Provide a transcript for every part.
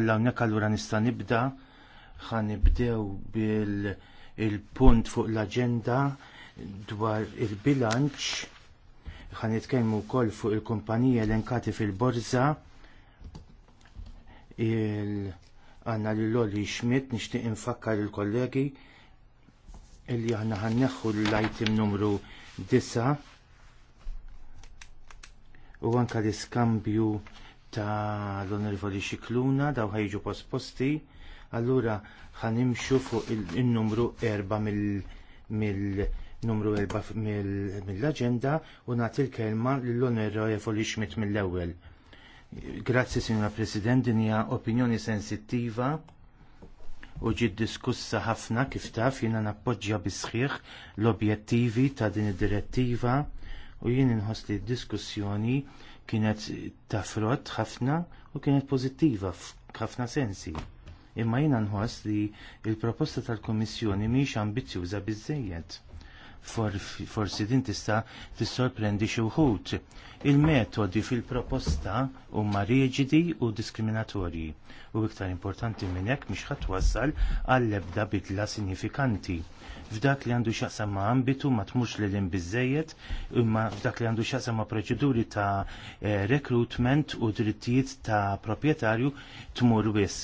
L-għawnek għallura nista nibda, ħan nibdew bil-punt fuq l-agenda dwar il-bilanċ, ħan nitkellmu wkoll fuq il-kumpanija elenkati fil-borza, għanna l loli Schmidt nixtieq infakkar il-kollegi illi aħna ħan neħħu l-item numru 9 u għanka l-iskambju ta' l-onorevoli xikluna daw ħajġu post-posti. allura ħanimxu fuq il-numru erba mill-numru erba mill-agenda u nagħti l-kelma l-onorevoli Schmidt mill-ewwel. Grazzi, Signora President, din hija opinjoni sensittiva u ġiet diskussa ħafna kif taf jiena nappoġġja bi sħiħ l-objettivi ta' din id-direttiva u jien inħoss li d-diskussjoni kienet frott ħafna u kienet pożittiva f'ħafna sensi. Imma jiena nħoss li l proposta tal-Kummissjoni mhix ambizjuża biżżejjed. Forsi din tista' tissorprendi xi wħud. Il-metodi fil-proposta huma riġidi u diskriminatorji u iktar importanti minn hekk mhix ħadd wassal għall-ebda bidla sinifikanti f'dak li għandu xaqsam ma' ambitu ma' tmux li l im bizzejiet, imma f'dak li għandu xaqsam ma' proċeduri ta' eh, recruitment u drittijiet ta' propietarju tmur wis.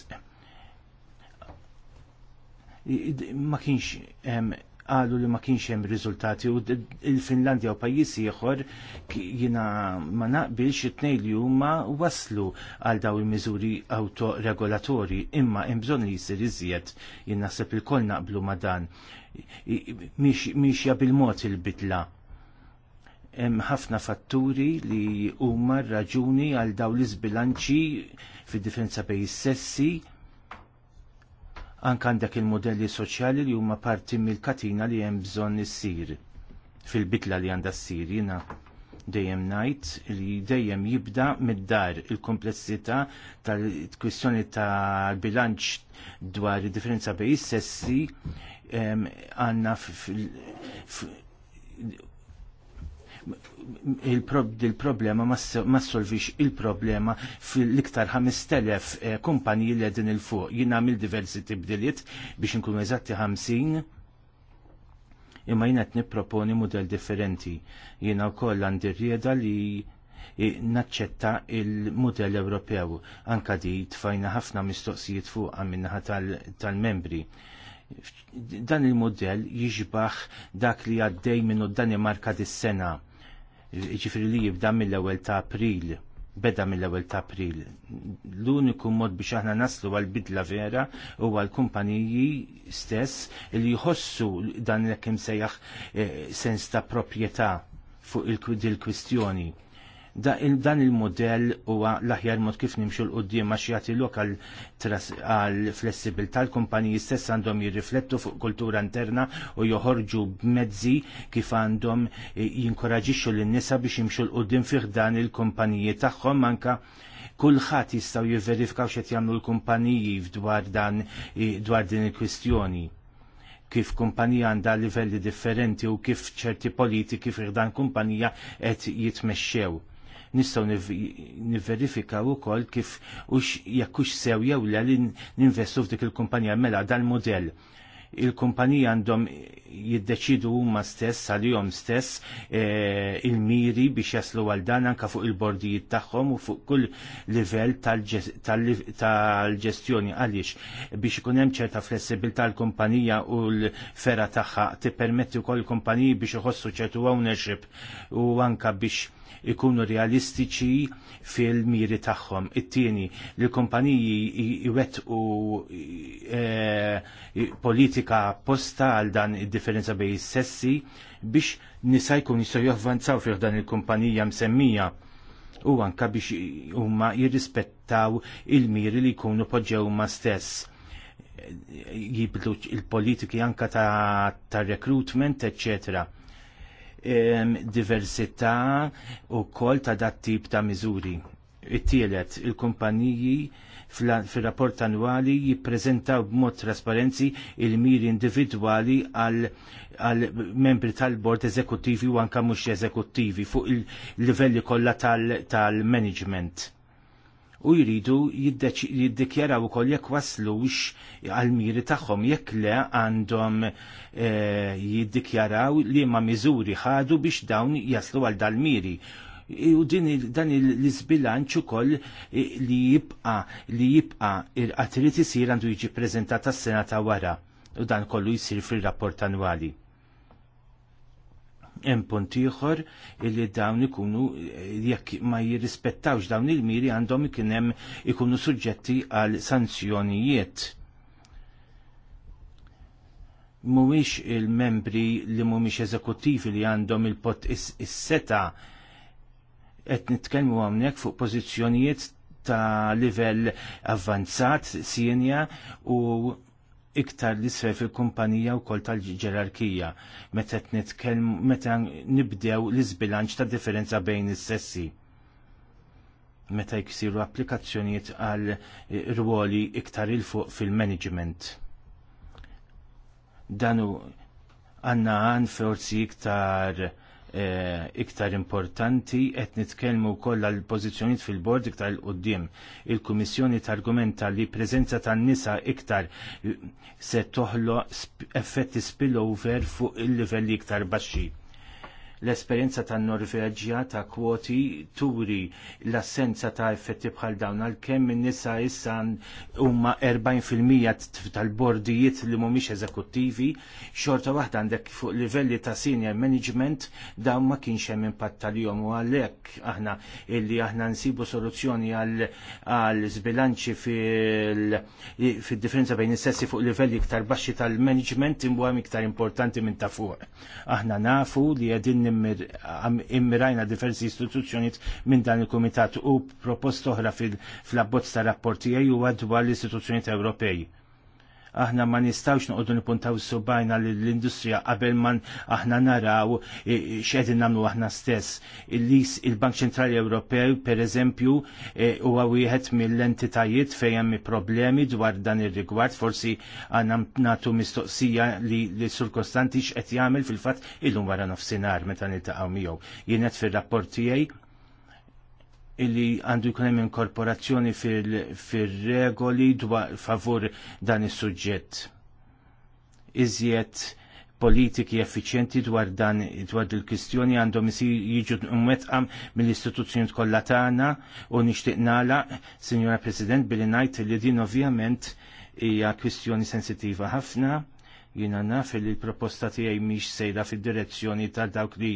Ma kienx għalu li ma kienx hemm riżultati u il-Finlandja u pajjiżi ieħor jiena ma naqbilx it-tnejn li huma waslu għal daw il-miżuri autoregolatori imma hemm bżonn li jsir iżjed jien naħseb il-koll naqblu ma dan miexja bil-mod il-bidla. Hemm ħafna fatturi li huma raġuni għal daw l-iżbilanċi fid-differenza bejn is-sessi anke għandek il-modelli soċjali li huma parti mill-katina li hemm bżonn issir fil-bidla li għandha ssir jiena dejjem ngħid li dejjem jibda mid-dar il-komplessità tal-kwistjoni tal-bilanċ dwar id-differenza bejn is-sessi għanna il-problema ma solvix il-problema fil-iktar 5000 eh, kumpanji li għedin il-fuq. Jina għamil diversi tibdiliet biex nkun eżatti 50 imma jina għet proponi model differenti. Jina u koll għandirrieda rieda li naċċetta il model Ewropew. Anka di tfajna ħafna mistoqsijiet fuq għamminna tal-membri. Tal dan il-modell jiġbaħ dak li għaddej minnu Danimarka dis-sena. Ġifri li jibda mill-ewwel ta' April beda mill-ewwel ta' April. L-uniku mod biex aħna naslu għal bidla vera u għal kumpaniji stess li jħossu dan l-kem sejjaħ eh, sens ta' proprjetà fuq il-kwistjoni. il kwistjoni dan il-modell huwa l-aħjar mod kif nimxu l-qoddim għax jagħti lokal għal flessibil tal-kumpaniji stess għandhom jirriflettu fuq kultura interna u joħorġu b'mezzi kif għandhom jinkoraġixxu lin-nisa biex jimxu l-qoddim fih dan il-kumpaniji tagħhom anka kulħadd jistgħu jivverifikaw x'qed jagħmlu l-kumpaniji dwar dan dwar din il-kwistjoni kif kumpanija għandha livelli differenti u kif ċerti politiki fih dan kumpanija qed jitmexxew nistaw u ukoll kif ux jekkux sew jew le li ninvestu f'dik il-kumpanija mela dan model il-kumpanija għandhom jiddeċidu huma stess għalihom stess e, il-miri biex jaslu għal dan anka fuq il-bordijiet tagħhom u fuq kull livell tal-ġestjoni għaliex biex ikun hemm ċerta flessibilità l-kumpanija u l-fera tagħha tippermetti wkoll il-kumpaniji biex iħossu ċertu ownership u anka biex ikunu realistiċi fil-miri tagħhom. It-tieni li kumpaniji iwettqu e, politika apposta għal dan id-differenza bejn sessi biex nisa jkun jistgħu jovvanzaw fih dan il-kumpanija msemmija u anka biex huma jirrispettaw il-miri li jkunu poġġew ma stess jibdlu il-politiki anka ta', ta recruitment, eccetera diversità u kol ta' dat tip ta' miżuri. It-tielet, il-kumpaniji fil-rapport annwali jippreżentaw b'mod trasparenzi il-miri individwali għal membri tal-bord eżekuttivi u anka mhux eżekuttivi fuq il-livelli kollha tal-management u jridu jiddikjaraw ukoll jekk waslux għal-miri tagħhom jekk le għandhom eh, jiddikjaraw li ma miżuri ħadu biex dawn jaslu għal dal-miri. U din dan l-izbilanċ ukoll eh, li jibqa li jibqa il-qatri tisir għandu jiġi prezentata s-senata wara u dan kollu jsir fil-rapport annwali hemm punt ieħor li dawn ikunu jekk ma jirrispettawx dawn il-miri għandhom ikun hemm ikunu suġġetti għal sanzjonijiet. Mhumiex il-membri li mhumiex eżekuttivi li għandhom il-pot is-seta qed nitkellmu hawnhekk fuq pożizzjonijiet ta' livell avvanzat, sienja u iktar l-isfel fil-kumpanija u kol tal-ġerarkija, meta nitkelm, meta nibdew l-izbilanċ ta' differenza bejn is-sessi. Meta jksiru applikazzjonijiet għal eh, ruoli iktar il-fuq fil-management. Danu għanna għan forzi iktar Eh, iktar importanti qed nitkellmu wkoll għal pożizzjonijiet fil-bord iktar il qudiem Il-Kummissjoni targumenta li preżenza tan-nisa iktar eh, se toħlo effetti spillover fuq il-livelli iktar baxxi. L-esperjenza tan Norveġja ta' kwoti turi l-assenza ta' effetti bħal dawn għalkemm in-nisa issa huma 40% tal-bordijiet li mhumiex eżekuttivi, xorta waħda għandek fuq livelli ta' senior management dawn ma kienx hemm impatt tal-jom u għalhekk aħna illi aħna nsibu soluzzjoni għal żbilanċi fil-differenza bejn is-sessi fuq livelli iktar baxxi tal-management imbuha iktar importanti minn ta' fuq. Aħna nafu li qegħdin immirajna diversi istituzzjoniet minn dan il-Kumitat u propost oħra fil-abbozz ta' rapporti huwa dwar l-istituzzjoniet Ewropej aħna ma nistawx noqogħdu nipuntaw subajna l-industrija qabel ma aħna naraw x'qegħdin nagħmlu aħna stess. Il-lis il-Bank Ċentrali Ewropew pereżempju e, huwa wieħed mill-entitajiet fejn hemm problemi dwar dan ir-rigward, forsi għanna natu mistoqsija li l surkostanti Kostanti x'qed jagħmel fil-fatt illum wara nofsinhar meta niltaqgħu miegħu. Jien qed fir-rapport tiegħi illi għandu jkun hemm inkorporazzjoni fir-regoli dwar favur dan is-suġġett. Iżjed politiki effiċjenti dwar dan dwar il-kwistjoni għandhom jiġu mwettqam mill-istituzzjoni kollha tagħna u nixtieq nagħlaq, Sinjora President, billi ngħid li din ovvjament hija kwistjoni sensittiva ħafna jina naf li l-proposta tiegħi mhix sejra fid-direzzjoni ta' dawk li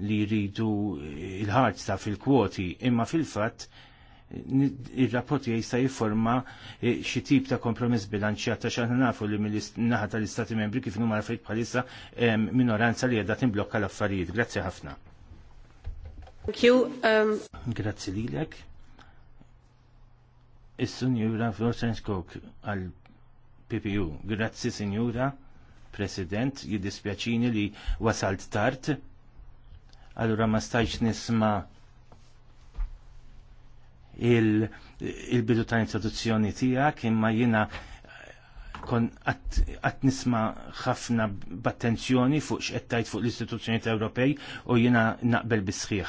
li jridu il ta' fil-kwoti, imma fil-fatt il-rapport jista jifforma eh, xi tip ta' kompromiss bilanċjat ta' xaħna nafu li mill-naħa tal-Istati membri kif numa rafit bħalissa minoranza li għedha timblokka l-affarijiet. Grazzi ħafna. Thank you. Um... Grazzi lilek. Is-Sunjura Vorsenskog għal-PPU. Grazzi, Sinjura, President, jiddispjaċini li wasalt tard allura ma stajx nisma il-bidu il ta' introduzzjoni tijak imma jina kon għat nisma ħafna b'attenzjoni fuq xettajt fuq l ta' Ewropej u jina naqbel bisħiħ.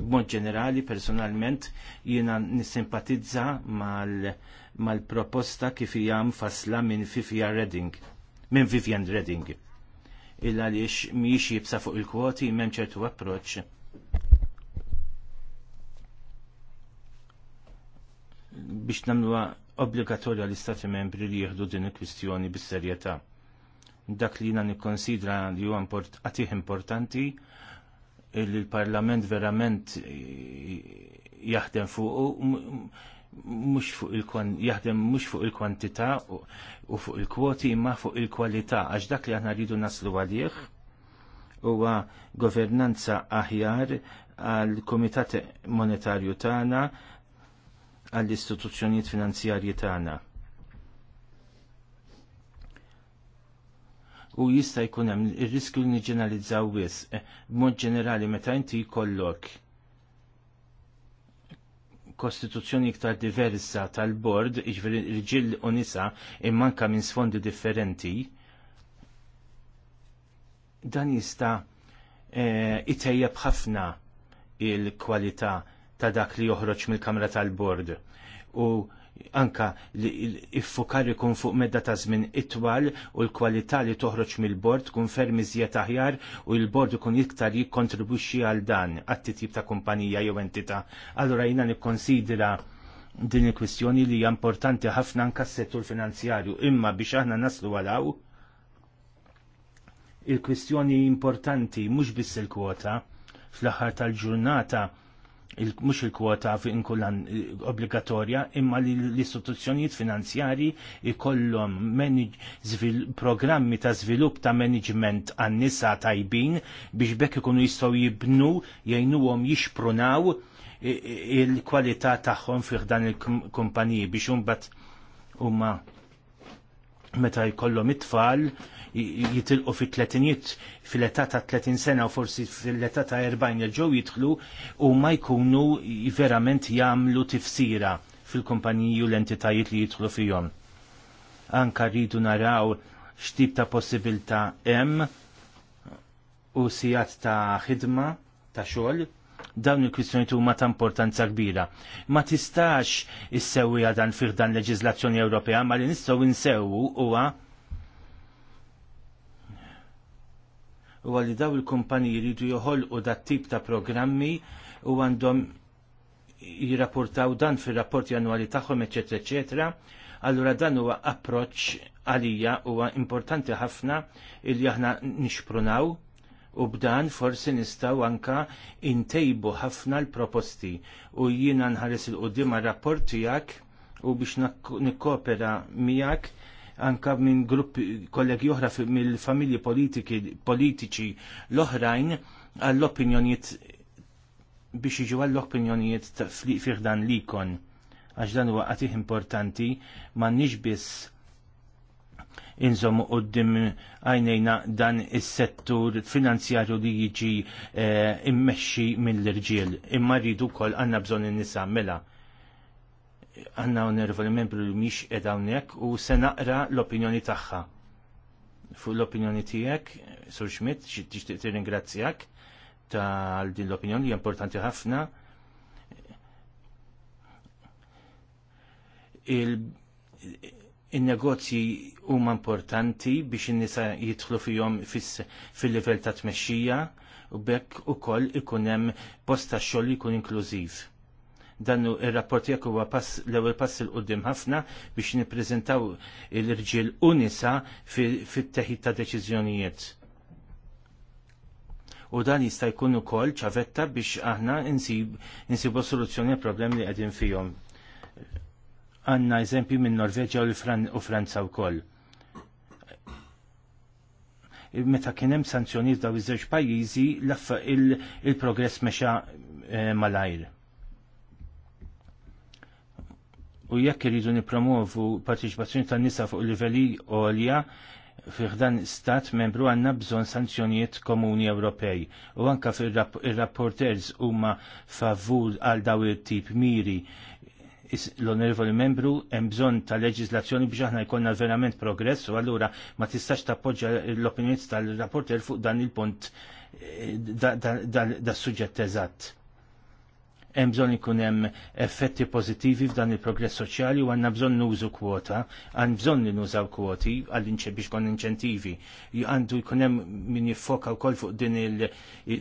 B'mod ġenerali, personalment, jina nissimpatizza mal-proposta kif hija mfassla minn Vivian Redding. Minn Vivian Redding illa għaliex miex jibsa fuq il-kwoti m'hemm ċertu approċċ. biex namluha obbligatorja l-Istati membri li jieħdu din il-kwistjoni bis-serjetà. Dak li jiena nikkonsidra li huwa import, għatih importanti li l-Parlament verament jaħdem fuq mhux fuq il jaħdem mux fuq il-kwantità u fuq il-kwoti imma fuq il-kwalità għax dak li aħna rridu naslu għalih huwa governanza aħjar għal kumitat Monetarju tagħna għall istituzzjonijiet finanzjarji tagħna. U jista' jkun hemm ir-riskju li niġġeneralizzaw wisq eh, b'mod ġenerali meta inti jkollok kostituzzjoni iktar diversa tal-bord, iġveri rġil u nisa immanka minn sfondi differenti, dan jista e, eh, bħafna ħafna il-kwalità ta' dak li joħroġ mill-kamra tal-bord. U anka li iffukar ikun fuq medda ta' żmien itwal u l-kwalità li toħroġ mill-bord tkun ferm iżjed aħjar u l-bord ikun iktar jikkontribwixxi għal dan għat-titjib ta' kumpanija jew entità. Allura jiena nikkonsidra din il-kwistjoni li hija importanti ħafna anka s-settur finanzjarju imma biex aħna naslu għalaw il-kwistjoni importanti mhux biss il-kwota fl-aħħar tal-ġurnata mux il-kwota inkullan eh, obbligatorja imma li l-istituzzjonijiet finanzjari ikollhom programmi ta' żvilupp ta' management għan nisa tajbin biex bekk ikunu jistgħu jibnu jgħinuhom jixprunaw eh, eh, il-kwalità tagħhom fih dan il-kumpaniji biex imbagħad huma meta jkollhom it-tfal jitilqu fi tletinijiet fil-età ta' 30 sena u forsi fil-età ta' 40 il-ġew jidħlu u ma jkunu verament jagħmlu tifsira fil-kumpaniji u l-entitajiet li jidħlu fihom. Anka rridu naraw x'tip ta' possibilità hemm u sijat ta' ħidma ta' xogħol dawn il-kwistjoni huma ta' importanza kbira. Ma tistax issewwi dan fih dan leġiżlazzjoni Ewropea, ma li nistgħu nsewwu huwa u għalli daw il-kumpaniji jridu joħolqu dat tip ta' programmi u għandhom jirrapportaw dan fil-rapporti annwali tagħhom, eċetera, ecc. Allura dan huwa approċċ għalija huwa importanti ħafna illi aħna nixprunaw u b'dan forsi nistaw anka intejbu ħafna l-proposti u jiena nħares il-qudiem rapport tiegħek u biex nikkopera miegħek anka minn gruppi kollegi oħra mill-familji politiċi l-oħrajn għall-opinjonijiet biex iġu għall-opinjonijiet fih dan kon. għax dan huwa qatih importanti ma nix biss għoddim għajnejna dan is-settur finanzjarju li jiġi eh, immexxi mill-irġiel imma rridu wkoll għandna bżonn in-nisa mela għanna onervoli membru li miex edawnek u se naqra l-opinjoni tagħha. Fu l-opinjoni tiegħek, Sur Schmidt, xi tixtieq tirringrazzjak tal din l-opinjoni importanti ħafna. il-negozji huma importanti biex in-nisa jidħlu fihom fil-livell ta' tmexxija u bekk ukoll ikun hemm posta ta' xogħol jkun inklużiv dan il-rapport jekk huwa pass l-ewwel pass il qudiem ħafna biex nippreżentaw il-irġiel u nisa fit-teħid ta' deċiżjonijiet. U dan jista' jkun ukoll ċavetta biex aħna insibu soluzzjoni għal problemi li qegħdin fihom. Għandna eżempju minn Norveġġja u Franza wkoll meta kien hemm sanzjonijiet daw iż-żewġ pajjiżi l-progress il mexa eh, malajr. u jekk irridu nipromovu partiċipazzjoni tan nisa fuq livelli għolja fiħdan stat membru għanna bżon sanzjonijiet komuni Ewropej u anka fil-rapporters huma favur għal daw it-tip miri l-onorevoli membru hemm bżonn ta' leġislazzjoni biex aħna jkollna verament progress u allura ma tistax tappoġġa l opinjoni tal-rapporter fuq dan il-punt da' suġġett eżatt hemm bżonn ikun hemm effetti pożittivi f'dan il-progress soċjali u għandna bżonn nużu kwota, għand bżonn li nużaw kwoti għal biex kon inċentivi. Għandu jkun hemm min jiffoka wkoll fuq din il,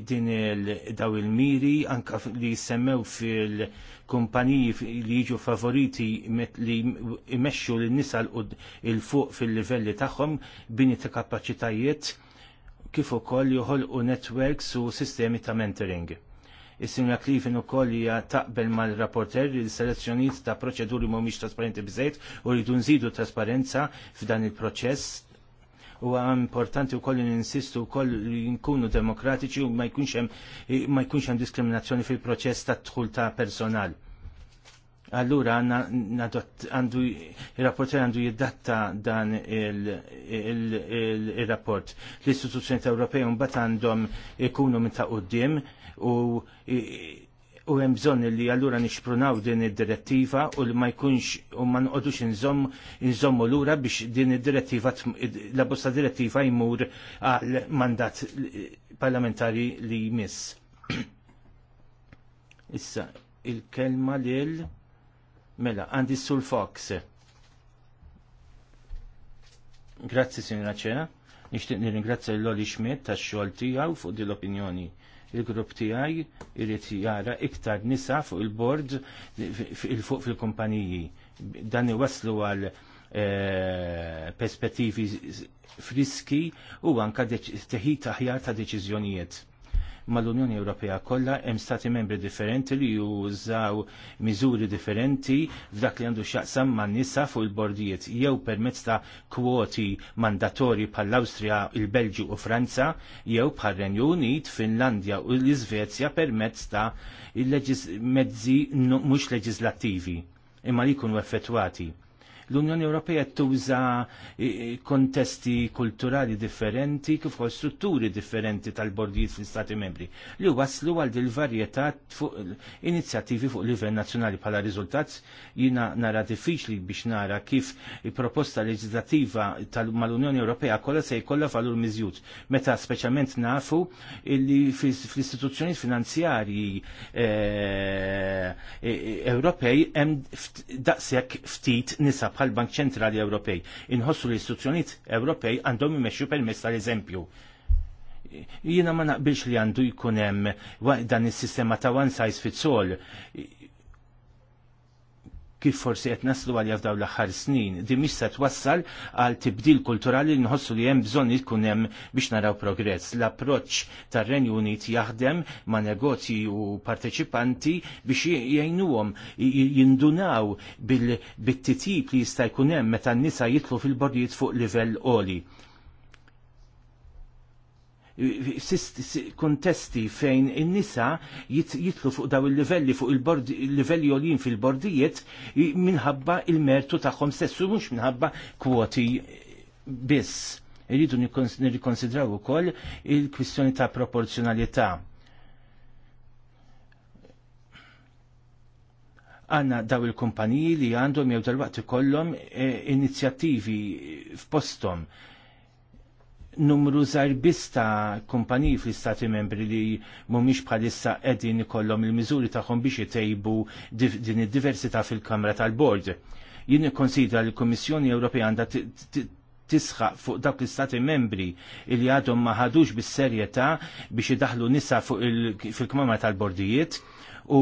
din il daw il-miri anka li jsemmew fil-kumpaniji li jiġu favoriti li jmexxu lin nisa il-fuq fil-livelli tagħhom bini ta' kapaċitajiet kif ukoll joħolqu networks u sistemi ta' mentoring Is-sinja Klifin u kollija taqbel mal-rapporter li l-selezzjoniet ta' proċeduri mhumiex trasparenti biżejt u rridu nżidu trasparenza f'dan il-proċess u għam importanti u koll ninsistu u koll li nkunu demokratiċi u ma jkunx hemm diskriminazzjoni fil-proċess ta' tħul ta' personal. Allura għandu il-rapporter għandu jiddatta dan il-rapport. L-istituzzjoni Ewropej mbagħad għandhom ikunu minn ta' uddim u u hemm bżonn li allura nixprunaw din id-direttiva u li ma jkunx u ma nqodux inżomm inżommu lura biex din id-direttiva la bosta direttiva jmur għal mandat parlamentari li jmiss. Issa il-kelma lil mela għandi sul Fox. Grazzi, Sinra Ċena. Nixtieq nirringrazzja l-Loli Schmidt tax-xogħol tiegħu fuq din l opinjoni il-grupp tiegħi irid jara iktar nisa fuq il-bord fuq fil-kumpaniji. Dan waslu għal eh, perspettivi friski u anka teħid aħjar ta' deċiżjonijiet mal-Unjoni Ewropea kollha hemm stati membri differenti li jużaw miżuri differenti f'dak li għandu x'jaqsam man nisa fuq il-bordijiet jew permezz ta' kwoti mandatorji bħall-Awstrija, il-Belġju u Franza jew bħar-Renju Unit, Finlandja u l-Iżvezja permezz ta' mezzi mhux leġislattivi imma li jkunu effettwati L-Unjoni Ewropea tuża eh, eh, kontesti kulturali differenti kif ukoll strutturi differenti tal-bordijiet fl-Istati membri li waslu għal il varjetà fuq inizjattivi fuq livell nazzjonali bħala riżultat jina nara diffiċli biex nara kif il-proposta leġislativa tal-Unjoni Ewropea kollha se jkollha valur miżjud meta speċjalment nafu illi fl-istituzzjonijiet finanzjarji eh, Ewropej hemm daqshekk ftit nisab bħal Bank Ċentrali Ewropej. Inħossu l istituzzjonijiet Ewropej għandhom imexxu permess tal-eżempju. Jiena ma naqbilx li għandu jkun hemm dan is-sistema ta' one size fits all kif forsi qed naslu għalja f'daw l-aħħar snin, di mhix se twassal għal tibdil kulturali li nħossu li hemm bżonn ikun hemm biex naraw progress. L-approċċ tar-Renju Unit jaħdem ma' negozji u parteċipanti biex jgħinuhom jindunaw bil-titib li jista' jkun hemm meta n-nisa jitlu fil-bordijiet fuq livell qoli kontesti fejn in-nisa jitlu fuq daw il-livelli fuq il-livelli olin fil-bordijiet minħabba il-mertu tagħhom stessu mhux minħabba kwoti biss. nirikonsidraw u ukoll il-kwistjoni ta' proporzjonalità. Għanna daw il-kumpaniji li għandhom jew tal-waqt ikollhom eh, inizjattivi f'postom numru zarbista kumpaniji fl-istati membri li mumiex bħalissa edin kollom il-mizuri taħħom biex jtejbu din id-diversità fil-Kamra tal-Bord. Jien konsidra li l-Kommissjoni Ewropea għandha tisħaq fuq dawk l-istati membri li għadhom ma ħadux bis-serjetà biex idaħlu nisa fuq il-Kamra tal-Bordijiet u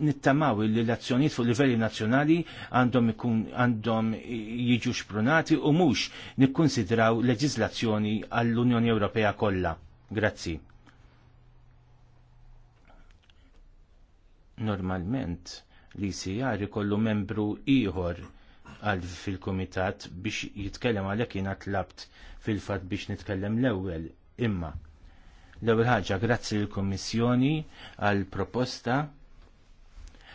nittamaw li l-azzjoniet fuq livelli nazzjonali għandhom ikun għandhom jiġu xprunati u mhux nikkonsidraw leġiżlazzjoni għall-Unjoni Ewropea kollha. Grazzi. Normalment li sijar ikollu membru ieħor għal fil-komitat biex jitkellem għalhekk jiena labt fil-fatt biex nitkellem l-ewwel imma L-ewwel ħaġa grazzi l-Kummissjoni għal proposta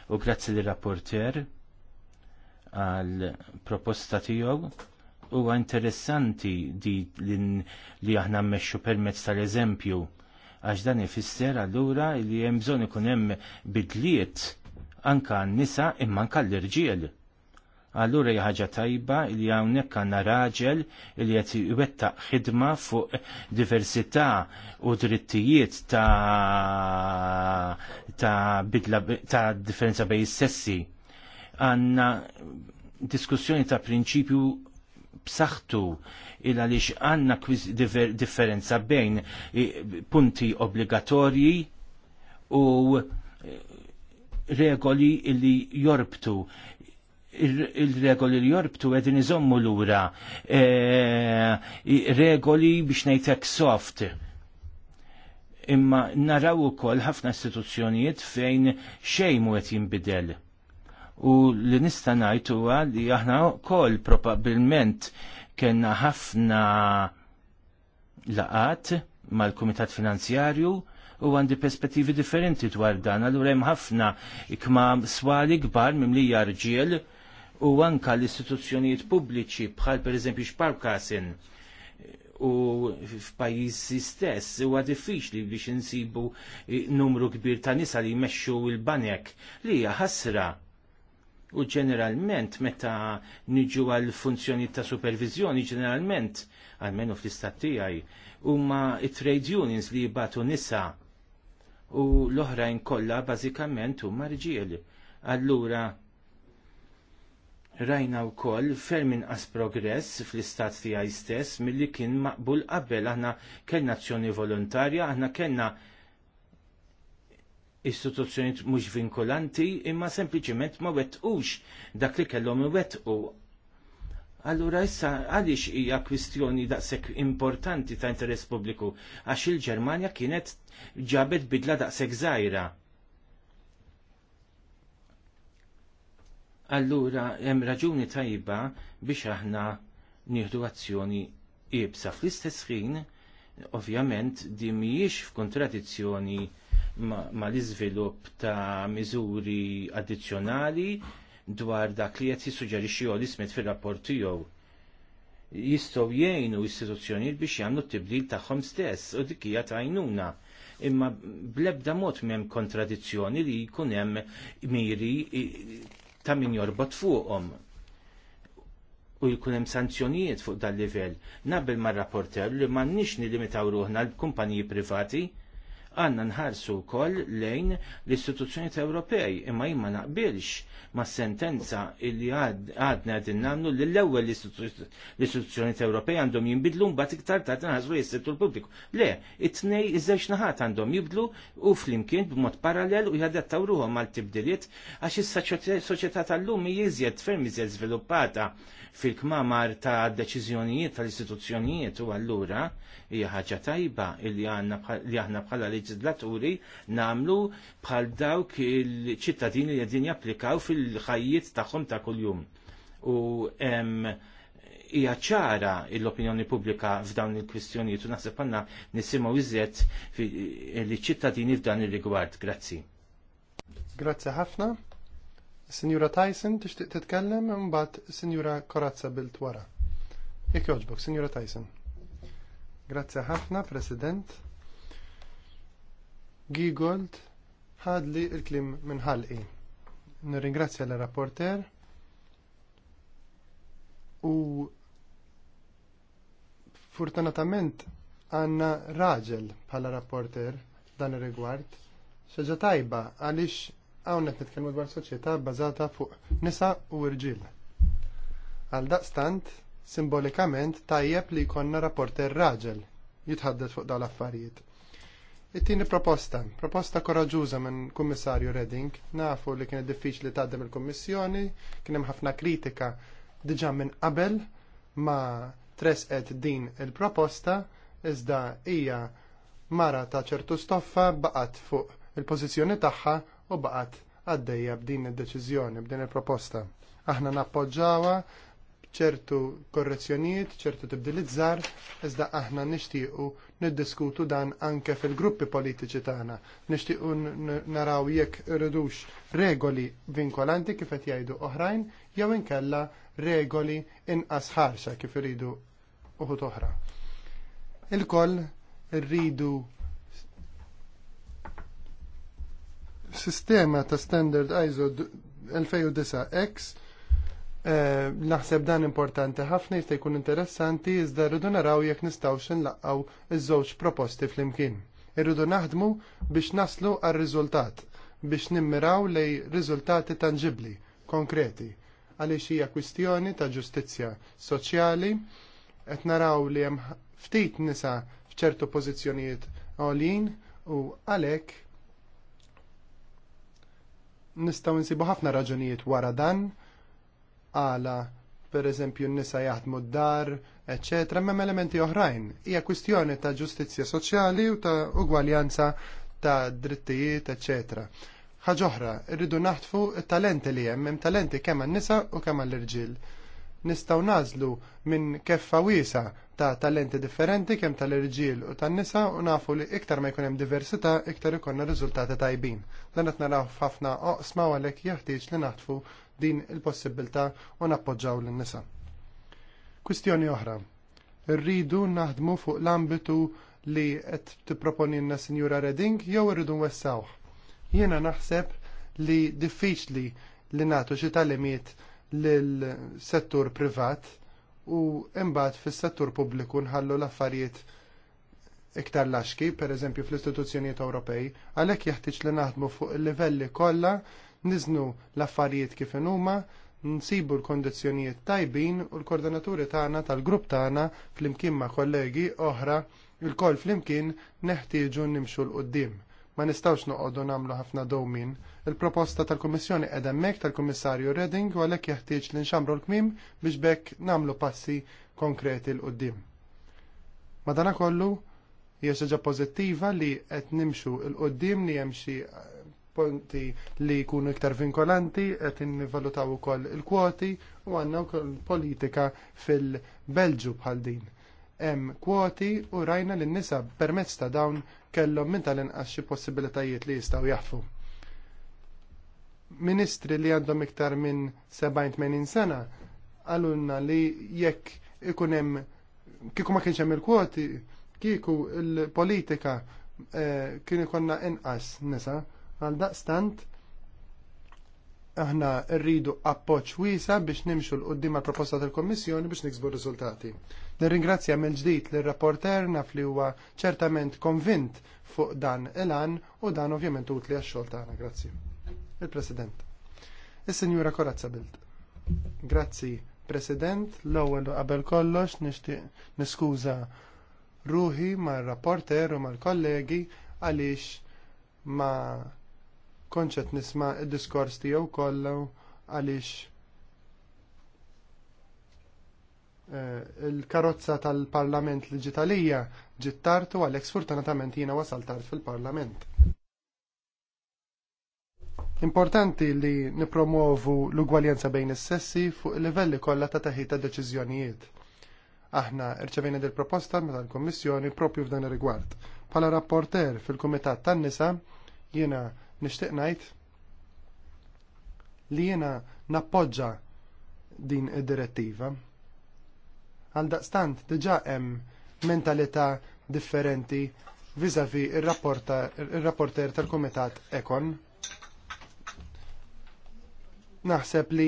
u grazzi l-rapporter għal proposta tiegħu huwa interessanti di li aħna mmexxu permezz tal-eżempju għax dan ifisser allura li hemm bżonn ikun hemm bidliet anka n-nisa imma anka l-irġiel Allura ħaġa tajba li hawnhekk għandna raġel li qed iwettaq ħidma fuq diversità u drittijiet ta' ta' bidla ta' differenza bej sessi. Għandna diskussjoni ta' prinċipju b'saħħtu il għaliex għandna differenza bejn punti obbligatorji u regoli li jorbtu il-regoli li jorbtu għedin iżommu l-ura, e, regoli biex nejtek soft. Imma naraw ukoll ħafna istituzzjonijiet fejn xejn mu qed jinbidel. U li nista' najtu li aħna wkoll probabbilment kellna ħafna laqat mal-Kumitat Finanzjarju u għandi perspettivi differenti dwar dan. Allura hemm ħafna ikma swali kbar mimlija jarġiel u anka l-istituzzjonijiet pubbliċi bħal pereżempju xparkasin u f'pajjiżi stess huwa diffiċli biex insibu eh, numru kbir ta' nisa li jmexxu l-banek li hija ħasra. U ġeneralment meta niġu għal funzjoni ta' supervizjoni ġeneralment, għalmenu fl-istat tiegħi, huma trade unions li jibatu nisa u l-oħrajn kollha bażikament huma rġiel. Allura rajna u koll fermin as progress fl-istat tijaj stess mill-li kien maqbul qabel aħna kellna azzjoni volontarja, aħna kellna istituzzjoni mhux vinkolanti imma sempliċement ma wettqux dak li kellhom iwettqu. Allura issa għaliex hija kwistjoni daqshekk importanti ta' interess pubbliku għax il-Ġermanja kienet ġabet bidla daqshekk żgħira allura hemm raġuni tajba biex aħna nieħdu azzjoni iebsa fl-istess ħin, ovvjament di mhijiex f'kontradizzjoni mal-iżvilupp ta' miżuri addizzjonali dwar dak li qed jissuġġerixxi l-ismet fir-rapport tiegħu jistgħu jgħinu istituzzjonijiet biex jagħmlu t-tibdil tagħhom stess u dik hija tajnuna. Imma bl-ebda mod m'hemm kontradizzjoni li jkun hemm miri ta' min jorbot fuqhom u jkun hemm sanzjonijiet fuq dal livell. Naqbel mar-rapporter li m'għandniex nilimitaw ruħna l-kumpaniji privati għanna nħarsu wkoll lejn l-istituzzjonijiet Ewropej imma jimma naqbilx ma' sentenza li għadna għadin nagħmlu li l-ewwel l-istituzzjonijiet Ewropej għandhom jinbidlu mbagħad iktar ta' nħarsu jis-settur pubbliku. Le, it-tnej iż-żewġ naħat għandhom jibdlu u flimkien b'mod parallel u jadattaw ruhom mal tibdiliet għax is-soċjetà tal-lum jiżjed ferm iżjed żviluppata fil-kmamar ta' deċiżjonijiet tal-istituzzjonijiet u allura hija ħaġa tajba li aħna bħala leġislaturi namlu bħal dawk il-ċittadini li qegħdin japplikaw fil-ħajjiet tagħhom ta' kuljum. U hija ċara l-opinjoni pubblika f'dawn il-kwistjonijiet u naħseb għandna nisimgħu iżjed li ċittadini f'dan ir-rigward. Grazzi. Grazzi ħafna. Signora Tyson tixtieq titkellem imbagħad Sinjura Korazza Bilt wara. Jekk jogħġbok, Sinjura Tyson. Grazzi ħafna, President. Gigold ħadli l-klim minn ħalqi. Nirringrazzja l-rapporter u fortunatament għanna raġel bħala rapporter dan ir-rigward. Xaġa tajba għaliex Hawn qed nitkellmu dwar soċjetà bbażata fuq nisa u irġiel. Għal daqstant, simbolikament tajjeb li jkollna rapporter raġel jitħaddet fuq dawn l-affarijiet. It-tieni proposta, proposta koraġuża minn Kummissarju Reding, nafu li kienet diffiċli taqdem il-Kummissjoni, kien hemm ħafna kritika diġà minn qabel ma tresqet din il-proposta, iżda hija mara ta' ċertu stoffa baqgħet fuq il-pożizzjoni tagħha u baqat għaddejja b'din id-deċiżjoni, b'din il-proposta. Aħna nappoġġawha ċertu korrezzjonijiet, ċertu tibdilit iżda aħna nixtiequ niddiskutu dan anke fil-gruppi politiċi tagħna. Nixtiequ naraw jekk irridux regoli vinkolanti kif qed jgħidu oħrajn jew inkella regoli inqas ħarxa kif iridu uħud oħra. Il-koll rridu sistema ta' standard ISO 2009X eh, naħseb dan importanti ħafna jista' jkun interessanti iżda rridu naraw jekk nistgħu inlaqgħu iż-żewġ proposti flimkien. Irridu naħdmu biex naslu għar-riżultat biex nimmiraw lej riżultati tangibbli, konkreti, għaliex hija kwistjoni ta' ġustizzja soċjali, qed naraw li hemm ftit nisa f'ċertu pożizzjonijiet għolin u għalhekk Nistgħu nsibu ħafna raġunijiet wara dan, għala pereżempju n-nisa jaħdmu d-dar, eċetera, m'hemm elementi oħrajn. Hija kwistjoni ta' ġustizzja soċjali u ta' ugwaljanza ta' drittijiet, eċetera. Ħaġa oħra, rridu naħtfu t talenti li hemm, hemm talenti kemm għan-nisa u kemm għall-irġiel nistgħu nażlu minn keffa wiesa ta' talenti differenti kemm tal-irġiel u tan-nisa u nafu li iktar ma jkun hemm diversità iktar ikonna riżultati tajbin. Dan qed naraw f'ħafna oqsma u għalhekk jeħtieġ li naħtfu din il-possibilità u nappoġġaw lin-nisa. Kwistjoni oħra. Irridu naħdmu fuq l-ambitu li qed tipproponilna Sinjura Reding jew irridu nwessawh. Jiena naħseb li diffiċli li nagħtu xi talimiet lill-settur privat u imbagħad fis-settur pubbliku nħallu l-affarijiet iktar laxki, per eżempju fl-istituzzjonijiet Ewropej, għalhekk jeħtieġ li naħdmu fuq il-livelli kollha, niżnu l-affarijiet kif huma, nsibu l-kondizzjonijiet tajbin u l-koordinaturi tagħna tal-grupp tagħna flimkien ma' kollegi oħra il-koll flimkien neħtieġu nimxu l-qoddim ma nistawx noqogħdu nagħmlu ħafna dowmin. Il-proposta tal-Kummissjoni qed hemmhekk tal-Kummissarju Reding u għalhekk jeħtieġ li nxamru l-kmim biex bekk nagħmlu passi konkreti l qudiem Madanakollu hija xi ġa pożittiva li qed nimxu l qudiem li hemm xi eh, punti li jkunu iktar vinkolanti, qed nivvalutaw ukoll il-kwoti u għandna wkoll politika fil-Belġu bħal din hemm kwoti u rajna li n-nisa permezz ta' dawn kellhom minn tal-inqas xi possibilitajiet li jistgħu jaħfu. Ministri li għandhom iktar minn 70-80 sena għalunna li jekk ikun hemm kieku ma kienx hemm il-kwoti, kieku il-politika eh, kien ikonna inqas nisa għal daqstant aħna rridu appoċ wiesa biex nimxu l-qoddim għal proposta tal-Kommissjoni biex niksbu r-riżultati. Nirringrazzja mill ġdid l rapporter naf li huwa ċertament konvint fuq dan il-an u dan ovvjament utli għax-xogħol tagħna. Grazzi. Il-President. Is-Sinjura Korazza bild. Grazzi, President. L-ewwel qabel kollox nixtieq niskuża ruħi mar-rapporter u mal-kollegi għaliex ma konċet nisma' id-diskors tiegħu kollu għaliex Eh, il-karozza tal-parlament li ġitalija ġit tard u għalhekk sfortunatament jiena wasal tard fil-parlament. Importanti li nipromovu l ugwaljenza bejn is-sessi fuq livelli kollha ta' taħita deċiżjonijiet. Aħna rċevejna dil proposta meta l-Kommissjoni propju f'dan ir-rigward. Bħala rapporter fil-Kumitat tan-Nisa jiena nixtieq ngħid li jiena nappoġġa din id-direttiva Għaldaqstant diġà hemm mentalità differenti vizavi il-rapporter tal-Kumitat Ekon. Naħseb li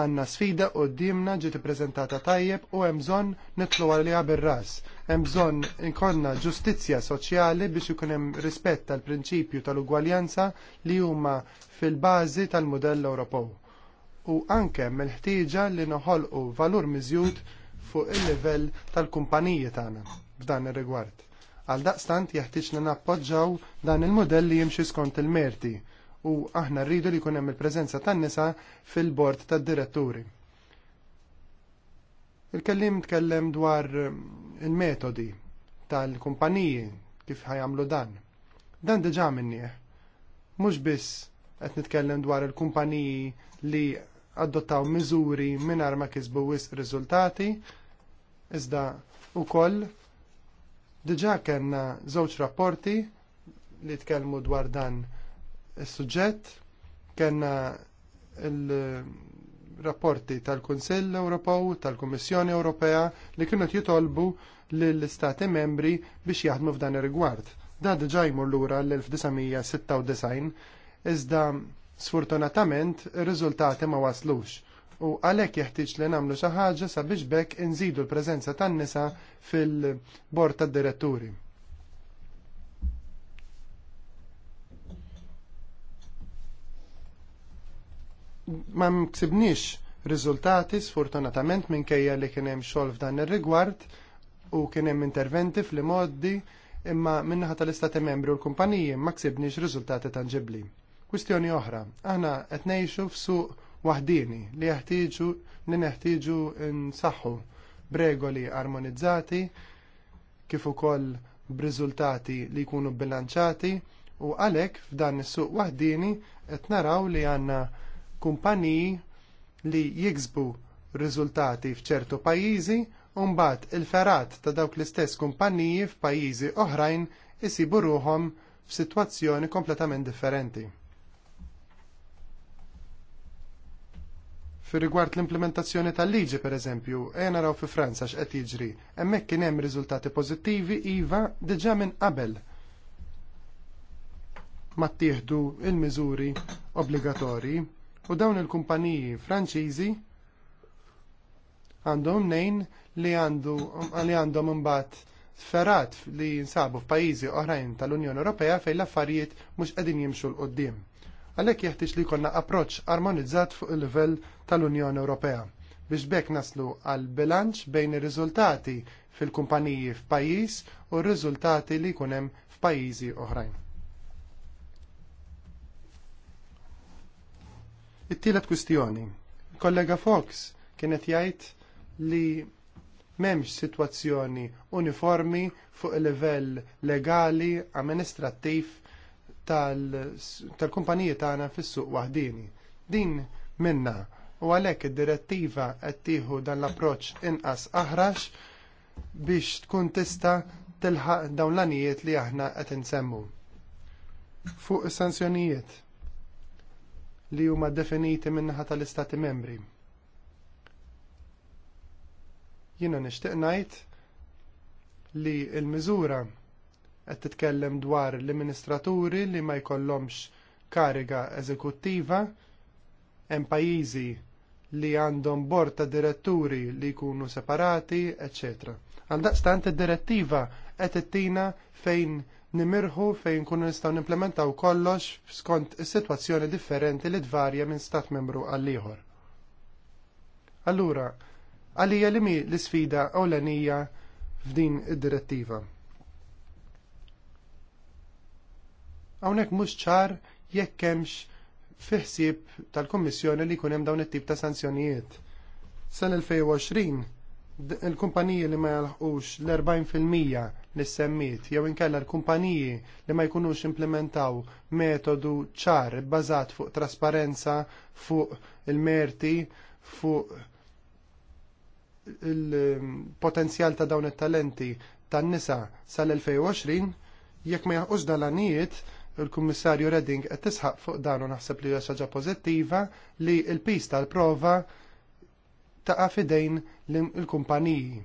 għanna sfida u dimna ġiti prezentata tajjeb u emżon nitlu għalli għabir ras. Emżon inkonna ġustizja soċjali biex ikun hemm rispett tal-prinċipju tal-ugwaljanza li huma fil-bażi tal-modell Ewropew u anke mill-ħtieġa li noħolqu valur miżjud fuq il-livell tal-kumpaniji tagħna f'dan ir-rigward. Għal daqstant jeħtieġna nappoġġaw dan il-modell li jimxi skont il-merti u aħna rridu li jkun hemm il-preżenza tan-nisa fil-bord tad-diretturi. Il-kellim tkellem dwar ehm, il-metodi tal-kumpaniji kif ħajamlu dan. Dan diġà minnieh. Mhux biss qed nitkellem dwar il-kumpaniji li adottaw miżuri mingħajr ma kisbu wisq riżultati, iżda wkoll diġà kellna żewġ rapporti li tkellmu dwar dan is-suġġett, kellna il-rapporti tal-Kunsill Ewropew, tal-Kummissjoni Ewropea li kienu jitolbu lill-Istati membri biex jaħdmu f'dan ir-rigward. Dan diġà jmur lura l-1996 iżda Sfortunatament, ir-riżultati ma waslux u għalhekk jeħtieġ li nagħmlu xi ħaġa sabiex bekk inżidu l-preżenza tan-nisa fil-bord tad-diretturi. Ma mksibniex riżultati sfortunatament minkejja li kien hemm xogħol f'dan ir-rigward u kien hemm interventi fl-modi imma minnaħa tal-istati membri u l-kumpaniji ma ksibniex riżultati tanġibli. Kwistjoni oħra, aħna qed ngħixu f'suq waħdini li jeħtieġu li neħtieġu nsaħħu b'regoli armonizzati kif ukoll b'riżultati li jkunu bilanċati u għalhekk f'dan is-suq waħdini qed naraw li għandna kumpaniji li jiksbu riżultati f'ċertu pajjiżi u mbagħad il-ferat ta' dawk l-istess kumpaniji f'pajjiżi oħrajn isibu ruhom f'sitwazzjoni kompletament differenti. Fi rigward l-implementazzjoni tal-liġi, per eżempju, ejna raw fi Franza x'qed jiġri, hemmhekk kien hemm riżultati pożittivi iva diġà minn qabel ma ttieħdu il-miżuri obbligatorji u dawn il-kumpaniji Franċiżi għandhom nejn li għandhom imbagħad ferat li jinsabu f'pajjiżi oħrajn tal-Unjoni Ewropea fejn l-affarijiet mhux qegħdin jimxu l qudiem Għalhekk jeħtieġ li jkollna approċċ armonizzat fuq il-livell tal-Unjoni Ewropea biex bekk naslu għal bilanċ bejn ir-riżultati fil-kumpaniji f'pajjiż u r-riżultati li jkun hemm f'pajjiżi oħrajn. It-tielet kwistjoni. Kollega Fox kienet jgħid li memx situazzjoni uniformi fuq il-livell legali, amministrattiv tal-kumpaniji tagħna fis-suq waħdini. Din minna u għalhekk id-direttiva qed tieħu dan l-approċċ inqas aħrax biex tkun tista' tilħaq dawn l-anijiet li aħna qed insemmu. Fuq is-sanzjonijiet li huma definiti min-naħa tal-Istati membri. Jiena nixtieq ngħid li l-miżura qed titkellem dwar l-amministraturi li ma jkollhomx kariga eżekuttiva, hemm pajjiżi li għandhom bord ta' diretturi li jkunu separati, etc. Għaldaqstant id-direttiva qed ittina fejn nimirħu fejn kunu nistgħu nimplementaw kollox skont is-sitwazzjoni differenti li tvarja minn stat membru għal ieħor. Allura, għalija li mi l-isfida ewlenija f'din id-direttiva. Hawnhekk mhux ċar jekk hemmx tal-Kummissjoni li jkun hemm dawn it-tip ta' sanzjonijiet. Sen 2020 il-kumpaniji li ma jalħqux l-40% li semmiet jew inkella l-kumpaniji li ma jkunux implementaw metodu ċar bbażat fuq trasparenza, fuq il-merti, fuq il-potenzjal ta' dawn it-talenti tan-nisa sal-2020 jekk ma jaħqux dalanijiet il-Kummissarju Redding qed tisħaq fuq dan u naħseb li hija xaġa pożittiva li l-pis tal-prova taqa' fidejn il-kumpaniji.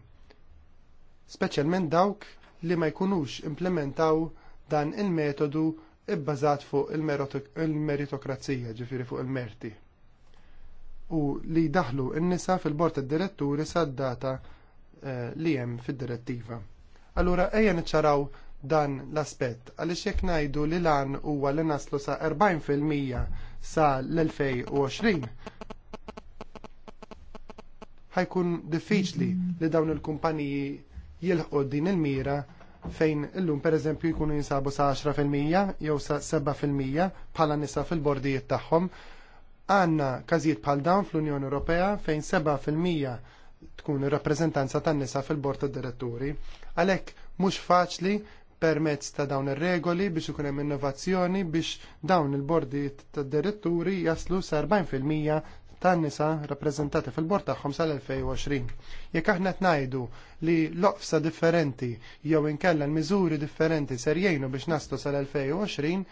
Speċjalment dawk li ma jkunux implementaw dan il-metodu ibbażat fuq il-meritokrazija, ġifiri fuq il-merti. U li daħlu n-nisa fil-bord tad-diretturi sad-data eh, li hemm fid-direttiva. Allura ejja niċċaraw dan l-aspett għaliex jekk ngħidu li lan huwa li naslu sa 40% sa l-2020 ħajkun diffiċli li dawn il-kumpaniji jilħqu din il-mira fejn illum pereżempju jkunu jinsabu sa 10% jew sa 7% bħala nisa fil-bordijiet tagħhom. Għandna każijiet bħal dawn fl-Unjoni Ewropea fejn 7% tkun ir rappreżentanza tan nisa fil-bord tad diretturi. Għalhekk mhux faċli permezz ta' dawn ir-regoli biex ikun hemm innovazzjoni biex dawn il-bordi tad-diretturi jaslu sa 40% tan nisa rappreżentati fil-bord tagħhom sal-2020. Jekk aħna tnajdu li loqsa differenti jew inkella l-miżuri differenti ser jgħinu biex naslu sal-2020,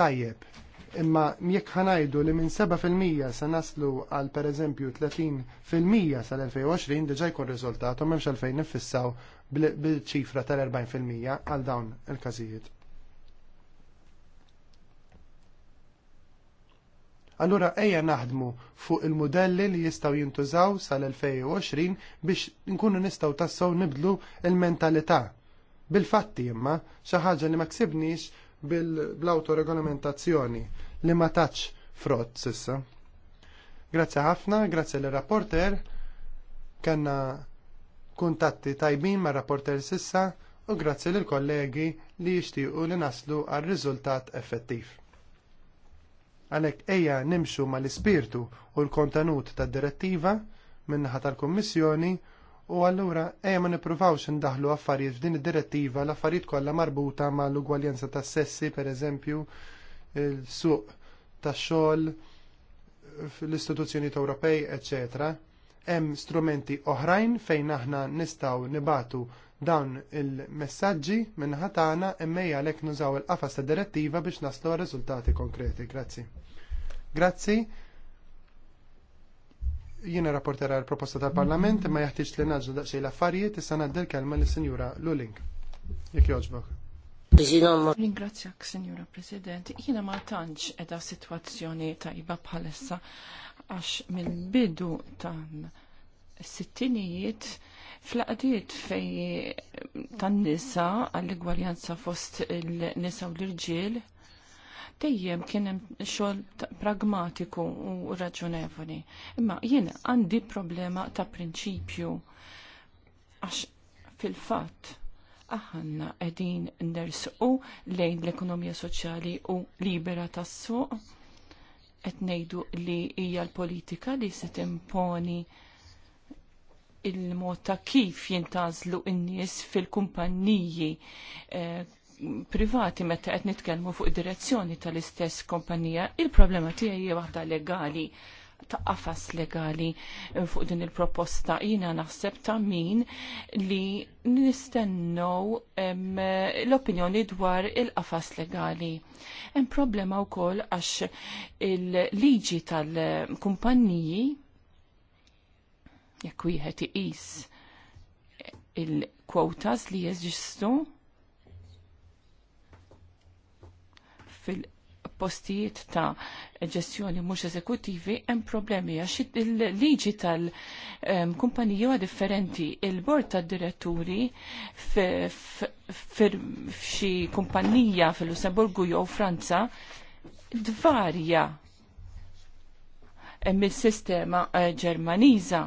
tajjeb. Imma jekk ħanajdu li minn 7% se naslu għal pereżempju 30% sal-2020 diġà jkun riżultat u m'hemmx għalfejn nifissaw bil-ċifra tal-40% għal dawn il-każijiet. Allura ejja naħdmu fuq il-modelli li jistaw jintużaw sal-2020 biex nkunu nistaw tassaw nibdlu il-mentalità. Bil-fatti imma, xaħġa li ma ksibnix bil-autoregolamentazzjoni li ma taċ frott sissa. Grazzi ħafna, grazzi l-rapporter, kanna kuntatti tajbin ma' rapporter sissa u grazzi lill kollegi li jixtiequ li naslu għal riżultat effettiv. Għalhekk ejja nimxu mal-ispirtu u l-kontenut tad direttiva min-naħa tal kummissjoni u allura ejja ma nippruvawx indaħlu affarijiet f'din id-direttiva l-affarijiet kollha marbuta mal ugwaljenza tas sessi pereżempju il-suq tax-xogħol l-istituzzjonijiet Ewropej, eccetera hemm strumenti oħrajn fejn aħna nistgħu nibatu dawn il-messaġġi minnaħa tagħna imma għalhekk nużaw il-qafas ta' direttiva biex naslu għal riżultati konkreti. Grazzi. Grazzi. Jiena rapportera l-proposta tal-Parlament imma jeħtieġ li naġġu daqsxejn l-affarijiet issa ngħaddi l-kelma lis-Sinjura Luling. Jekk jogħġbok. Ringrazzjak, Sinjura President. Jiena ma tantx edha sitwazzjoni tajba bħalissa għax minn bidu tan sittinijiet fl-qdiet fej tan nisa għall-igwaljanza fost il-nisa u l-irġiel dejjem kien hemm xogħol pragmatiku u raġunevoli. Imma jien għandi problema ta' prinċipju għax fil-fatt aħanna qegħdin nersqu lejn l-ekonomija soċjali u libera tas-suq qed ngħidu li hija l-politika li se timponi il-mod ta' kif jintażlu n-nies fil-kumpanniji eh, privati meta qed nitkellmu fuq id direzzjoni tal-istess kumpanija, il-problema tiegħi hija waħda legali ta' qafas legali fuq din il-proposta. Jina naħseb ta' min li nistennow l-opinjoni dwar il-qafas legali. Hemm problema wkoll għax il-liġi tal-kumpanniji jekk wieħed iqis il-kwotas li jeżistu fil- postijiet ta' ġestjoni mhux eżekutivi hemm problemi għax il-liġi tal-kumpaniji ehm, huwa differenti. Il-bord tad-diretturi f'xi kumpanija fil-Lussemburgu jew Franza dvarja mill-sistema eh, Ġermaniża.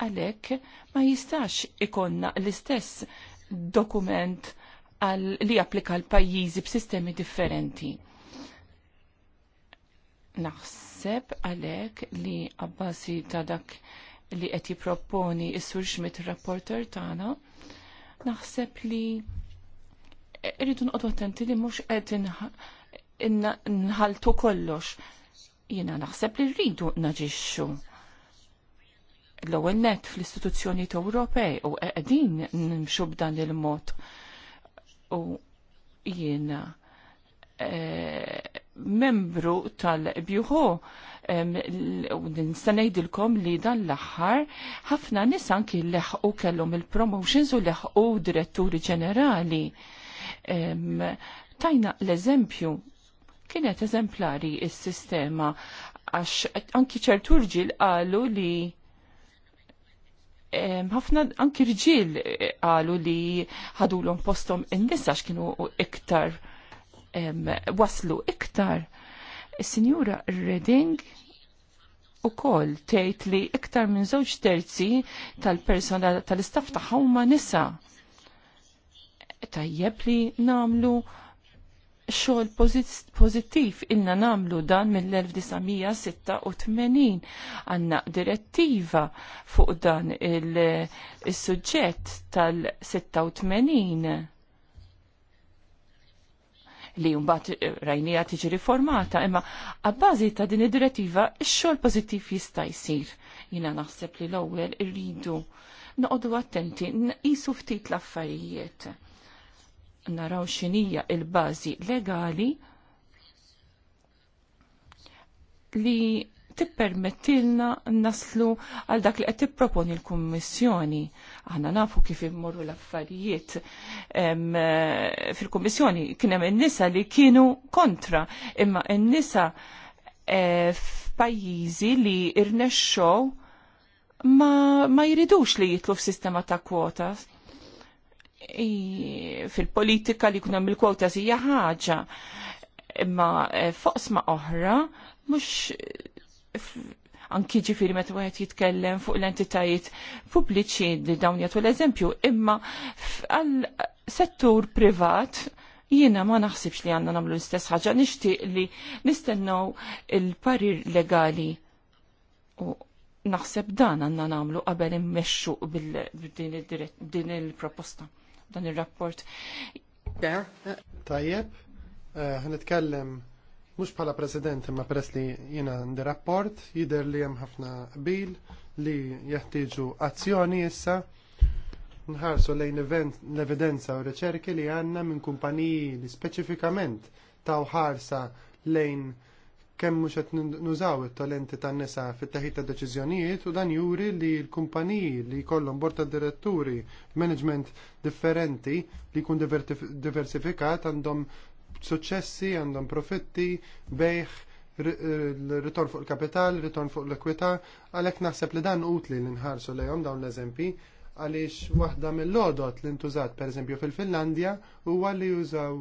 Għalhekk ma jistax ikonna l-istess dokument għal li applika l-pajjiżi b'sistemi differenti. Naħseb għalek li għabbasi ta' dak li qed jipproponi is-Sur Schmidt rapporter tagħna, naħseb li rridu nqodu attenti li mhux qed nħaltu kollox. Jiena naħseb li rridu naġixxu l-ewwel net fl-istituzzjoni Ewropej u qegħdin nimxu b'dan il-mod. U jiena eh, membru tal-bjuħu nistanajdilkom li dan l-axħar ħafna nisan ki leħqu kellhom il-promotions u leħqu diretturi ġenerali. Tajna l-eżempju kienet eżemplari il sistema għax anki ċertu rġil qalu li ħafna anki rġil qalu li ħadulhom postom in-nisa kienu iktar waslu iktar. Signora sinjura Redding u kol tgħid li iktar minn żewġ terzi tal-persona tal-istaff tagħha huma nisa. Tajjeb li namlu xogħol pożittiv inna namlu dan mill-1986 għanna direttiva fuq dan il-suġġett tal-86 li mbagħad eh, rajnija tiġi riformata, imma għabbażi ta' din id-direttiva x-xogħol pożittiv jista' jsir. Jiena naħseb li l-ewwel irridu noqogħdu attenti, nqisu ftit l-affarijiet. Naraw x'inhija il-bażi legali li tippermettilna naslu għal dak li qed tipproponi l-Kummissjoni Aħna nafu kif immorru l-affarijiet fil-Kummissjoni kien hemm in-nisa li kienu kontra, imma n nisa eh, f'pajjiżi li irnexxew ma, ma jridux li jitlu f'sistema ta' kwota. Fil-politika li kunem il kwota hija ħaġa, imma eh, fuq ma oħra, mux anki ġifiri metu wieħed jitkellem fuq l-entitajiet pubbliċi li dawn jagħtu l-eżempju, imma għal settur privat jiena ma naħsibx li għandna nagħmlu l-istess ħaġa, nixtieq li nistennaw il-parir legali u naħseb dan għandna nagħmlu qabel immexxu bil-din il-proposta, dan ir-rapport. Uh, Tajjeb, uh, ħanitkellem Mux bħala president imma peress li jina ndi rapport, jider li jem ħafna bil li jeħtieġu azzjoni issa nħarsu lejn l-evidenza u reċerki li għanna minn kumpaniji li speċifikament taw ħarsa lejn kemm mhux qed nużaw it-talenti tan-nisa fit-taħid ta' deċiżjonijiet u dan juri li l-kumpaniji li jkollhom bord ta' diretturi, management differenti li jkun diversifikat għandhom suċċessi, għandhom profitti, bejħ, ritorn fuq il-kapital, ritorn fuq l-ekwita, għalhekk naħseb li dan utli li nħarsu lejhom dawn l-eżempi għaliex waħda mill-lodot li ntużat pereżempju fil-Finlandja huwa li jużaw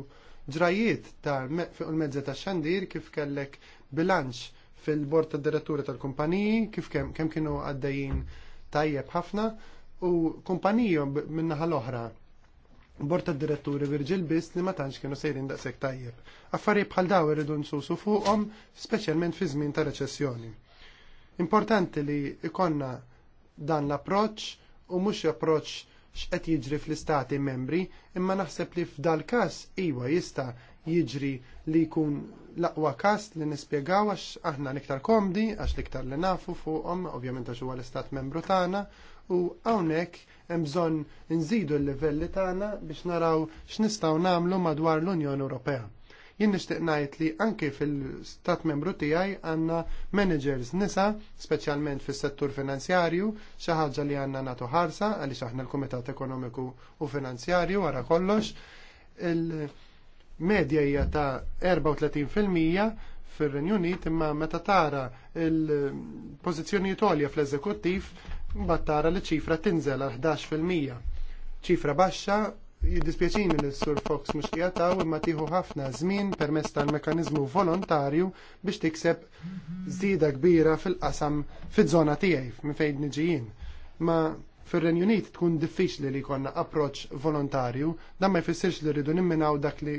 ġrajiet ta' fuq il-mezzi ta' xandir kif kellek bilanċ fil-bord ta' diretturi tal-kumpaniji kif kemm kienu għaddejjin tajjeb ħafna u kumpaniji naħa l-oħra bort tad diretturi Virgil Biss li ma tantx kienu sejrin daqshekk tajjeb. Affarijiet bħal daw irridu nsusu fuqhom speċjalment fi żmien ta' reċessjoni. Importanti li ikonna dan l-approċċ u mhux approċċ x'qed jiġri fl-istati membri, imma naħseb li f'dal każ iwa jista' jiġri li jkun l-aqwa każ li nispjegaw għax aħna l-iktar komdi, għax l-iktar li nafu fuqhom, ovvjament għax huwa l-istat membru tagħna, u hawnhekk hemm bżonn nżidu l-livelli tagħna biex naraw x'nistgħu nagħmlu madwar l-Unjoni Ewropea. Jien nixtieq ngħid li anke fil-Stat Membru tiegħi għandna managers nisa, speċjalment fis-settur finanzjarju, xi ħaġa li għandna nagħtu ħarsa għaliex aħna l-Kumitat Ekonomiku u Finanzjarju wara kollox. Il-medja hija ta' 34 fil-Renju Unit imma meta tara il-pożizzjonijiet għolja fl-eżekuttiv mbagħad tara li ċifra tinżel għal 11%. Ċifra baxxa jiddispjaċini li s-Sur Fox mhux jataw imma tieħu ħafna żmien permezz tal-mekanizmu volontarju biex tikseb żieda kbira fil-qasam fiż-żona tiegħi minn fejn niġijin. Ma fir-Renju Unit tkun diffiċli li jkollna approċċ volontarju, dan ma jfissirx li rridu nimminaw dak li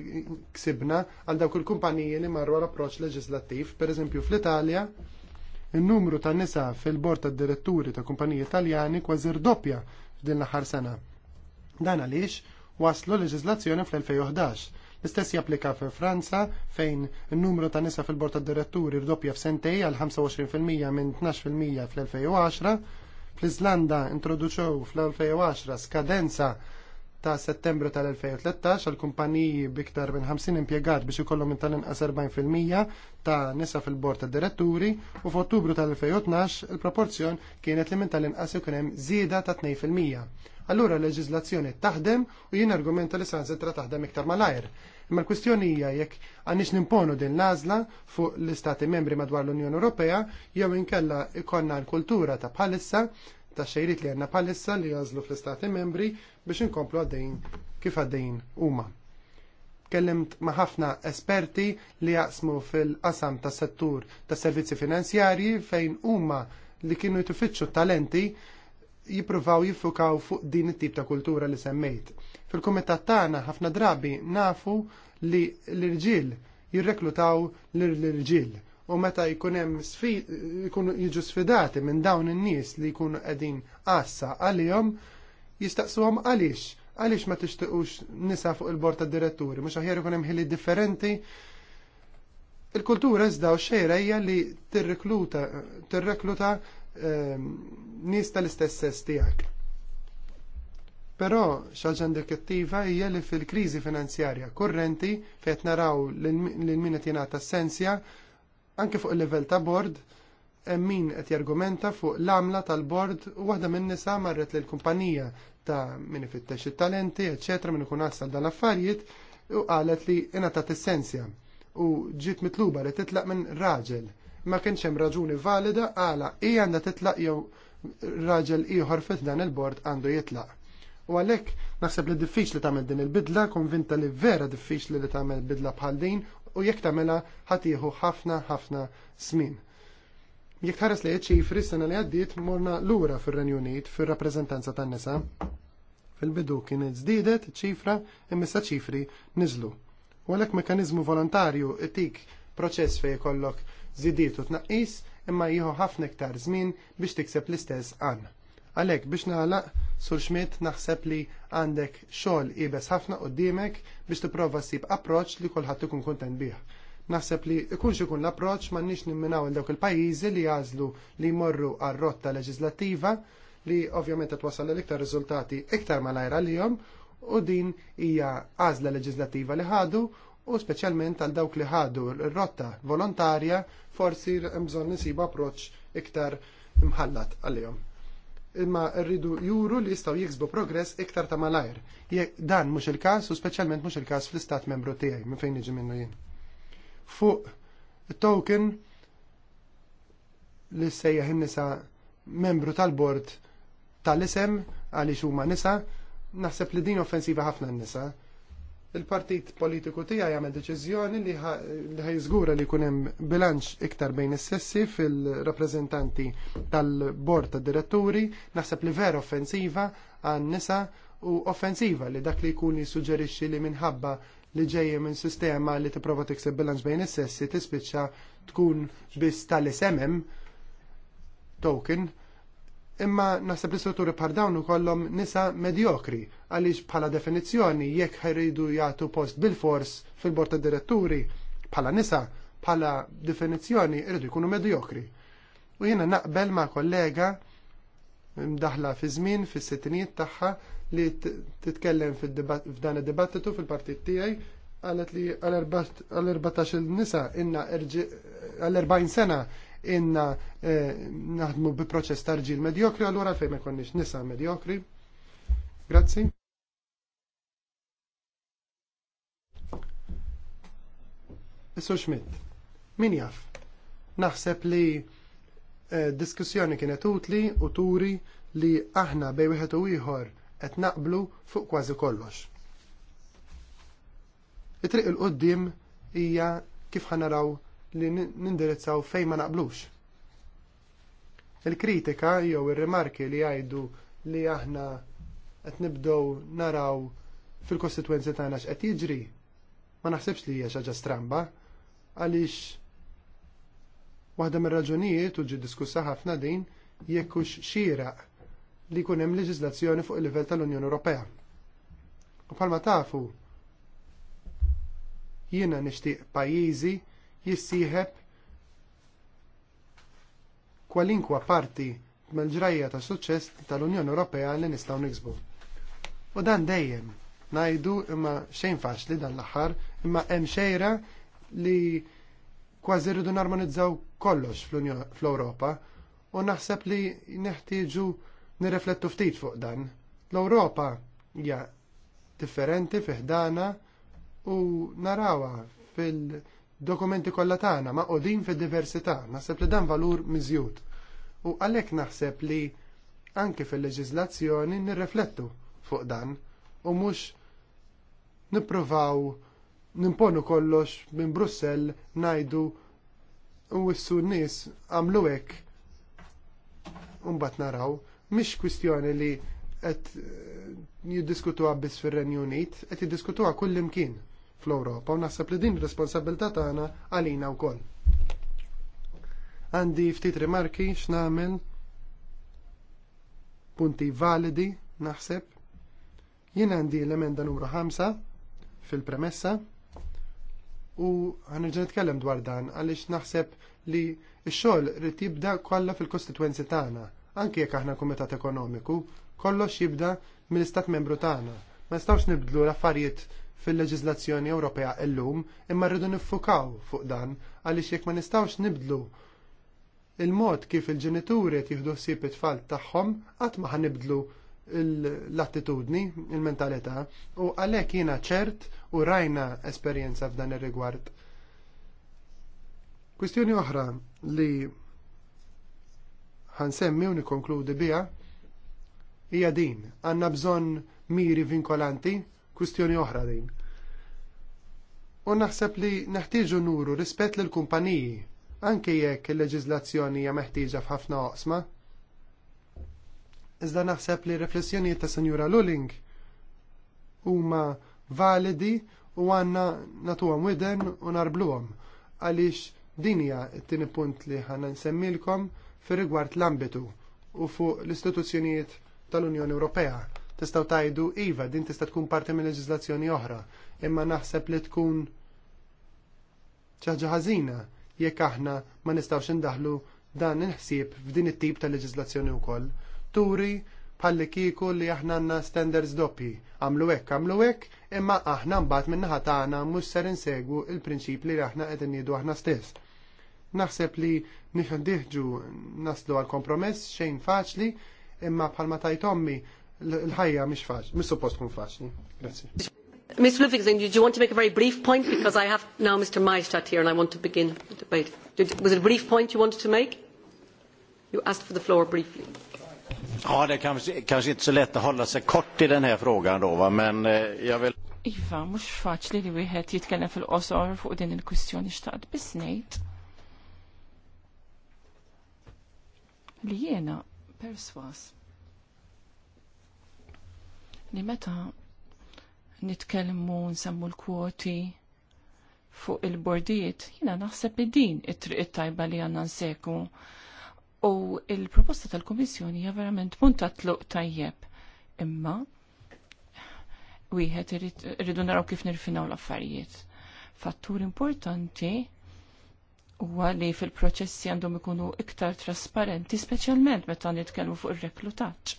ksibna għal dawk il-kumpaniji li marru l-approċċ leġislattiv, pereżempju fl-Italja, Il-numru ta' nisa fil-bord tad diretturi ta' kumpaniji Taljani kważi doppja f'din l-aħħar sena. Dan għaliex waslu leġiżlazzjoni fl-2011. L-istess japplika fi Franza fejn il-numru ta' nisa fil-bord tad diretturi rdoppja f'sentej għal 25% minn 12% fl-2010. Fl-Iżlanda introduċew fl-2010 skadenza ta' settembru tal-2013 għal kumpaniji biktar minn 50 impjegat biex ikollhom tal-inqas 40% ta' nisa fil-bord ta' diretturi u f'Ottubru tal-2012 il-proporzjon kienet li minn tal-inqas ikun hemm żieda ta' 2%. Allura l-leġiżlazzjoni taħdem u jien argumenta li sansitra taħdem iktar malajr. Imma l-kwistjoni hija jekk għandix nimponu din l-għażla fuq l-istati membri madwar l-Unjoni Ewropea jew inkella ikonna l-kultura ta' bħalissa ta' xejrit li għanna palissa li jazlu fl-istati membri biex inkomplu għaddejn kif għaddejn huma. Kellimt ma' ħafna esperti li jaqsmu fil-qasam ta' settur ta' servizzi finanzjarji fejn huma li kienu jtufitxu talenti jipruvaw jiffukaw fuq din it-tip ta' kultura li semmejt. Fil-kumitat tagħna ħafna drabi nafu li l-irġiel jirreklutaw l-irġiel u meta jkun hemm jkunu jiġu sfidati minn dawn in-nies li jkunu qegħdin qassa għalihom jistaqsuhom għaliex għaliex ma tixtiqux nisa fuq il-bord tad diretturi, mhux aħjar ikun hemm ħili differenti. Il-kultura iżda u hija li tirrekluta tirrekluta ehm, nies tal-istess sess tiegħek. Però xaġa indikattiva hija li fil-kriżi finanzjarja kurrenti fejn naraw lil min qed jingħata s-sensja, Anke fuq il-level ta' bord, min qed jargumenta fuq l amla tal-bord u waħda minn nisa marret lil kumpanija ta' min ifittex it-talenti, eċetera, min ikun għassal dal-affarijiet u qalet li jena ta' essenzja u ġiet mitluba li titlaq minn raġel. Ma kienx hemm raġuni valida għala i għandha titlaq jew raġel ieħor fit dan il-bord għandu jitlaq. U għalhekk naħseb li diffiċli tagħmel din il-bidla, konvinta li vera diffiċli li tagħmel bidla bħal din u jekk tagħmilha ħatiħu ħafna ħafna żmien. Jekk tħares li ċifri s-sena li għaddiet morna lura fir-Renju Unit fir-rappreżentanza tan-nisa. Fil-bidu kien żdiedet ċifra imissa ċifri niżlu. U għalhekk mekkaniżmu volontarju itik proċess fejn jkollok żidiet u tnaqqis imma jieħu ħafna iktar żmien biex tikseb l-istess għan. Għalhekk biex naħlaq sur xmiet naħseb li għandek xogħol ibes ħafna dimek biex tipprova ssib approċċ li kulħadd ikun kuntent bih. Naħseb li ikunx ikun l-approċċ m'għandniex nimminaw il dawk il-pajjiżi li jazlu li jmorru għal rotta leġislattiva li ovvjament qed wasal l-iktar riżultati iktar malajra jom u din hija għażla leġislattiva li ħadu u speċjalment għal dawk li ħadu r-rotta volontarja forsi hemm bżonn nisibu approċċ iktar imħallat għal-jom imma rridu juru li jistgħu jiksbu progress iktar ta' malajr. Dan mhux il-każ u speċjalment mhux il-każ fl-istat membru tiegħi minn fejn iġi minnu jien. Fuq token li sejjaħ nisa membru tal-bord tal-isem għaliex huma nisa, naħseb li din offensiva ħafna n-nisa il-partit politiku tiegħi jagħmel deċiżjoni li ħajżgura li jkun hemm bilanċ iktar bejn is-sessi fil-rappreżentanti tal-bord tad-diretturi, naħseb li vera offensiva għan-nisa u offensiva li dak li jkun jissuġġerixxi li minħabba li ġejja minn sistema li tipprova tikseb bilanċ bejn is-sessi tispiċċa tkun biss tal isem token imma naħseb li strutturi par dawn ukollhom nisa medjokri għaliex bħala definizzjoni jekk ħeridu jagħtu post bil-fors fil-bord tad diretturi bħala nisa bħala definizzjoni irridu jkunu medjokri. U jiena naqbel ma' kollega mdaħla fi żmien fis-sittinijiet tagħha li titkellem f'dan id-dibattitu fil-partit tiegħi qalet li għal-14 nisa inna għal-40 sena inna eh, naħdmu bi proċess tarġil medjokri, allura fej ma konniex nisa medjokri. Grazzi. Issu Schmidt, min jaf? Naħseb li eh, diskussjoni kienet utli u turi li aħna bej wieħed u ieħor qed naqblu fuq kważi kollox. It-triq il-qoddim hija kif ħanaraw li nindirizzaw fejn ma naqblux. Il-kritika jew ir-rimarki li jgħidu li aħna qed nibdew naraw fil-kostituenzi tagħna x'qed jiġri ma naħsibx li hija xi ħaġa stramba għaliex waħda mir-raġunijiet u ġi diskussa ħafna din jekk hux xieraq li jkun hemm leġiżlazzjoni fuq il-livell tal-Unjoni Ewropea. U bħalma tafu jiena nixtieq pajjiżi jissieħeb kwalinkwa parti mal ġrajja ta' suċċess tal-Unjoni Ewropea li nistgħu niksbu. U dan dejjem ngħidu imma xejn faċli dan l-aħħar, imma hemm xejra li kważi rridu narmonizzaw kollox fl-Ewropa u naħseb li neħtieġu nirreflettu ftit fuq dan. L-Ewropa hija differenti fiħdana u narawha fil- dokumenti kollha tagħna ma' qogħdin fid-diversità, naħseb li dan valur miżjud. U għalhekk naħseb li anke fil-leġiżlazzjoni nirreflettu fuq dan u mhux nippruvaw nimponu kollox minn Brussell ngħidu u wissu n-nies għamlu hekk mbagħad naraw mhix kwistjoni li qed jiddiskutuha biss fir-Renju Unit, qed jiddiskutuha kull imkien fl europa u naħseb li din responsabilità tagħna għalina wkoll. Għandi ftit rimarki x'namel punti validi naħseb. Jien għandi l-emenda numru 5 fil-premessa u għanerġa nitkellem dwar dan għaliex naħseb li x-xogħol rid jibda kollha fil-kostitwenzi tagħna, anke jekk aħna kumitat ekonomiku, kollox jibda mill-istat membru tagħna. Ma nistgħux nibdlu l-affarijiet fil-leġiżlazzjoni Ewropea llum imma rridu niffukaw fuq dan għaliex jekk ma nistgħux nibdlu il-mod kif il-ġenituri qed jieħdu ħsieb it-tfal tagħhom qatt ma ħanibdlu l-attitudni, il-mentalità u għalhekk jiena ċert u rajna esperjenza f'dan ir-rigward. Kwistjoni oħra li ħansemmi u nikkonkludi biha hija din. Għandna bżonn miri vinkolanti kwistjoni oħra din. U naħseb li neħtieġu nuru rispett lill kumpaniji anke jekk il-leġiżlazzjoni hija meħtieġa f'ħafna oqsma. Iżda naħseb li riflessjonijiet ta' Sinjura Luling huma validi u għanna nagħtuhom widen u narbluhom għaliex din hija t-tieni punt li ħana nsemmilkom fir rigward l-ambitu u fuq l-istituzzjonijiet tal-Unjoni Ewropea tistgħu tajdu iva din tista' tkun parti minn leġislazzjoni oħra, imma naħseb li tkun ċaġa ħażina jekk aħna ma nistgħux indaħlu dan il-ħsieb f'din it-tip ta' leġislazzjoni wkoll. Turi bħalli kieku li aħna għandna standards doppi, għamlu hekk għamlu hekk, imma aħna mbagħad min-naħa tagħna mhux ser insegwu il-prinċip li aħna qed inniedu aħna stess naħseb li nixandiħġu naslu għal kompromess xejn faċli, imma bħalma tajt ommi l-ħajja mhix faċli, mhux suppost tkun faċli. Grazzi. Ms. Livingston, did you want to make a very brief point? Because I have now Mr. Maestat here and I want to begin the debate. Did, was it a brief point you wanted to make? You asked for the floor briefly. Ja, det kanske, kanske inte så lätt att hålla sig kort i den här frågan då, va? men eh, jag vill... Iva, mux faċli li wieħed jitkellem fil-qosor fuq din il-kwistjoni xtaqt biss Li jiena perswas li meta nitkellmu nsemmu l-kwoti fuq il-bordijiet, jina naħseb li din it-triq tajba li għanna nseku. U il-proposta tal-Komissjoni hija verament punta tluq tajjeb. Imma, wieħed irridu naraw kif nirfinaw l-affarijiet. Fattur importanti huwa li fil-proċessi għandhom ikunu iktar trasparenti, speċjalment meta nitkellmu fuq ir-reklutaġġ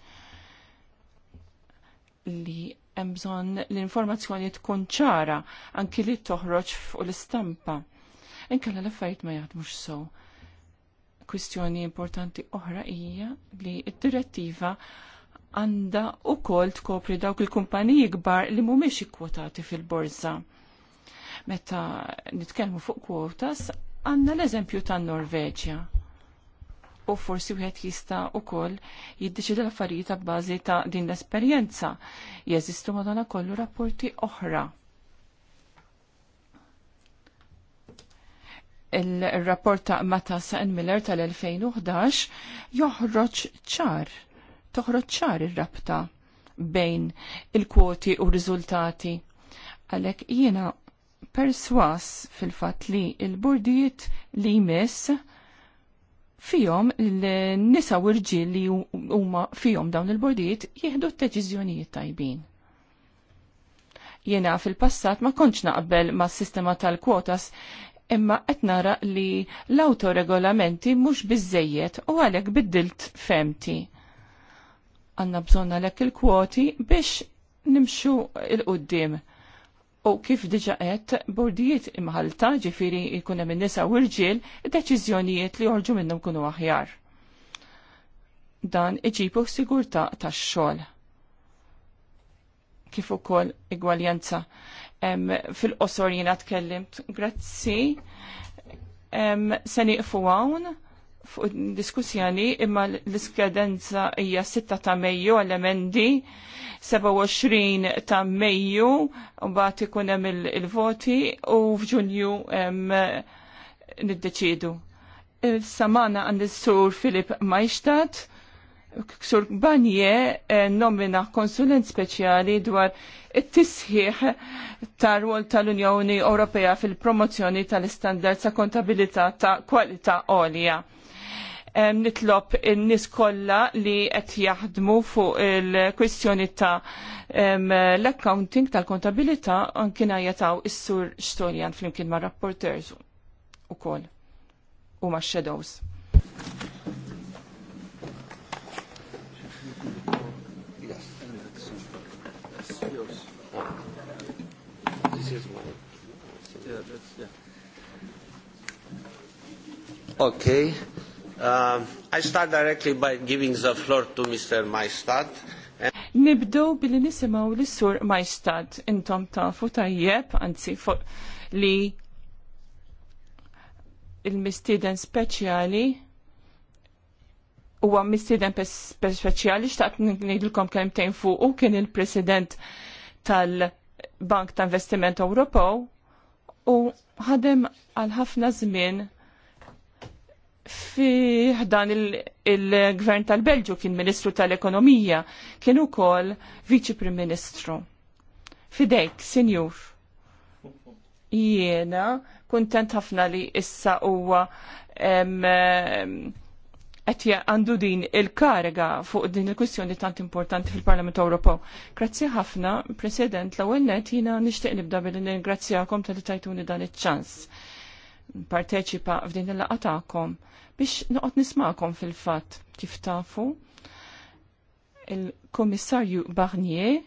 li hemm bżonn l-informazzjoni tkun ċara anki li toħroġ fuq l-istampa. Inkella l-affarijiet ma jaħdmux so. Kwistjoni importanti oħra hija li d-direttiva għandha wkoll tkopri dawk il-kumpaniji kbar li mhumiex ikkwotati fil-borża. Meta nitkellmu fuq kwotas, għandna l-eżempju tan-Norveġja u forsi wieħed jista' wkoll jiddeċidi l-affarijiet ta' bażi ta' din l-esperjenza. Jeżistu madonna kollu rapporti oħra. Il-rapport ta' Mata San Miller tal-2011 joħroġ ċar, toħroġ ċar ir-rabta bejn il-kwoti u riżultati. Għalhekk jiena perswas fil-fatt li l burdijiet li jmiss fihom l-nisa u rġil li huma fihom dawn il-bordijiet jieħdu t-deċiżjonijiet tajbin. Jena fil-passat ma konċ naqbel ma' sistema tal-kwotas imma qed nara li l-autoregolamenti mhux biżejjed u għalhekk biddilt femti. Għanna bżonna lek il-kwoti biex nimxu il-qoddim. il qoddim u kif diġa qed bordijiet imħalta ġifiri jkun hemm nisa u id deċiżjonijiet li jorġu minnhom kunu aħjar. Dan iġibu sigurtà tax-xogħol. Kif ukoll igwaljanza. Fil-qosor jiena tkellimt, grazzi. Se nieqfu hawn fuq diskussjoni imma l-iskadenza hija 6 ta' Mejju għall-emendi 27 ta' Mejju u bat ikun hemm il-voti u f'Ġunju hemm niddeċiedu. samana għand sur Filip Majstat Ksur Banje eh, nomina konsulent speċjali dwar it-tisħiħ tar rwol tal-Unjoni Ewropea fil-promozzjoni tal-istandard ta' kontabilità ta' kwalità għolja nitlob in-nies kollha li qed jaħdmu fuq il-kwistjoni ta' l-accounting tal-kontabilità kien jataw is-sur Stoljan flimkien ma' rapporters ukoll u ma' shadows. Okay. Uh, I start directly by giving the floor to Mr. Maistad. Nibdu billi nisimaw l sur Maistad intom tafu tajjeb, anzi li il-mistiden speċjali huwa mistiden speċjali xtaqt ngħidilkom kelmtejn fuq u kien il-President tal-Bank ta' Investiment Ewropew u ħadem għal ħafna żmien fi dan il-gvern il tal-Belġu kien Ministru tal-Ekonomija, kien ukoll Viċi Prim Ministru. Fidejk, Sinjur. Jiena kuntent ħafna li issa huwa qed għandu din il-karga fuq din il-kwistjoni tant importanti fil-Parlament Ewropew. Grazzi ħafna, President, l-ewwel nett jiena nixtieq nibda billi ingrazzjakom tal tajtuni dan iċ-ċans parteċipa f'din il-laqa ta'kom biex noqgħod nismakom fil-fatt kif tafu il-Komissarju Barnier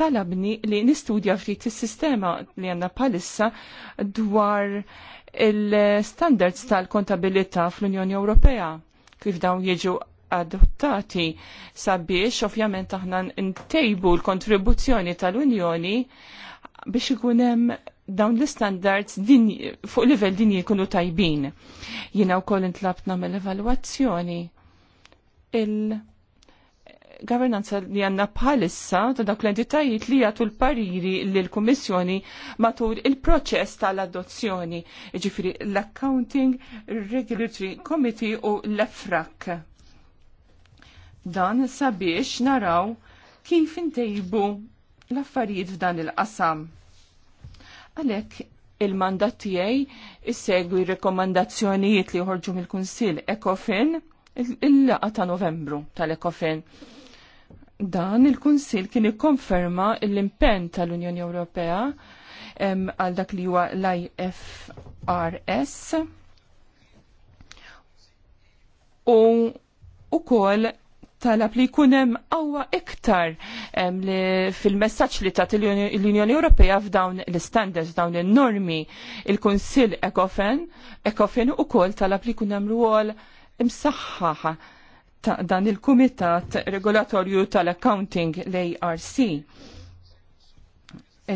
talabni li nistudja ftit is-sistema li għandna palissa dwar il-standards tal-kontabilità fl-Unjoni Ewropea kif dawn jiġu adottati sabiex ovvjament aħna ntejbu l-kontribuzzjoni tal-Unjoni biex ikun hemm dawn l-standards fuq livell din jikunu tajbin. Jina u koll intlabt namel evalwazzjoni il-governanza li għanna bħalissa ta' dawk l-entitajiet li jgħatu l-pariri l komissjoni matul il-proċess tal-adozzjoni, ġifiri l-Accounting Regulatory Committee u l-EFRAC. Dan sabiex naraw kif intejbu l-affarijiet f'dan il-qasam Għalhekk il-mandat tiegħi issegwi rekomandazzjonijiet li joħorġu mill-Kunsill ECOFIN il-laqa ta' Novembru tal-ECOFIN. Dan il-Kunsill kien ikkonferma l-impenn tal-Unjoni Ewropea għal dak li huwa l-IFRS u ukoll talab li jkun hemm iktar fil-messaġġ li tat l-Unjoni Ewropea f'dawn l-standards, dawn in-normi. Il-Kunsill Ekofen u ukoll talab li jkun hemm rwol imsaħħaħ ta' dan il-Kumitat Regolatorju tal-Accounting l-ARC.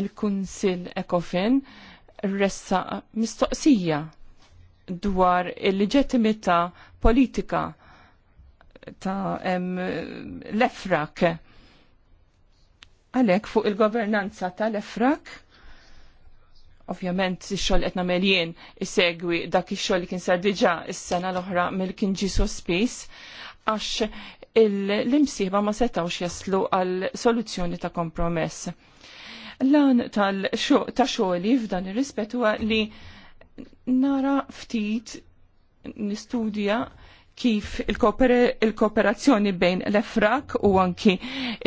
Il-Kunsill Ekofen ressa mistoqsija dwar il-leġittimità politika ta' l-efrak. Għalek fuq il-governanza tal-efrak, ovvjament il xogħol qed nagħmel jien isegwi dak il xogħol li kien sar diġà is-sena l-oħra mill kien ġi sospiż għax l-imsieħba ma setawx jaslu għal soluzzjoni ta' kompromess. Lan ta' xogħli f'dan ir-rispett huwa li nara ftit nistudja kif il-kooperazzjoni bejn l-EFRAK u anki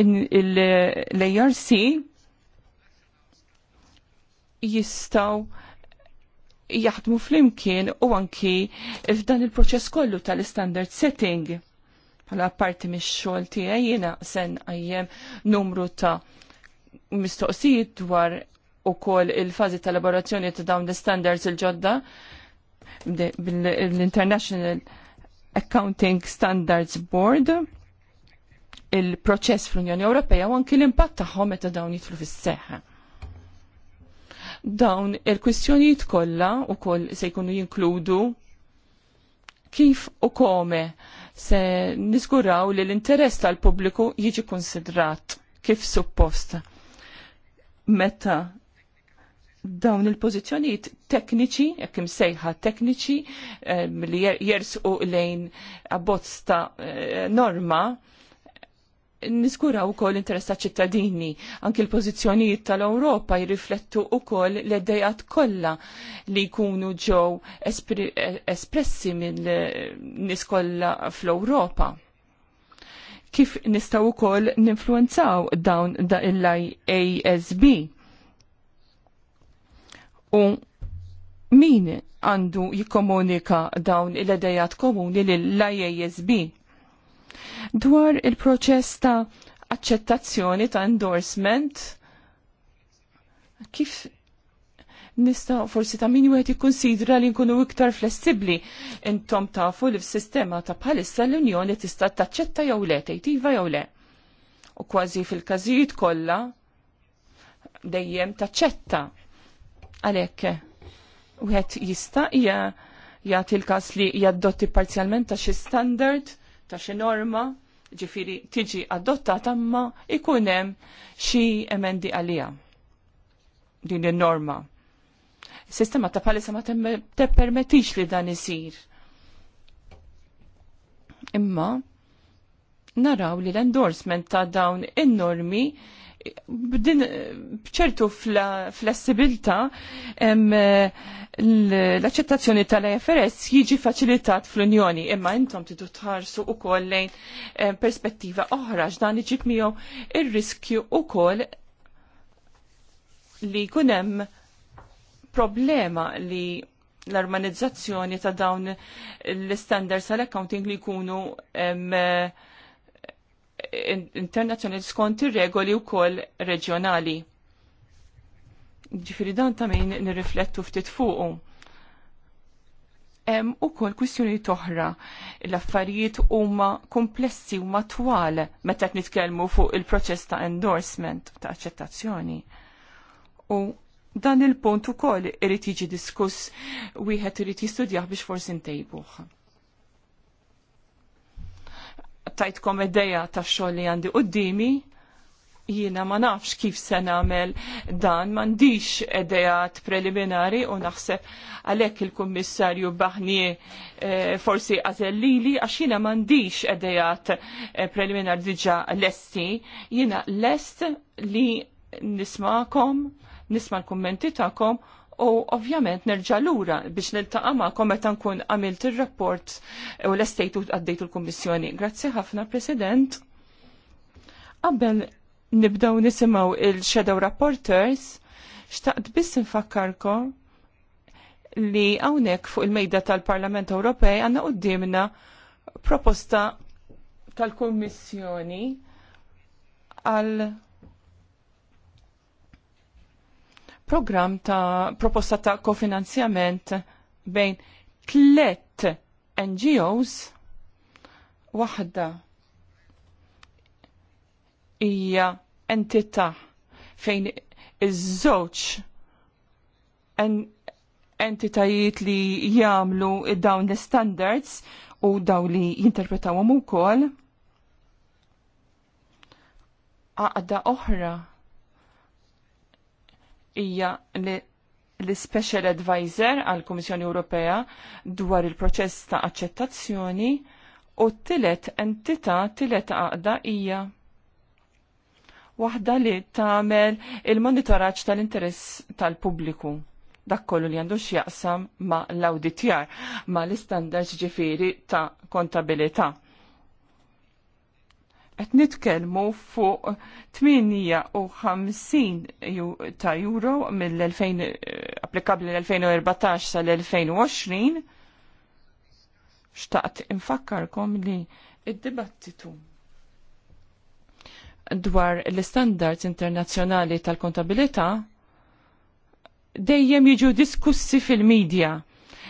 l-ARC jistaw jaħdmu flimkien u anki f'dan il-proċess kollu tal-standard setting. għala parti mix xogħol tiegħi jiena sen għajjem numru ta' mistoqsijiet dwar ukoll il-fażi tal laborazzjoni ta' dawn l-standards il-ġodda l-International Accounting Standards Board il-proċess fl-Unjoni Ewropea u anki l-impatt tagħhom meta dawn jitlu fis-seħħa. Dawn il-kwistjonijiet kollha wkoll se jkunu jinkludu kif u kome se niżguraw li l-interess tal-pubbliku jiġi konsidrat kif suppost meta dawn il-pozizjoniet tekniċi, jekk imsejħa tekniċi, eh, li jersqu lejn abbozz ta' eh, norma, niskura u kol interess ta' ċittadini. Anki l-pozizjoniet tal-Europa jirriflettu u kol l-eddejat kolla li jkunu ġew espressi mill eh, nis kolla fl-Europa. Kif nistaw u kol ninfluenzaw dawn da' il iasb U min għandu jikkomunika dawn il-edajat komuni lill-IASB dwar il-proċess ta' accettazzjoni ta' endorsement kif nista forsi ta' min wieħed jikonsidra li nkunu iktar flessibbli intom tafu li s-sistema ta' bħalissa l-Unjoni tista' taċċetta jew le, tejtiva jew le. U kważi fil-każijiet kollha dejjem taċċetta Għalhekk wieħed jista' hija jagħti l-każ li jaddotti parzjalment ta' xi standard, ta' xi norma, ġifiri tiġi adottata ma ikunem hemm xi emendi għalija din in-norma. Sistema ta' palisa ma permetix li dan isir. Imma naraw li l-endorsement ta' dawn in-normi b'din bċertu flessibilta l-accettazzjoni tal-IFRS jiġi faċilitat fl-Unjoni imma intom tidu tħarsu u koll lejn perspettiva oħra ġdan iġib miegħu il riskju u koll li kunem problema li l-armonizzazzjoni ta' dawn l-standards tal-accounting li jkunu internazzjonali skont ir-regoli wkoll reġjonali. Ġifieri dan ta' min nirriflettu ftit fuqu. Hemm ukoll kwistjoni toħra. L-affarijiet huma komplessi u matwal meta qed nitkellmu fuq il-proċess ta' endorsement ta' aċċettazzjoni. U dan il-punt ukoll irid jiġi diskuss wieħed irid jistudjah biex forsi ntejbuh tajtkom id ta' xogħol li għandi qudiemi jiena ma nafx kif se nagħmel dan m'għandix idejat preliminari u naħseb għalhekk il-Kummissarju Baħnie e, eh, forsi għażellili għax jiena m'għandix idejat preliminari diġà lesti, jiena lest li nismakom, nisma' l-kummenti tagħkom U ovvjament nerġa' lura biex niltaqa' magħkom meta nkun għamilt ir-rapport u l u għaddejtu l-Kummissjoni. Grazzi ħafna, President. Qabel nibdew nisimgħu il-Shadow Rapporters, xtaqt biss nfakkarkom li hawnhekk fuq il-mejda tal-Parlament Ewropej għandna qudiemna proposta tal-Kummissjoni għal program ta' proposta ta' kofinanzjament bejn tlet NGOs waħda hija entità fejn iż-żewġ entitajiet li jagħmlu dawn l-standards u daw li jinterpretawhom ukoll għaqda oħra hija l-Special Advisor għal Kummissjoni Ewropea dwar il-proċess ta' aċċettazzjoni u t-tilet entità t-tilet għaqda hija waħda li tagħmel il-monitoraġġ tal-interess tal-pubbliku dak kollu li għandu x'jaqsam ma' l-auditjar ma' l-istandards ġifieri ta' kontabilità qed nitkellmu fuq 58 ta' euro mill-2000 applikabli l-2014 sal-2020 xtaqt infakkarkom li id-dibattitu dwar l-standards internazzjonali tal-kontabilità dejjem jiġu diskussi fil-medja.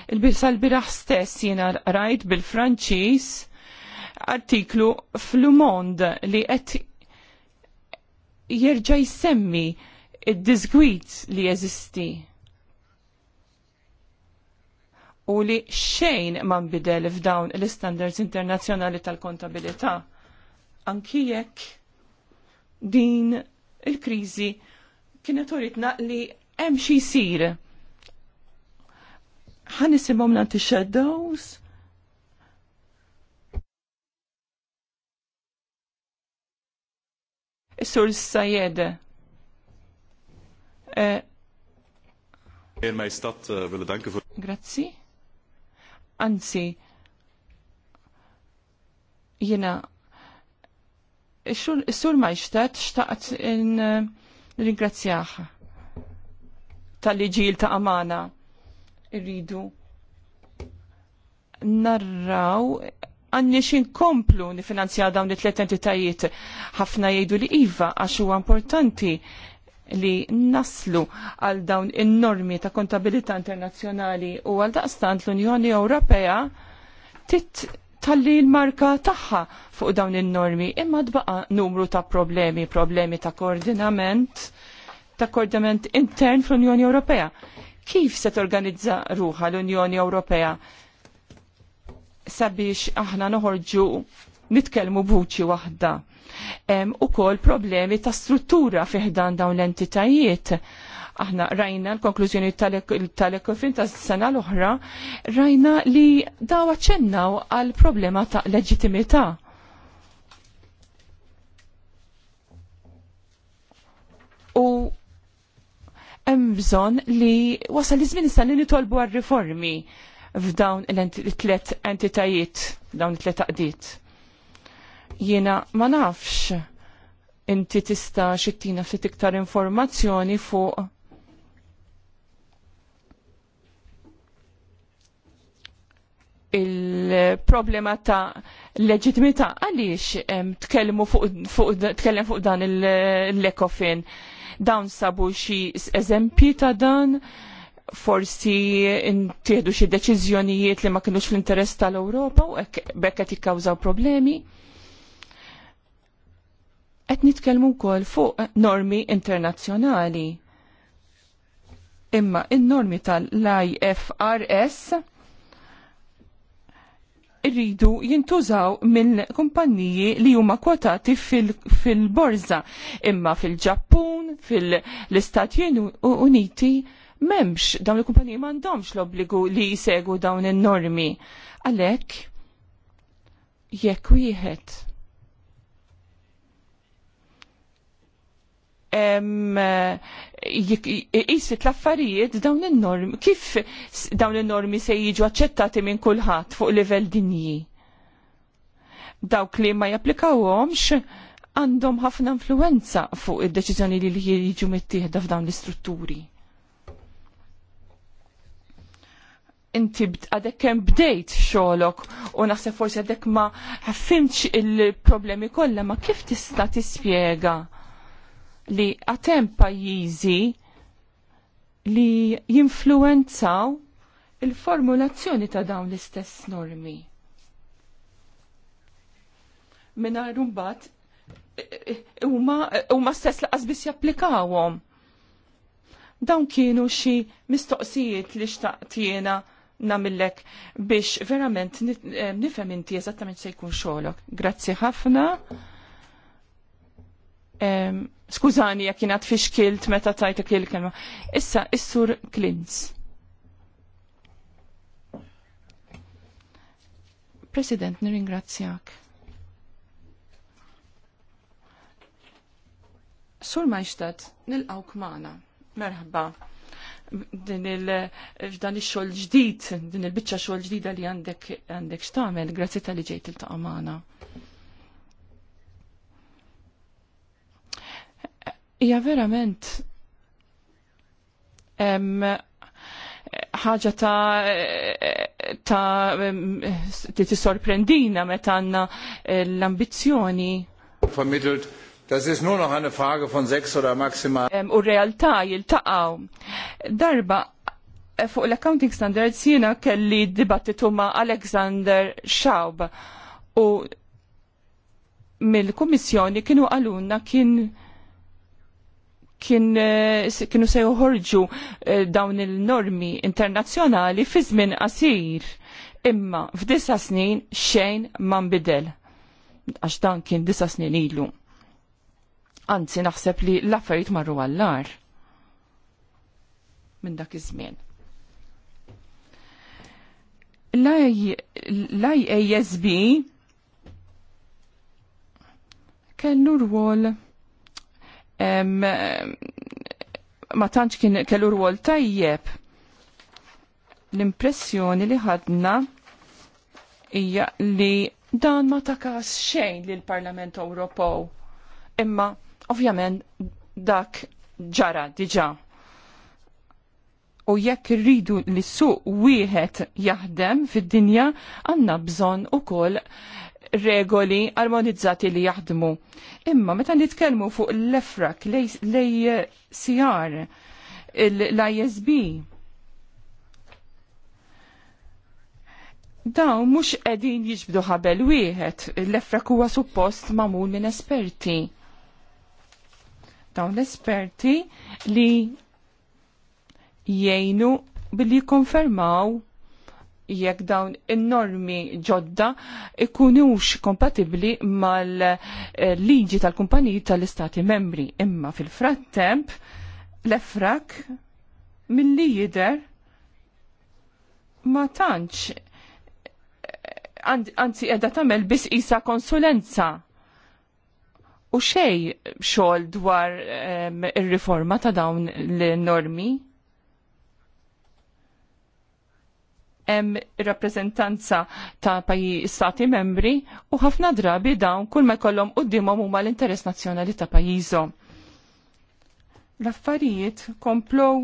Il-bisal biraħ stess jiena rajt bil-Franċiż artiklu fl-Mond li qed jerġa' jsemmi id-disgwit li jeżisti. U li xejn ma nbidel f'dawn l istandards internazzjonali tal-kontabilità. Anki jekk din il-kriżi kienet uritna li hemm xi jsir ħanisimhom nagħti shadows Sur Sajede eh, Heer Majestad, vele eh, danke voor... Grazzi. Anzi, jena, Sur Majestad xtaqt in eh, ringrazzjaħ tal-liġil ta' amana irridu narraw għanni xin komplu nifinanzja dawn it-tlet entitajiet. ħafna jgħidu li iva għax huwa importanti li naslu għal dawn in-normi ta' kontabilità internazzjonali u għal daqstant l-Unjoni Ewropea tit talli l-marka tagħha fuq dawn in-normi imma dbaqa' numru ta' problemi, problemi ta' koordinament, ta' koordinament intern fl-Unjoni Ewropea. Kif se torganizza ruħa l-Unjoni Ewropea sabiex aħna noħorġu nitkellmu buċi waħda. U kol problemi ta' struttura fiħdan dawn l-entitajiet. Aħna rajna l-konklużjoni tal-ekofin ta' sena l-oħra, rajna li dawa ċennaw għal problema ta' leġitimità. U hemm bżonn li wasal iż-żmien issa li nitolbu għal riformi f'dawn il-tlet entitajiet, dawn it-tlet taqdiet. Jiena ma nafx inti tista xittina ftit iktar informazzjoni fuq il-problema ta' leġitimità għaliex tkellmu fuq tkellem fuq dan l-ekofin. Dawn sabu xi eżempji ta' dan forsi intieħdu xi deċiżjonijiet li ma kinux fl-interess tal-Ewropa u hekk qed jikkawżaw problemi. Qed nitkellmu wkoll fuq normi internazzjonali. Imma in-normi tal-IFRS irridu jintużaw mill kumpanniji li huma kwotati fil-borza fil imma fil-Ġappun, fil-Istati Uniti memx dawn il-kumpaniji mandomx l-obbligu li jisegu dawn il-normi. Għalek, jekk wieħed. Jisit l-affarijiet dawn il-normi, kif dawn il-normi se jiġu accettati minn kulħadd fuq livell dinji? Dawk li ma japplikawhomx għandhom ħafna influenza fuq id-deċiżjoni li jiġu mittieħda f'dawn l-istrutturi. inti għadek kem bdejt xolok u naħseb forsi għadek ma ħaffimx il-problemi kollha ma kif tista tispjega li għatem pajjiżi li jinfluenzaw il-formulazzjoni ta' dawn l-istess normi. Minar rumbat huma stess laqas biss japplikawhom. Dawn kienu xi mistoqsijiet li xtaqtijena namillek biex verament eh, nifhem inti eżattament se jkun xogħolok. Grazzi ħafna. Skużani jekk jingħad fi xkilt meta tajtek lil kelma. Issa is-sur Klins. President, nirringrazzjak. Sur Majstad, nilqgħu kmana Merħba din il f'dan ix-xogħol ġdid, din il-biċċa xogħol ġdida li għandek għandek x'tagħmel, grazzi tal-li ġejt il magħna. Ja verament ħaġa ta' ta' ti sorprendina meta għandna l-ambizzjoni. Vermittelt Das ist nur noch eine Frage von sechs oder maximal. U realtà jiltaqgħu. Darba eh, fuq l-accounting standards jiena kelli dibattitu ma' Alexander Schaub u mill-Kummissjoni kienu għalunna kien kien eh, kienu se joħorġu eh, dawn il-normi internazzjonali fi żmien qasir. Imma f'disa snin xejn ma nbidel. Għax dan kien disa snin ilu anzi naħseb li l-affarijiet marru għallar minn dak iż-żmien. L-IASB kellu rwol ma tantx kien kellu rwol tajjeb l-impressjoni li ħadna hija li dan ma takas xejn lill-Parlament Ewropew Imma ovvjament dak ġara diġa. U jekk rridu li suq wieħed jaħdem fid-dinja, għandna bżonn ukoll regoli armonizzati li jaħdmu. Imma meta nitkellmu fuq l-efrak lej CR, l-ISB, daw mhux qegħdin jiġbdu ħabel wieħed, l-efrak huwa suppost magħmul minn esperti dawn l-esperti li jgħinu billi konfermaw jekk dawn in-normi ġodda ikunux kompatibli mal-liġi tal-kumpaniji tal-istati membri. Imma fil-frattemp l-efrak mill-li jider ma tantx anzi edha tamel bis isa konsulenza u xej xogħol dwar um, ir-riforma ta' dawn l-normi? Hemm rappreżentanza ta' paji stati membri u ħafna drabi dawn kull ma jkollhom qudiemhom huma l-interess nazzjonali ta' pajjiżhom. L-affarijiet komplow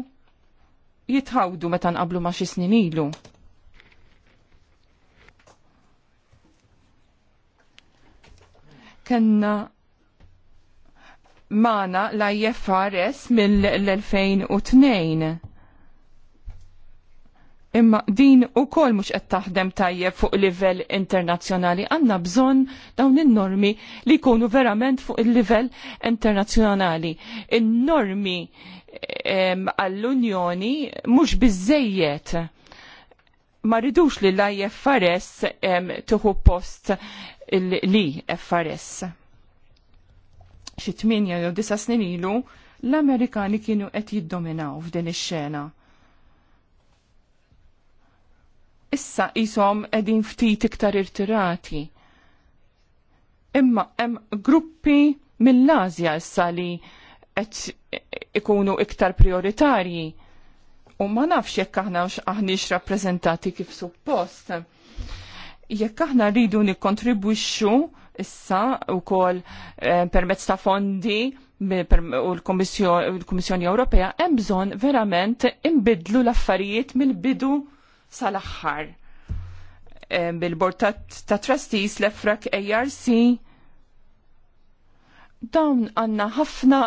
jitħawdu meta nqablu ma' xi snin ilu. Kenna mana la IFRS mill-2002. Imma din u kol mux qed taħdem tajjeb fuq livell internazzjonali għanna bżon dawn il-normi li jkunu verament fuq il-livell internazzjonali. Il-normi għall-Unjoni mux bizzejiet ma ridux li l-IFRS tuħu post li FRS xi tminja jew disa' snin ilu l-Amerikani kienu qed jiddominaw f'din ix-xena. Issa qishom qegħdin ftit iktar irtirati. Imma hemm gruppi mill-Asja issa li qed ikunu iktar prioritarji. U ma nafx jekk aħna aħniex rappreżentati kif suppost. Jekk aħna rridu nikkontribwixxu issa u kol eh, permezz ta' fondi u l-Kommissjoni Ewropea hemm bżonn verament imbidlu l-affarijiet mill-bidu sal-aħħar. Eh, Bil-bord ta', trustees l-Efrak ARC dawn għanna ħafna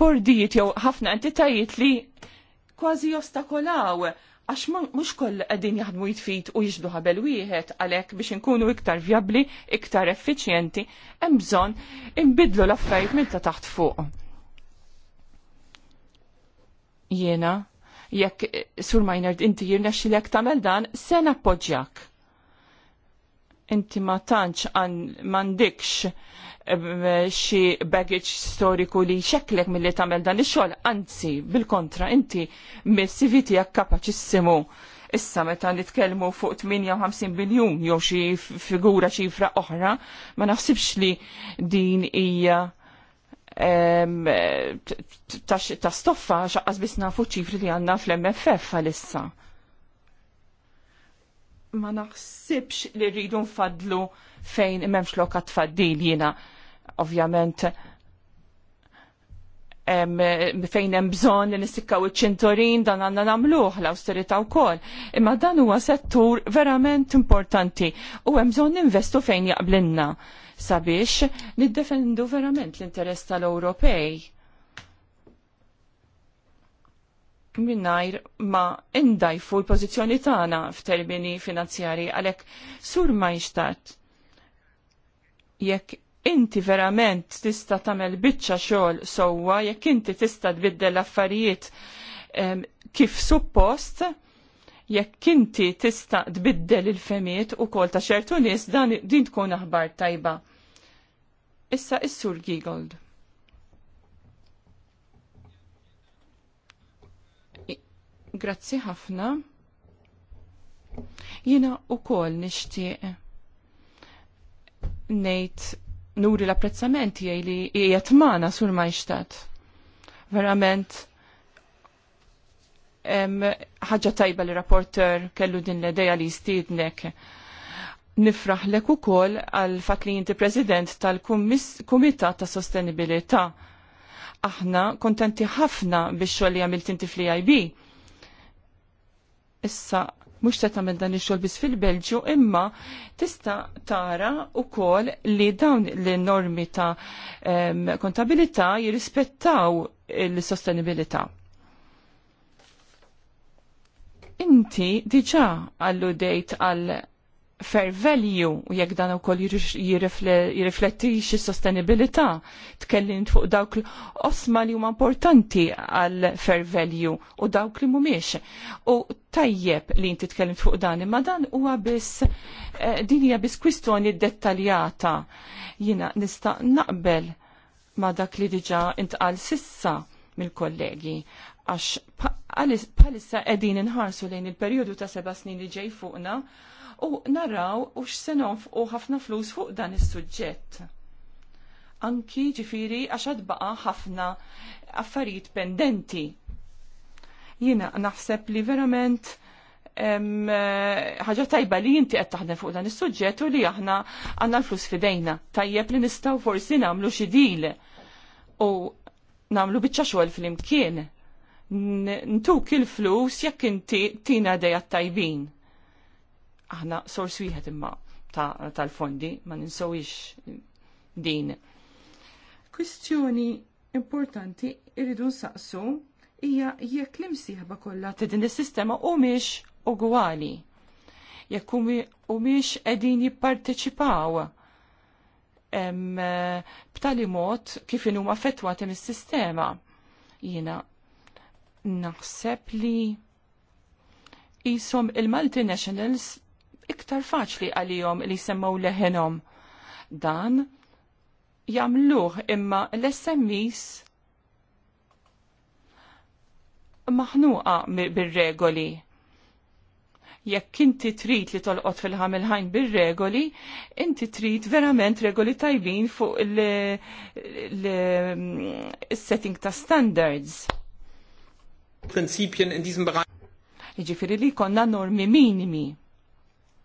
bordijiet jew ħafna entitajiet li kważi jostakolaw għax mux koll għedin jaħdmu jitfit u jiġdu ħabel wieħed għalek biex nkunu iktar vjabli, iktar effiċjenti, hemm bżonn imbidlu l-affarijiet minn ta' taħt fuq. Jiena, jekk eh, sur Majnard inti jirnexxilek tagħmel dan, se nappoġġjak inti ma tantx m'għandikx eh, xi baggage storiku li xeklek milli tagħmel dan ix-xogħol, anzi bil-kontra inti mis-CV tiegħek kapaċissimu. Issa meta nitkellmu fuq 58 biljun jew xi figura ċifra oħra, ma naħsibx li din hija ta' stoffa xaqqas biss nafu ċifri li għandna fl-MFF għalissa. issa ma naħsibx li rridu nfadlu fejn memx loka tfaddil jina. Ovvjament, fejn hemm bżonn li nistikkaw iċ-ċinturin dan għandna nagħmluh l-awsterità wkoll. Imma dan huwa settur verament importanti u hemm bżonn ninvestu fejn jaqblinna sabiex niddefendu verament l-interess tal-Ewropej minnajr ma indajfu l-pozizjoni tagħna f'termini finanzjari għalhekk sur ma jixtat. Jekk inti verament tista' tagħmel biċċa xogħol sewwa, jekk inti tista' tbiddel l-affarijiet kif suppost, jekk inti tista' tbiddel il-femiet u kol ta' xertu nies dan din tkun aħbar tajba. Issa is-sur Giegold. Grazzi ħafna. Jina u kol nishtiq nejt nuri l-apprezzament jgħaj li jgħatmana sur majxtat. Verament, ħagġa tajba li rapporter kellu din l-edeja li jistidnek. Nifraħlek u kol għal fat li jinti prezident tal-Kumitat ta' Sostenibilità. Aħna kontenti ħafna biex xogħol li għamilt inti fl-IB issa mux ta' tamen dan il-xol bis fil-Belġu, imma tista' tara u kol li dawn l-normi ta' kontabilità jirrispettaw il-sostenibilità. Inti diġa għallu dejt għal fair value u jekk dan ukoll jirriflettix is-sostenibilità. Tkellimt fuq dawk l-osma li huma importanti għal fair value u dawk li mhumiex. U tajjeb li inti tkellimt fuq dan imma dan huwa biss eh, din hija biss kwistjoni dettaljata. Jiena nista' naqbel ma dak li diġà intqal sissa mill-kollegi għax palissa qegħdin inħarsu lejn il periodu ta' seba' snin li ġej fuqna u naraw u x-senof u ħafna flus fuq dan is-suġġett. Anki ġifiri għax baqa ħafna affarijiet pendenti. Jina naħseb li verament ħaġa tajba li inti qed taħdem fuq dan is-suġġett u li aħna għandna l-flus fidejna. Tajjeb li nistgħu forsi nagħmlu xi dil u nagħmlu biċċa xogħol flimkien. Ntuk il-flus jekk inti tina dejja tajbin aħna sors wieħed imma tal-fondi ta ma ninsowix din. Kwistjoni importanti irridu nsaqsu hija jekk l-imsieħba kollha ta' din is-sistema humiex ugwali. Jekk humiex qegħdin jipparteċipaw b'tali mod kif in huma affettwati mis-sistema. Jiena naħseb li jisom il-multinationals iktar faċli għalihom li semmaw leħenhom. Dan jagħmluh imma l sms maħnuqa bir-regoli jekk inti trid li tolqot fil-ħamilħajn bir-regoli, inti trid verament regoli tajbin fuq l setting ta' standards. Prinzipien in diesem Bereich. Jiġifieri li konna normi minimi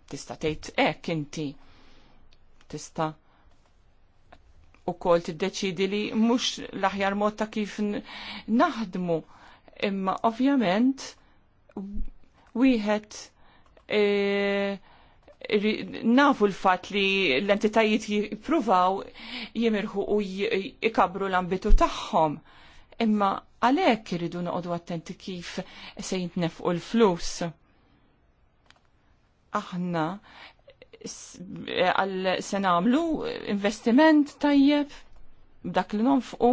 tista' tgħid hekk inti tista' ukoll tiddeċidi li mhux l-aħjar mod ta' kif naħdmu imma ovvjament wieħed e, nafu l-fat li l-entitajiet jipruvaw jimirħu u jikabru l-ambitu tagħhom. Imma għalhekk iridu noqogħdu attenti kif se jintnefqu l-flus aħna għal se nagħmlu investiment tajjeb b'dak li nonfqu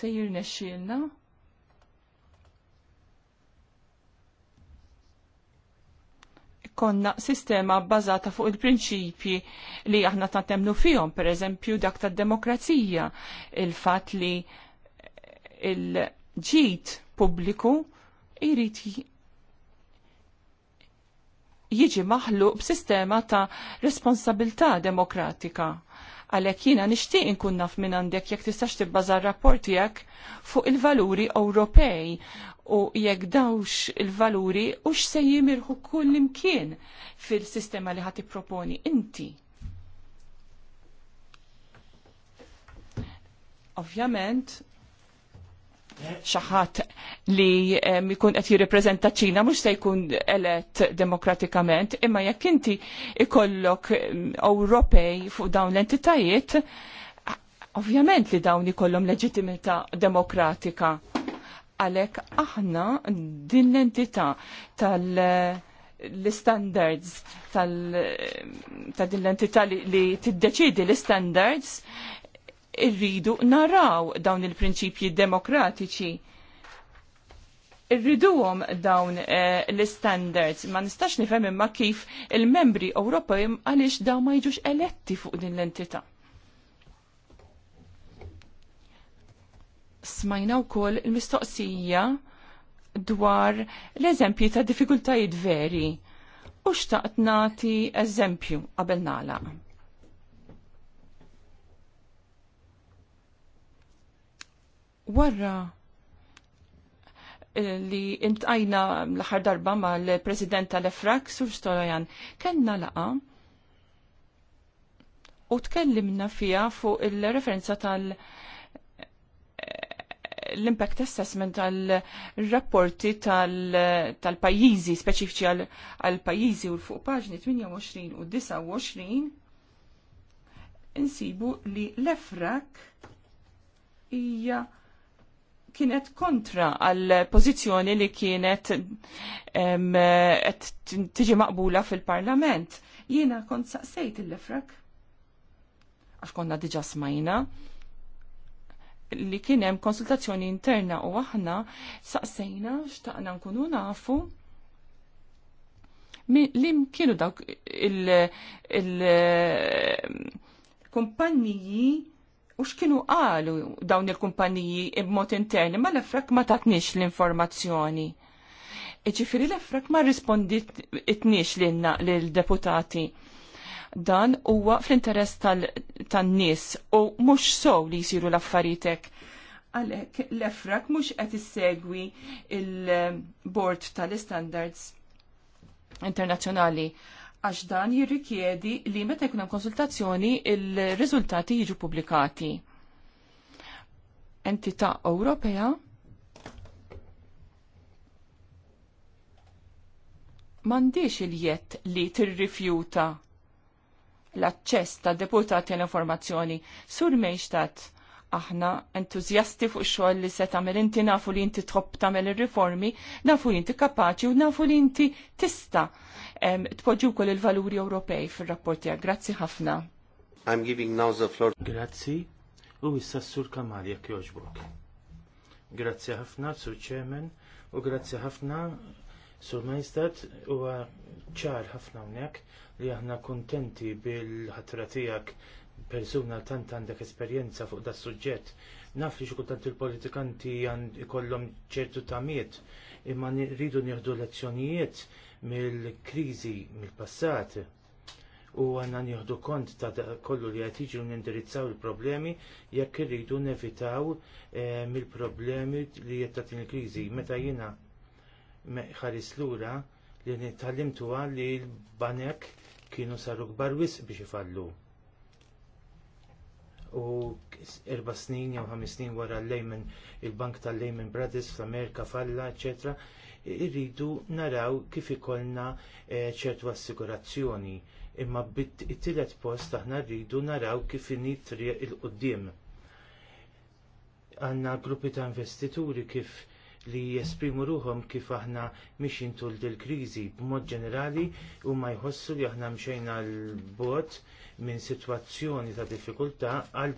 se jirnexxielna. konna sistema bbażata fuq il-prinċipji li aħna tantemnu fihom, per eżempju dak tad-demokrazija, il-fatt li il-ġid pubbliku jrid jiġi maħluq b'sistema ta' responsabilità demokratika. Għalhekk jiena nixtieq inkun naf minn għandek jekk tistax tibbażar rapport tiegħek fuq il-valuri Ewropej u jekk dawx il-valuri u se jimirħu kull imkien fil-sistema li ħati proponi inti. Ovvjament, xaħat li jkun qed jirrepreżenta ċina mhux se jkun elett demokratikament, imma jekk inti ikollok Ewropej fuq dawn l-entitajiet, ovvjament li dawn ikollhom leġitimità demokratika. Għalhekk aħna din l-entità tal- eh, l-standards tal ta' din l-entità li, li tiddeċidi l-standards irridu naraw dawn il-prinċipji demokratiċi. Irriduhom dawn eh, l-standards, ma nistax nifhem imma kif il-membri Ewropej għaliex dawn ma jiġux eletti fuq din l-entità. Smajna wkoll il-mistoqsija dwar l-eżempji ta' diffikultajiet veri u xtaqt nagħti eżempju qabel nagħlaq Warra eh, li intqajna l-aħħar darba mal-President tal-Efrak, Sur Stolojan, kellna laqa u tkellimna fija fuq il-referenza tal- l-impact assessment tal-rapporti tal-pajizi, speċifiċi għal-pajizi u fuq paġni 28 u 29, insibu li l-efrak hija kienet kontra għal pożizzjoni li kienet tiġi maqbula fil-Parlament. Jiena kont saqsejt il-lefrak għax konna diġa smajna li kien hemm konsultazzjoni interna u aħna saqsejna xtaqna nkunu nafu li kienu dawk il-kumpanniji il, il kumpanniji u x'kienu qalu dawn il-kumpaniji b'mod interni ma l effrak ma tatniex l-informazzjoni. Iġifiri l-efrek ma itnix l-deputati. Dan huwa fl-interess tan-nies u mhux sow li jsiru l-affaritek għalek l-efrak mux qed segwi il-bord tal-standards internazzjonali għax dan jirrikjedi li meta jkun hemm konsultazzjoni il-riżultati jiġu pubblikati. Entità Ewropea mandiex il-jett li tirrifjuta l-aċċess ta' deputati għall informazzjoni Sur Mejxtat, aħna entuzjasti fuq xogħol li se tagħmel inti nafu li inti tħobb tagħmel ir-riformi, nafu li inti kapaċi u nafu li inti tista tpoġġu wkoll il-valuri Ewropej fir-rapport tiegħek. Grazzi ħafna. I'm giving now the floor. Grazzi. U issa s-sur Kamal jekk jogħġbok. Grazzi ħafna sur Chairman u grazzi ħafna sur Majstat u ċar ħafna hawnhekk li aħna kontenti bil-ħatra tiegħek persuna tant għandek esperjenza fuq das suġġett. Naf li xikultant il-politikanti jkollhom ċertu tamiet imma rridu nieħdu lezzjonijiet mill-kriżi mill-passat u għanna nieħdu kont ta' kollu li qed jiġu nindirizzaw il-problemi jekk irridu nevitaw eh, mill-problemi li qed tagħtin il-kriżi. Meta jiena ħares lura li nitgħallimtu li l-banek kienu saru kbar wisq biex ifallu u erba snin jew ħames snin wara l-Lehman il-Bank tal-Lehman Brothers fl-Amerika falla, eċetera, irridu naraw kif ikollna eh, ċertu assigurazzjoni. Imma bit it-tielet post aħna rridu naraw kif inhi triq il-qudiem. Għandna gruppi ta' investituri kif li jesprimu ruhom kif aħna mixin tul dil kriżi b'mod ġenerali u ma jħossu li aħna mxejna l-bot minn sitwazzjoni ta' diffikultà għal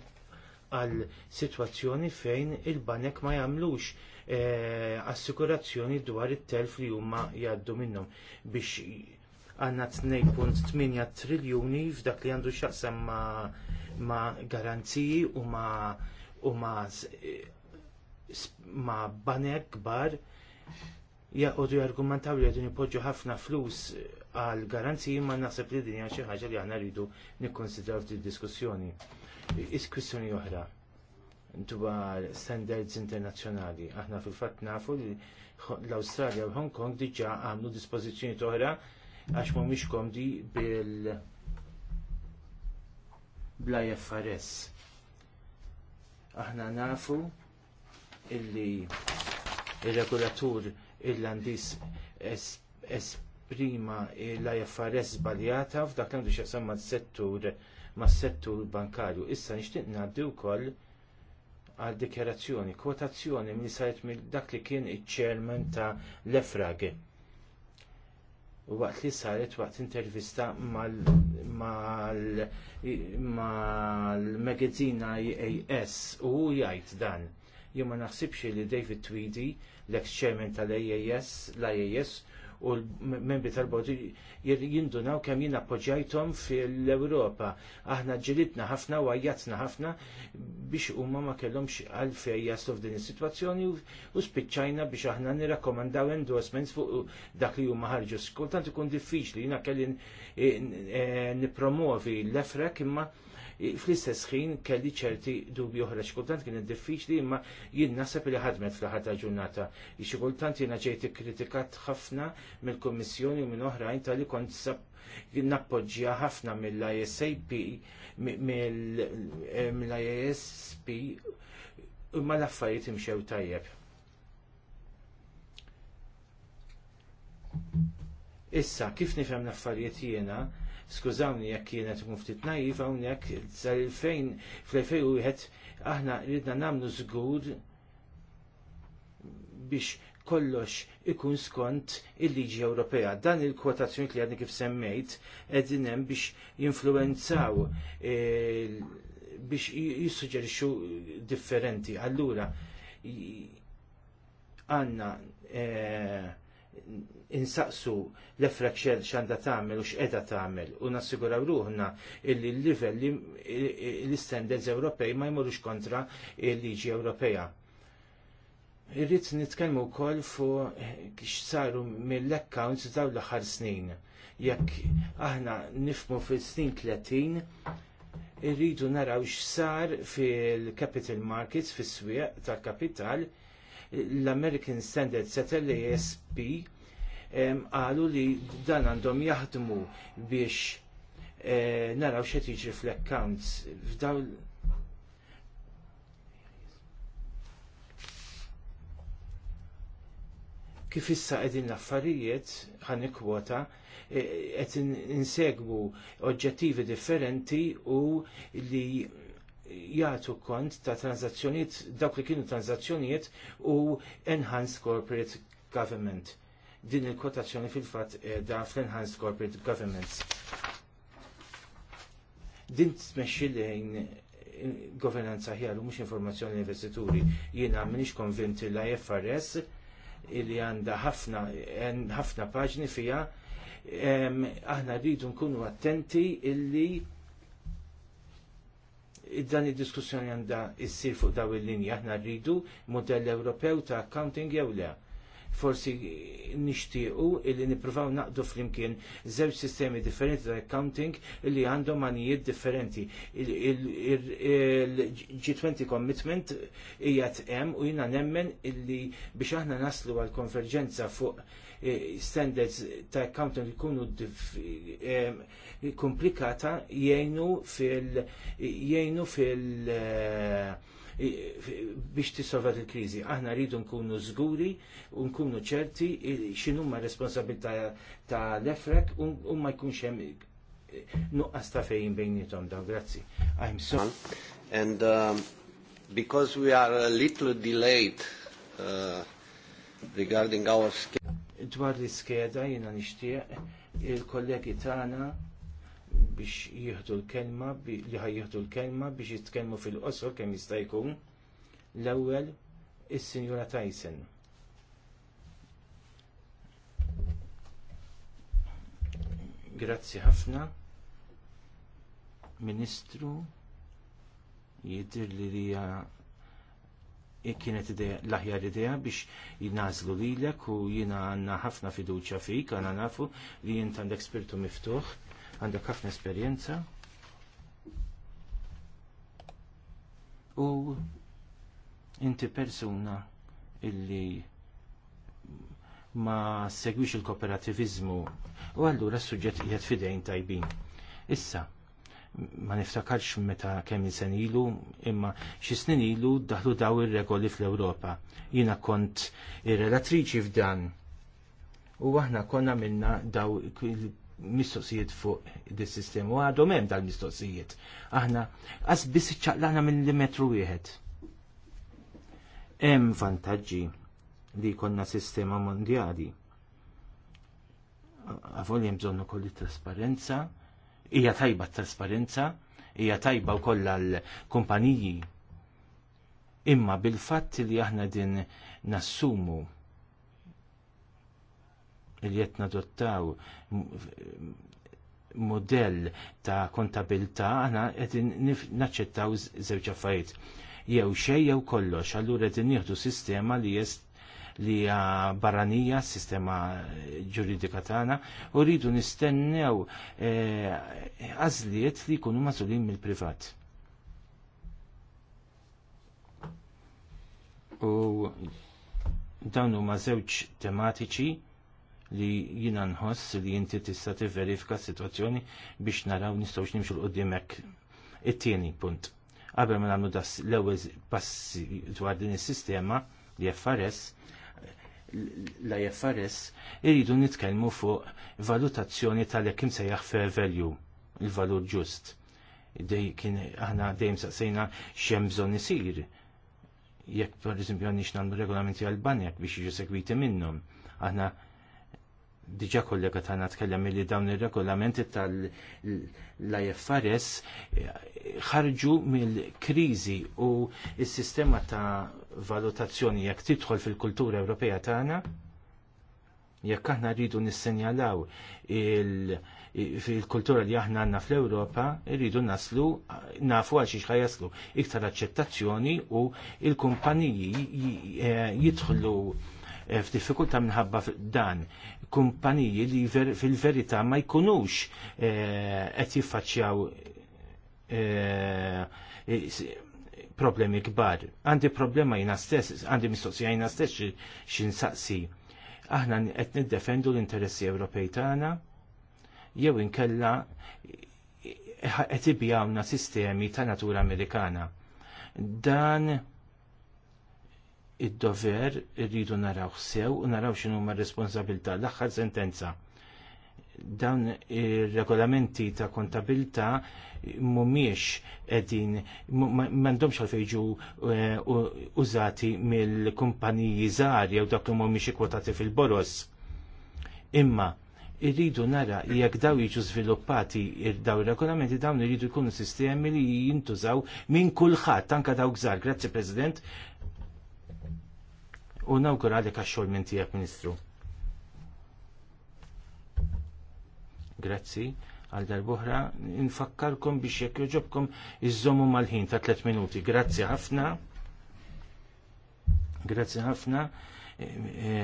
għal situazzjoni fejn il-banek ma jagħmlux e, assikurazzjoni dwar it-telf li huma jgħaddu minnhom biex għandna 2.8 triljuni f'dak li għandu x'aqsam ma, ma garanziji u ma u ma ma' banek kbar jaqodu jargumentaw li għadin ipoġġu ħafna flus għal garanzi ma' nasib li dinja xi ħaġa li aħna rridu nikkonsidraw fid diskussjoni. Is-kwissjoni oħra dwar standards internazzjonali. Aħna fil-fatt nafu li l-Awstralja u Hong Kong diġà għamlu dispożizzjoni oħra għax mhumiex komdi bil bla ifrs Aħna nafu illi il-regulatur irlandiż esprima l-IFRS baljata f'dak l-għandu xaqsam settur ma' settur bankarju. Issa nixtieq ngħaddi wkoll għal dikjerazzjoni, kwotazzjoni minn saret minn dak li kien iċ-ċermen ta' l-Efrag. Waqt li saret waqt intervista mal-magazzina IAS u jgħid dan jien ma naħsibx li David Tweedy, l-ex-chairman tal-AAS, l aas u l-membri tal bordi jindunaw kemm jien poġajtom fil-Ewropa. Aħna ġilibna ħafna u għajjatna ħafna biex huma ma kellhomx għalfej jaslu f'din is-sitwazzjoni u spiċċajna biex aħna nirakomandaw endorsements fuq dak li huma ħarġu. Kultant ikun diffiċli jiena kelli e- e- nippromovi l-efrek imma fl-istess ħin kelli ċerti dubju oħra kultant kien diffiċli imma jien naħseb li ħadmet fl-ħar ta' ġurnata. Xi kultant jiena ġejt ikkritikat ħafna mill-Kummissjoni u minn oħrajn tal-li kont nappoġġja ħafna mill-ISAP eh, mill-ISP imma l-affarijiet imxew tajjeb. Issa, kif nifhem l-affarijiet jiena, Skużawni jekk kienet muftit naiv hawnhekk sal fejn fl-2001 aħna ridna nagħmlu żgur biex kollox ikun skont il-liġi Ewropea. Dan il-kwotazzjoni li għadni kif semmejt qegħdin hemm biex jinfluenzaw e, biex jissuġġerixxu differenti. Allura għandna e, insaqsu l-efrek xed xanda tagħmel u x'qeda tagħmel u nassiguraw ruħna illi l level l-istandards Ewropej ma jmorux kontra il-liġi Ewropea. Irrid nitkellmu wkoll fuq saru mill-accounts daw l-aħħar snin. Jekk aħna nifmu fil-snin 30 irridu naraw x'sar fil-capital markets fis-swieq tal-kapital l-American Standard ESP għalu li dan għandhom jaħdmu biex e, naraw xe tiġi fl-accounts f'daw kif issa qegħdin l-affarijiet ħan kwota, e, qed insegwu oġġettivi differenti u li jagħtu kont ta' tranzazzjoniet dawk li kienu tranzazzjoniet u Enhanced Corporate Government. Din il-kotazzjoni fil-fatt da fl-Enhanced Corporate Governments. Din tmexxi lejn governanza ħjar u mhux informazzjoni investituri. Jiena minix konvinti l-IFRS li għandha ħafna ħafna paġni fiha aħna rridu nkunu attenti illi dan id-diskussjoni għandha jissir fuq daw il-linja aħna rridu modell Ewropew ta' accounting jew le. Forsi nixtiequ illi nippruvaw naqdu flimkien żewġ sistemi differenti ta' accounting li għandhom għanijiet differenti. Il-G20 commitment hija hemm u jiena nemmen illi biex aħna naslu għal konverġenza fuq Eh, standards ta' accountant ikunu eh, komplikata jgħinu fil jgħinu fil eh, biex tisolva il krizi Aħna rridu nkunu żguri u nkunu ċerti x'inhu ma' responsabilità ta' l-efrek u ma jkunx hemm nuqqas ta' fejn bejnietom daw. Grazzi. I'm sorry. And um, because we are a little delayed uh, regarding our schedule. Dwar l-iskeda jiena nixtieq il-kollegi tagħna biex jieħdu l-kelma, li ħajjieħdu l-kelma biex jitkellmu fil-qosor kemm jista' jkun. L-ewwel is-Sinjura Tyson. Grazzi ħafna. Ministru Jidhirli li hija E kienet ideja, l-aħjar ideja biex jinażlu lilek u jina għanna ħafna fiduċa fik, għanna nafu li jint għandek spiritu miftuħ, għandek ħafna esperjenza. U inti persuna illi ma segwix il-kooperativizmu u għallura s-sujġet jgħat fidejn tajbin. Issa, ma niftakarx meta kemm se ilu, imma xi snin ilu daħlu daw ir-regoli fl-Ewropa. Jiena kont ir-relatriċi f'dan. U aħna konna minna daw mistoqsijiet fuq dis-sistema u għadhom hemm dal-mistoqsijiet. Aħna qas biss iċċaqlaqna millimetru metru wieħed. Hemm vantaġġi li konna sistema mondjali. Avoljem jem bżonnu kolli trasparenza, hija tajba t-trasparenza, hija tajba wkoll għall kumpaniji imma bil-fatt li aħna din nassumu li qed nadottaw modell ta' kontabilità aħna qed naċċettaw żewġ fajt jew xej jew kollox, allura qed jihdu sistema li jest li hija barranija s-sistema ġuridika tagħna u rridu nistennew eh, għażliet li jkunu magħżulin mill-privat. U dawn huma żewġ tematiċi li jina nħoss li jinti tista' tivverifika s-sitwazzjoni biex naraw nistgħux nimxu l qudiemek it-tieni punt. Qabel ma nagħmlu l-ewwel passi dwar din is-sistema li FRS l-IFRS irridu nitkellmu fuq valutazzjoni tal kim sejjaħ fair value, il-valur ġust. Dej kien aħna dejjem saqsejna x'hemm bżonn isir. Jekk pereżempju għandix nagħmlu regolamenti għall-banjak biex jiġu segwiti minnhom. Aħna diġà kollega tagħna tkellem li dawn ir-regolamenti tal-IFRS ħarġu mill-kriżi u s-sistema ta' valutazzjoni jekk tidħol fil-kultura Ewropea tagħna, jekk aħna rridu nissenjalaw fil-kultura li aħna għandna fl-Ewropa, rridu naslu, nafu għal xiex jaslu iktar aċċettazzjoni u il-kumpaniji e, jidħlu e, f'diffikultà minħabba dan. Kumpaniji li fil-verità ma jkunux e, qed jiffaċċjaw problemi kbar. Għandi problema jina stess, għandi mistoqsija jina stess saqsi. Aħna qed niddefendu l-interessi Ewropej tagħna jew inkella qed ibjawna sistemi ta' natura Amerikana. Dan id-dover irridu naraw sew u naraw x'inhuma r responsabilità l-aħħar sentenza dawn ir-regolamenti ta' kontabilta mumiex edin, mandomx għalfejġu eh, użati mill-kumpaniji żgħar jew dak li mumiex ikwotati fil-boros. Imma irridu nara jekk daw jiġu sviluppati daw regolamenti dawn irridu jkunu sistemi li jintużaw minn kulħadd anke daw gżar. Grazzi President. U nawgurali għalek għax-xogħol minn tiegħek Ministru. Grazzi għal darbohra infakkarkom biex jekk joġobkom iżommu mal-ħin ta' 3 minuti. Grazzi ħafna. Grazzi ħafna. E, e,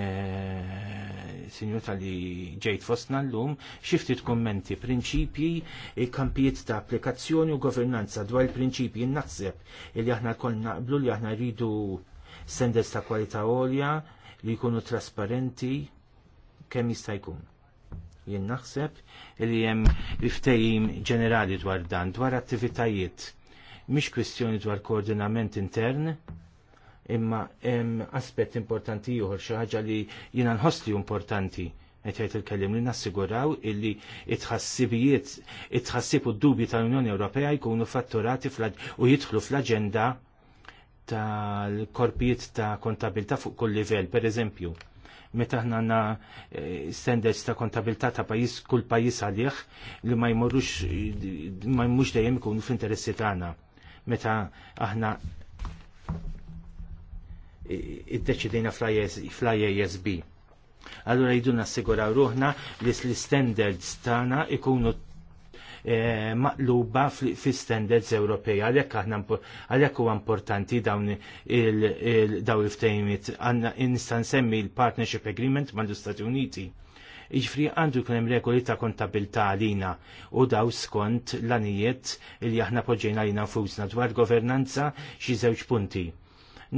Sinjur tal-li ġejt fostna l-lum, xiftit kommenti, prinċipji, e, kampijiet ta' applikazzjoni u governanza dwar il-prinċipji naħseb li aħna kol naqblu li aħna rridu standards ta' kwalità għolja li jkunu trasparenti kemm jista' jkun Jien naħseb li hemm iftejim ġenerali dwar dan, dwar attivitajiet. Mhix kwistjoni dwar koordinament intern, imma hemm aspett importanti ieħor xi ħaġa li jiena nħossli importanti qed jgħid il-kellim li nassiguraw illi t tħassibijiet tħassib u d-dubji tal-Unjoni Ewropea jkunu fatturati u jidħlu fl-aġenda tal-korpijiet ta' kontabilta fuq kull livell, per eżempju meta aħna għanna eh, standards ta' kontabilta ta' pajjiż kull pajjiż għalih li ma jmurrux ma jmurrux dejjem ikunu f'interessi ta' tagħna. Meta aħna eh, iddeċidejna fl-IASB. E e Allura jiduna assiguraw ruħna li l-standards tagħna ikunu Eh, maqluba fi standards Ewropej. Għalhekk aħna għalhekk huwa importanti dawn il-daw il-ftejmiet. Għandna instan semmi l-Partnership Agreement mal-Istati Uniti iġfri għandu kunem regoli ta' kontabilta għalina u daw skont l-anijiet li aħna poġġejna għalina nfusna dwar governanza xi żewġ punti.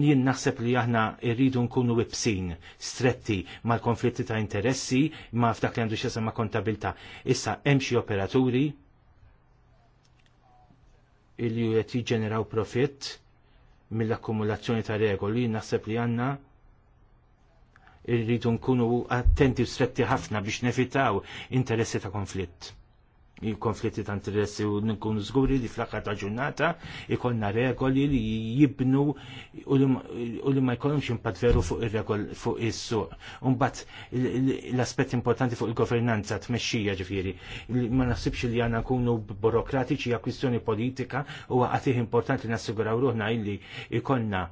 Nien naħseb li aħna rridu nkunu wibsin, stretti mal-konflitti ta' interessi ma' f'dak li għandu xesa ma' kontabilta. Issa hemm xi operaturi il u qed jiġġeneraw profitt mill-akkumulazzjoni ta' regoli, naħseb li għanna irridu nkunu attenti u stretti ħafna biex nevitaw interessi ta' konflitt il konflitti ta' interessi u nkunu żguri li fl-aħħar ta' ġurnata ikollna regoli li jibnu u li ma jkollhomx impatt veru fuq ir-regol fuq is-suq. Imbagħad l-aspett importanti fuq il-governanza tmexxija ġifieri. Ma naħsibx li għandna nkunu burokratiċi hija kwistjoni politika u għatih importanti nassiguraw ruħna illi ikonna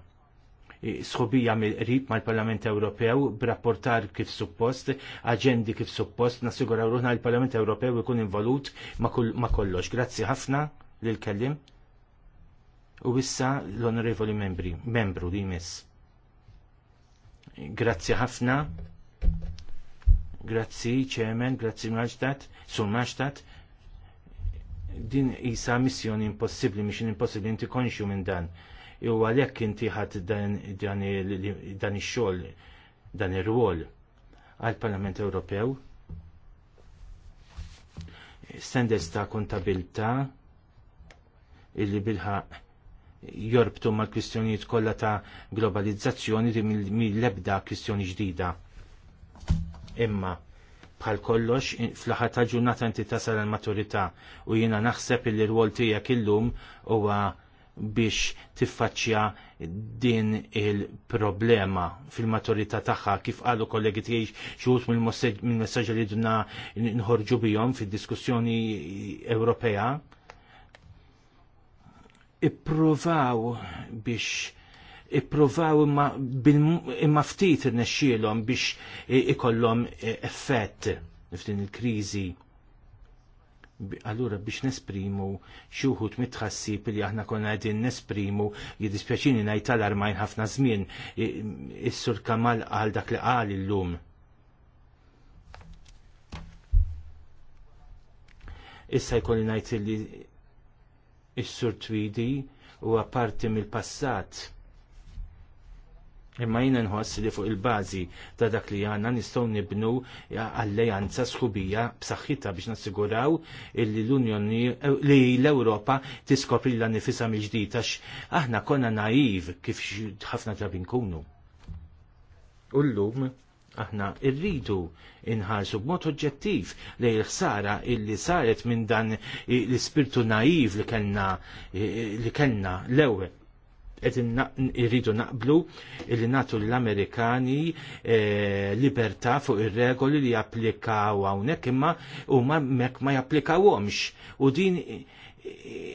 sħobija mill-qrib mal-Parlament Ewropew b'rapportar kif suppost, aġendi kif suppost, nassiguraw ruħna l-Parlament Ewropew ikun involut ma kollox. Grazzi ħafna lil kellim U issa l-onorevoli membri, membru li jmiss. Grazzi ħafna. Grazzi ċemen, grazzi maġtat, sur maġtat. Din jisa missjoni impossibli, mission impossibli inti konxju minn dan u għalhekk inti ħadd dan ix-xogħol dan ir-rwol għall-Parlament Ewropew standards ta' kontabilta illi bilħa jorbtu mal kwistjonijiet kollha ta' globalizzazzjoni li mill-ebda kwistjoni ġdida. Imma bħal kollox fl-aħħar ta' ġurnata inti tasal għal maturità u jiena naħseb il rwol tiegħek illum huwa biex tiffaċċja din il-problema fil-maturità tagħha kif qalu kollegi tiegħi xut mill-messaġġ li dna nħorġu bihom fid-diskussjoni Ewropea. Ippruvaw biex ippruvaw imma ftit irnexxielhom biex ikollhom effett f'din il-kriżi allura biex nesprimu xuħut mitħassib li aħna konna għedin nesprimu jiddispjaċini najt tal-armajn ħafna żmien is-sur kamal għal dak li qal illum. Issa jkolli najt li is-sur twidi huwa parti mill-passat Imma jina nħoss li fuq il-bazi ta' dak li għanna nistaw nibnu alleanza sħubija b'saħħitha biex nassiguraw li l-Unjoni li l-Ewropa tiskopri l nifisa mill x aħna konna naiv kif ħafna drabi nkunu. U llum aħna irridu inħarsu b'mod oġġettiv li l-ħsara illi saret minn dan l-ispirtu naiv li kellna li kellna l-ewwel irridu naqblu illi natu l-Amerikani eh, libertà fuq ir-regoli li japplikaw hawnhekk imma huma mek ma japplikawhomx u din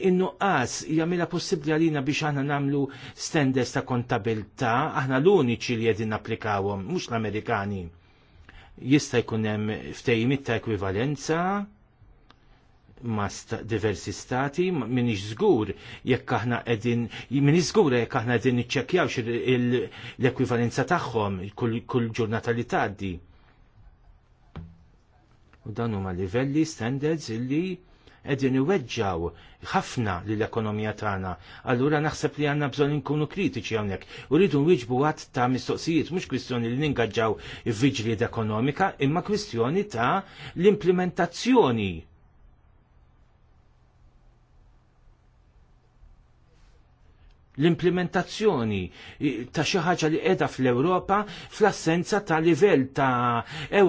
in-nuqqas jagħmilha possibbli għalina biex aħna nagħmlu standards ta' kontabilità aħna l-uniċi li qegħdin napplikawhom mhux l-Amerikani. Jista' jkun hemm ftejimit ta' ekwivalenza ma diversi stati, minix zgur jekk aħna qegħdin minix żgur jekk aħna qegħdin niċċekkjawx l-ekwivalenza tagħhom kull ġurnata li tgħaddi. U dan huma livelli standards illi qegħdin iweġġaw ħafna lill ekonomija tagħna. Allura naħseb li għandna bżonn inkunu kritiċi hawnhekk. U rridu nwieġbu għadd ta' mistoqsijiet mhux kwistjoni li ningaġġaw viġliet ekonomika, imma kwistjoni ta' l-implementazzjoni l-implementazzjoni ta' xi ħaġa li qiegħda fl-Ewropa fl-assenza ta' livell ta' eh,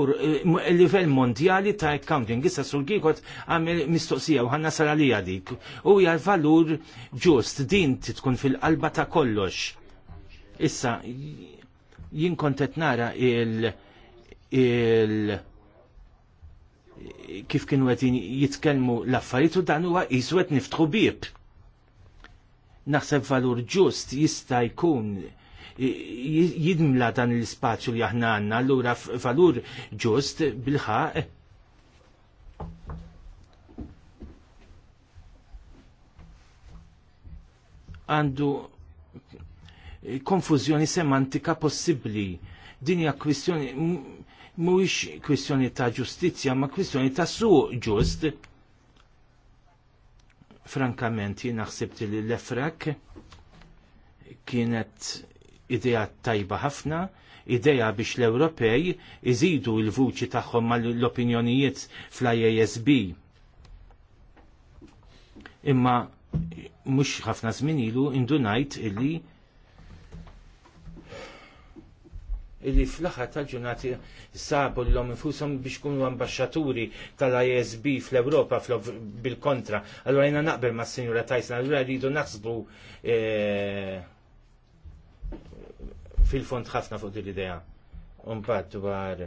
livell mondjali ta' accounting. Issa sul għikot għamel mistoqsija u ħanna saralija dik. U hija l-valur ġust din tkun fil-qalba ta' kollox. Issa jien kontet nara il- il kif kienu għet jitkelmu l-affarijiet u dan huwa jiswet niftħu bib naħseb valur ġust jista' jkun jidmla dan l-spazju li aħna għanna, allura valur ġust bil-ħaq. Għandu konfużjoni semantika possibbli. Din hija kwistjoni mhuwiex kwistjoni ta' ġustizzja, ma kwistjoni ta' suq ġust frankament jien naħsibt li l-efrak kienet idea tajba ħafna, idea biex l-Ewropej iżidu il-vuċi tagħhom mal-opinjonijiet fl-IASB. Imma mhux ħafna żmien ilu indunajt illi illi fl-aħħar tal-ġurnati sabu l-lom infushom biex kunu ambasċaturi tal-ISB fl-Ewropa bil-kontra. Allora jina naqbel ma' Sinjura Tyson, allora rridu naħsbu eh, fil-fond ħafna fuq din l-idea. Unbat dwar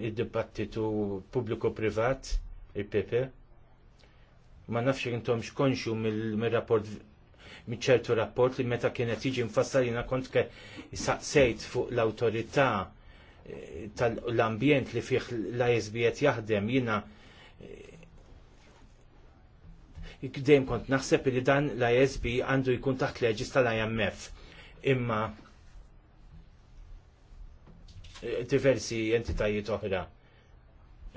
id-dibattitu pubbliku-privat, il-PP, ma nafx intom xkonxu mill-rapport mil Miċertu rapport li meta kienet jiġi mfassal jina kont ke saqsejt fuq l-autorità eh, tal-ambjent li fih l-ISB jaħdem jina eh, dejjem kont naħseb li dan l-ISB għandu jkun taħt leġis tal-IMF. Imma eh, diversi entitajiet oħra.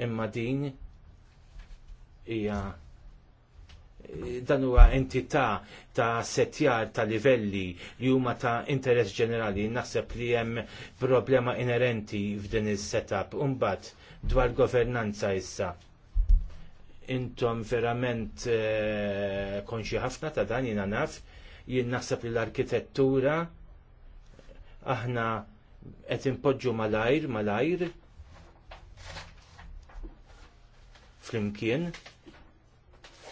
Imma din hija dan huwa entità ta' setjar ta' livelli li huma ta' interess ġenerali. Naħseb li hemm problema inerenti f'din is-setup. mbagħad dwar governanza issa. Intom verament eh, konxi ħafna ta' dan jiena naf, jien naħseb li l-arkitettura aħna qed mal-ajr malajr malajr flimkien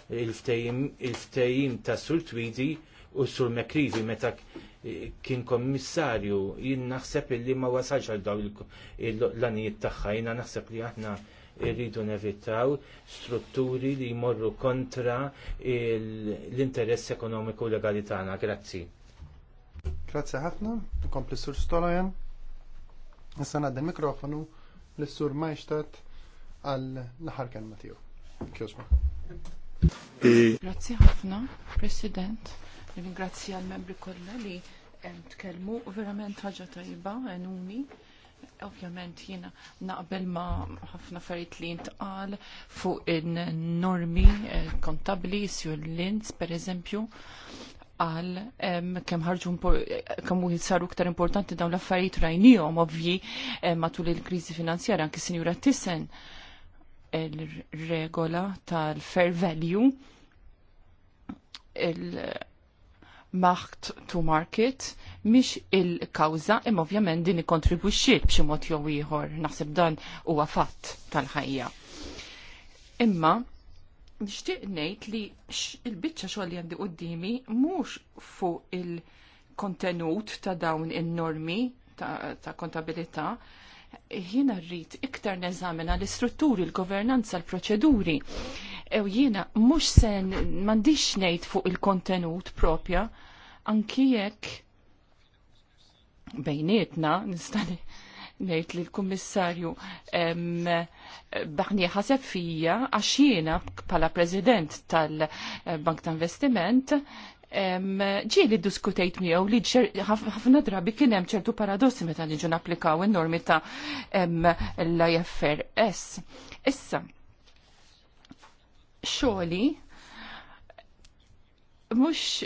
il-ftejim ta' Sur Twidi u Sur Mekrivi meta kien kommissarju jien naħseb illi ma wasalx għal daw l lanijiet tagħha jiena naħseb li aħna irridu nevitaw strutturi li jmorru kontra l-interess ekonomiku legali tagħna. Grazzi. Grazzi ħafna, nkompli Sur Stolojan. Issa ngħaddi l-mikrofonu lis sur Majstat għal l kelma tiegħu. Kjosma. E Grazzi ħafna, President. Ringrazzi għal-membri kollha li tkellmu verament ħaġa tajba enuni. Ovvjament jiena naqbel ma ħafna affarijiet li ntqal fuq in-normi eh, kontabli sur l-lins pereżempju għal kem ħarġu kem u saru ktar importanti dawn l-affarijiet rajnijom ovvji eh, matul il-krizi finanzjara anki sinjura Thyssen il-regola tal-fair value il-maħt to market miex il-kawza imma ovvjament din ikontribwixxiet b'xi mod jew ieħor naħseb dan huwa fatt tal-ħajja. Imma nixtieq ngħid li il-biċċa xogħol li għandi qudiemi mhux fuq il-kontenut ta' dawn in-normi ta', ta kontabilità Jiena rrid iktar neżamina l-istrutturi, l-governanza, l-proċeduri. Ew jiena mhux sen m'għandix ngħid fuq il-kontenut propja, anki bejnietna nistani ngħid li l-kummissarju baħni ħaseb fija għax jiena bħala president tal-Bank ta' Investiment ġieli diskutejt miegħu li ħafna drabi kien hemm ċertu paradossi meta niġu napplikaw in-normi ta' l-IFRS. Issa, xogħli mhux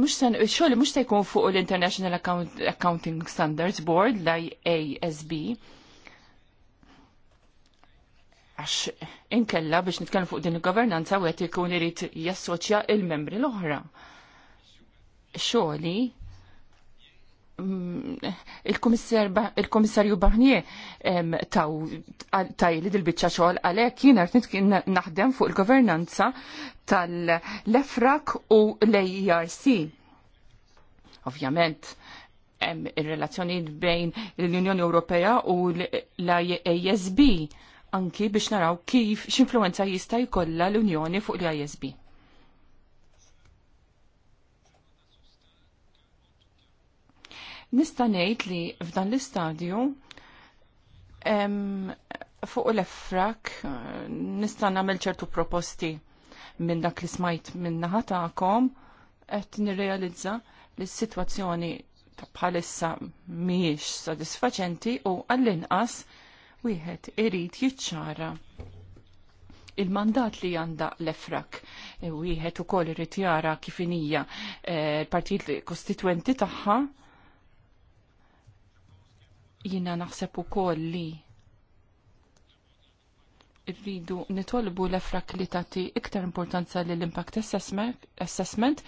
mux san, xoli mux ta' jkun fuq l-International Accounting Standards Board, l-IASB, għax inkella biex nitkellmu fuq din il-governanza u għet ikun irid jassoċja il-membri l-oħra. Xogħli mm, il-komissarju Barnier taw tajli dil-bicċa xogħol għalhekk jien qed naħdem fuq il-governanza tal-Lefrak u l-ARC. E Ovvjament, hemm ir-relazzjoni bejn l-Unjoni Ewropea u l-ASB e anki biex naraw kif x'influenza jista' jkollha l-Unjoni fuq l-ISB. Nista' ngħid li f'dan l-istadju fuq l-effrak nista' nagħmel ċertu proposti minn dak li smajt minn naħa tagħkom qed nirrealizza li s-sitwazzjoni bħalissa mhijiex sodisfaċenti u għall-inqas wieħed irid jiċċara il-mandat li għanda l-efrak e, wieħed ukoll irid jara kif inija e, l-partit kostitwenti tagħha jina naħseb ukoll li rridu nitolbu l-efrak li tagħti iktar importanza lill impact assessment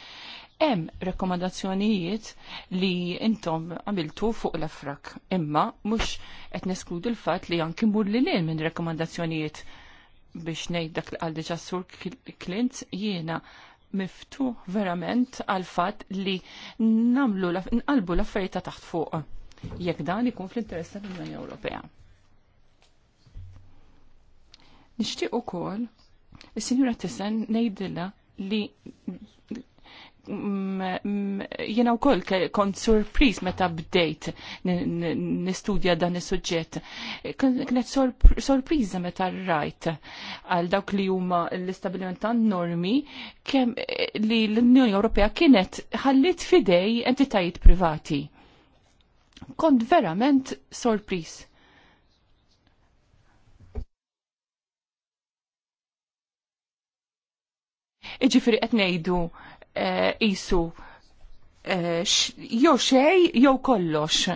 Hemm rekomandazzjonijiet li intom għamiltu fuq l affrak imma mhux qed neskludu l-fatt li għan kimur li lil minn rekomandazzjonijiet biex ngħid dak li qal diġà sur Klint jiena miftu verament għal fatt li namlu nqalbu l-affarijiet taħt fuq jekk dan ikun fl-interess tal-Unjoni Ewropea. Nixtieq ukoll is-Sinjura Tissen ngħidilha li jena u koll kont surpriz meta bdejt nistudja dan is suġġett Kienet surpriza meta rajt għal dawk li huma l-istabiliment ta' normi li l-Unjoni Ewropea kienet ħallit fidej entitajiet privati. Kont verament surpriz. Iġifiri qed ngħidu Eh, isu eh, jew xej jew kollox.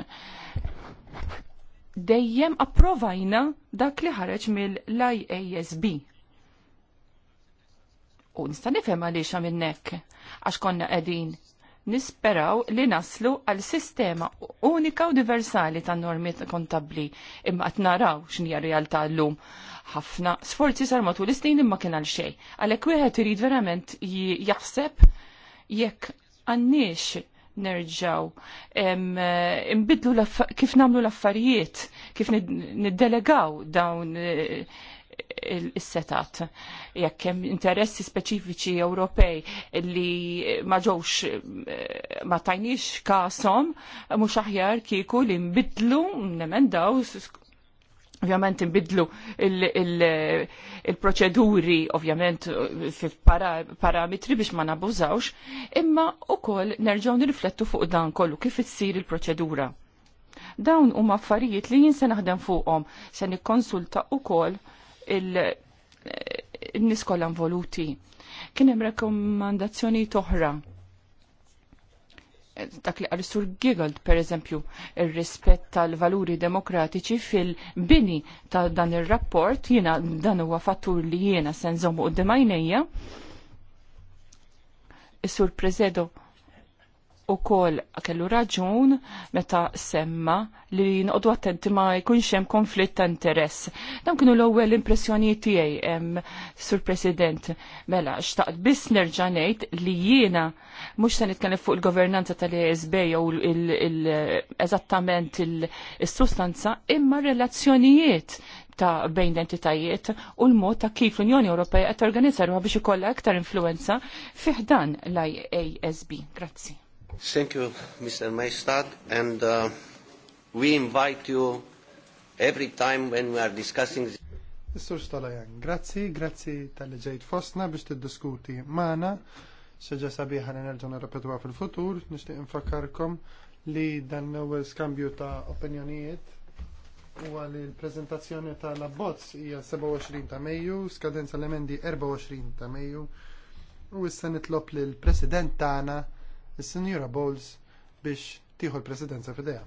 Dejjem approvajna dak li ħareġ mill-IASB. U nista' nifhem għaliex għamilna għax konna qegħdin nisperaw li naslu għal sistema unika u diversali ta' normi kontabli imma qed naraw x'inhi realtà llum ħafna sforzi sar matul is-snin imma kien għal xejn. Għalhekk wieħed irid verament jaħseb jekk għandniex nerġaw eh, imbidlu kif namlu l-affarijiet, kif niddelegaw dawn eh, il-setat. Jekk hemm interessi speċifiċi Ewropej li ma ġewx eh, ma tajniex kasom, mhux aħjar kieku li nbidlu nemendaw Ovvjament imbidlu il-proċeduri, ovvjament fil-parametri biex ma nabużawx, imma u koll nerġaw nirriflettu fuq dan kollu kif issir il-proċedura. Dawn huma affarijiet li jinsa naħdem fuqhom se nikkonsulta koll il-nies kollha involuti. Kien hemm rakkomandazzjoni toħra dak li għal-sur Giggold, per eżempju, il-rispett tal-valuri demokratiċi fil-bini ta' dan il-rapport, jina dan huwa fattur li jena senżomu u d-demajnija. Is-sur Prezedo u kol kellu raġun meta semma li nqodu attenti ma jkunx hemm konflitt ta' interess. Dan kienu l-ewwel impressjonijiet tiegħi sur President. Mela, xtaqt biss nerġa' ngħid li jiena mhux se nitkellem fuq il-governanza tal-ESB jew eżattament il-sustanza imma relazzjonijiet ta' bejn entitajiet u l-mod ta' kif l-Unjoni Ewropea qed torganizza biex ikollha aktar influenza fiħdan l-IASB. Grazzi. Thank you, Mr. Maestad, and uh, we invite you every time when we are discussing this. Mr. Stolajan, grazzi, grazzi tal-li ġejt fostna biex t-diskuti maħna, Seġa sabiħa nerġu nirrepetwa fil-futur, nishtiq infakarkom li dan l-ewwel skambju ta' opinjonijiet u għal il-prezentazzjoni ta' tal-abbozz hija 27 ta' Mejju, skadenza l-emendi 24 ta' Mejju, u s issa nitlob lill-President tagħna is-Sinjura Bowles biex tieħu l-Presidenza f'idea.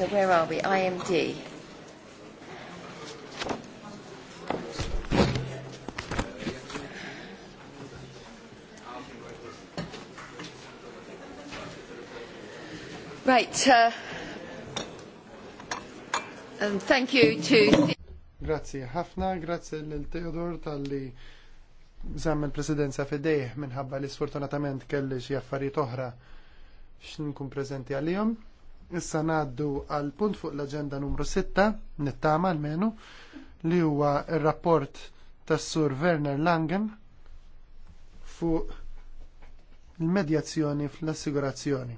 So where are we? IMD. Right. Uh, and thank you to... Grazie ħafna, grazie lil Teodor tal-li zamm il-presidenza fidejh minħabba li sfortunatament kelli xi affarijiet oħra x'nkun preżenti għalihom. Issa ngħaddu għal punt fuq l-aġenda numru 6, nittama l-menu, li huwa r-rapport tas sur Werner Langen fuq il-medjazzjoni fl-assigurazzjoni.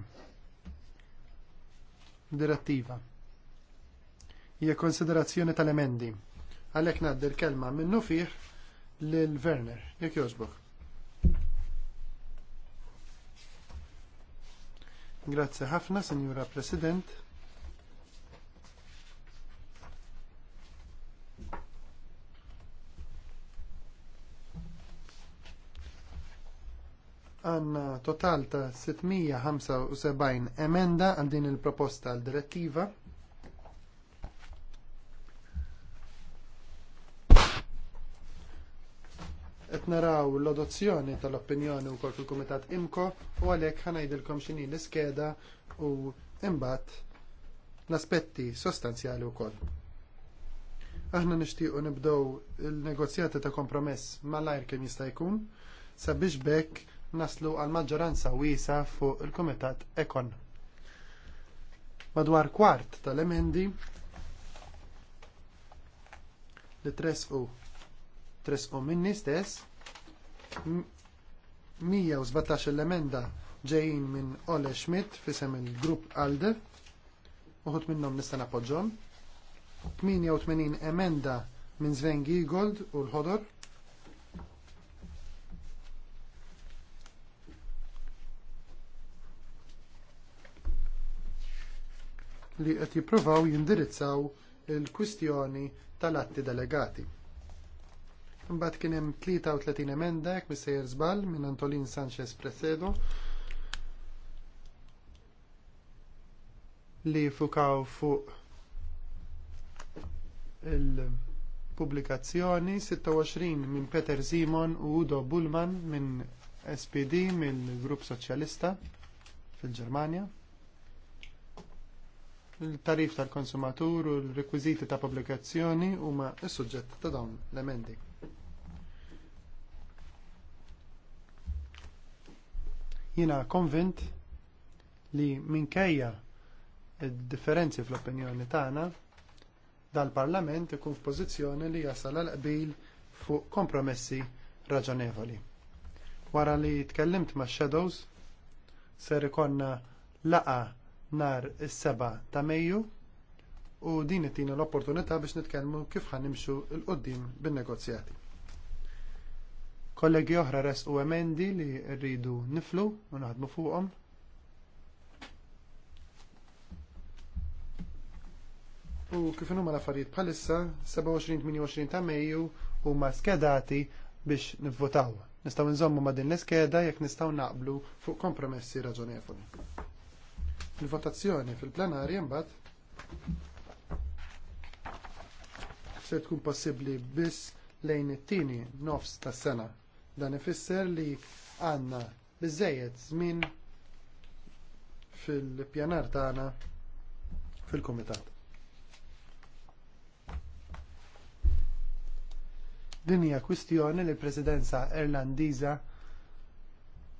Direttiva. Hija konsiderazzjoni tal-emendi. Għalhekk ngħaddi l-kelma minnu fih l Werner, jekk jogħġbok. Grazie ħafna, Signora President. Għanna total ta' 675 emenda għal din il-proposta għal direttiva. qed naraw l-adozzjoni tal-opinjoni wkoll fil-Kumitat Imko u għalhekk ħanajdilkom x'inhi l-iskeda u imbagħad l-aspetti sostanzjali wkoll. Aħna nixtiequ nibdew il-negozjati ta' kompromess malajr kemm jista' jkun sabiex bekk naslu għal maġġoranza wiesa fuq il-Kumitat Ekon. Madwar kwart tal-emendi li tresqu tresqom minni stess 117 l-emenda ġejjin minn Ole Schmidt fisem il-grupp Alde uħut minnom nista napoġġom 88 emenda minn Sven Giegold u l-ħodor li qed jippruvaw jindirizzaw il-kwistjoni tal-atti delegati. Mbagħad kien hemm 33 emenda jekk missejjer żball minn Antolin Sanchez Presedo li fukaw fuq il-pubblikazzjoni 26 minn Peter Simon u Udo Bullman minn SPD mill-Grupp Soċjalista fil-Ġermanja il-tarif tal-konsumatur u l-rekwiziti ta' pubblikazzjoni huma s-suġġett ta' dawn l-emendi. Jiena konvint li minkejja differenzi fl-opinjoni tagħna dal-Parlament ikun f'pożizzjoni li jasal għal qbil fuq kompromessi raġonevoli. Wara li tkellimt ma' Shadows ser ikonna laqa nhar is-seba ta' Mejju u din ittina l-opportunità biex nitkellmu kif ħanimxu l-qoddim bin-negozjati. Kollegi oħra res u emendi li rridu niflu u naħdmu fuqhom. U kif huma l-affarijiet bħalissa 27-28 ta' Mejju huma skedati biex nivvotaw. Nistgħu nżommu ma' din l-iskeda jekk nistgħu naqblu fuq kompromessi raġonevoli. Il-votazzjoni fil-plenarja mbagħad se tkun possibbli biss lejn it-tieni nofs tas-sena Dan ifisser li għandna biżżejjed żmien fil-pjanar tagħna fil-kumitat. Din hija kwistjoni li l-Presidenza Irlandiża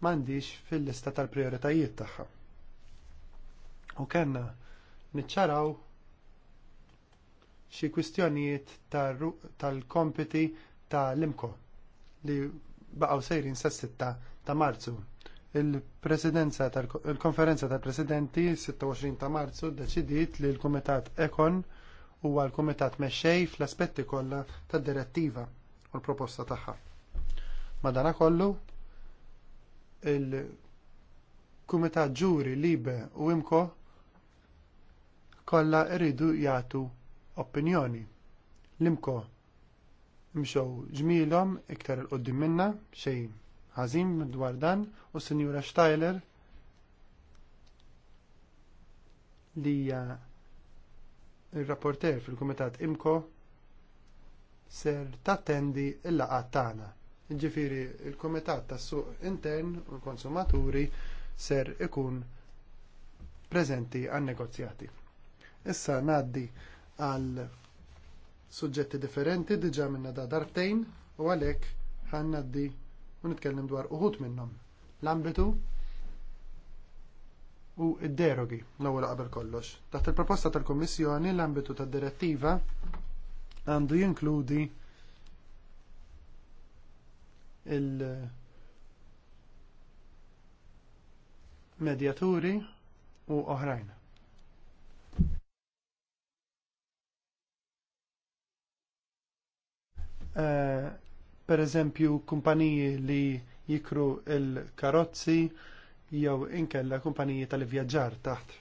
m'għandix fil-lista tal-prijoritajiet tagħha. U kellna niċċaraw xi kwistjonijiet tal-kompiti tal-imko li baqgħu sejrin sa' 6 ta' Marzu. Il-Presidenza tal-Konferenza tal-Presidenti 26 ta' Marzu ddeċidiet li l-Kumitat Ekon huwa l-Kumitat mexxej fl-aspetti kollha tad-direttiva u l-proposta tagħha. Madanakollu il-Kumitat Ġuri Libe u Imko kollha rridu jagħtu opinjoni. L-Imko mxew ġmielhom iktar il-qoddim minna xejn ħażin dwar dan u Sinjura Steiler li hija ir-rapporter fil-Kumitat Imko ser tattendi il-laqat tagħna. Ġifiri, il-Kumitat tas-Suq Intern u l-Konsumaturi ser ikun preżenti għan negozjati. Issa ngħaddi għal suġġetti differenti diġa minna da darbtejn u għalek ħannaddi u nitkellem dwar uħut minnom. L-ambitu u id-derogi l-ewwel qabel kollox. Taħt il-proposta tal-Kummissjoni l-ambitu tad-direttiva għandu jinkludi il- medjaturi u oħrajn. Eh, per eżempju kumpaniji li jikru il-karozzi jew inkella kumpaniji tal-vjaġġar taħt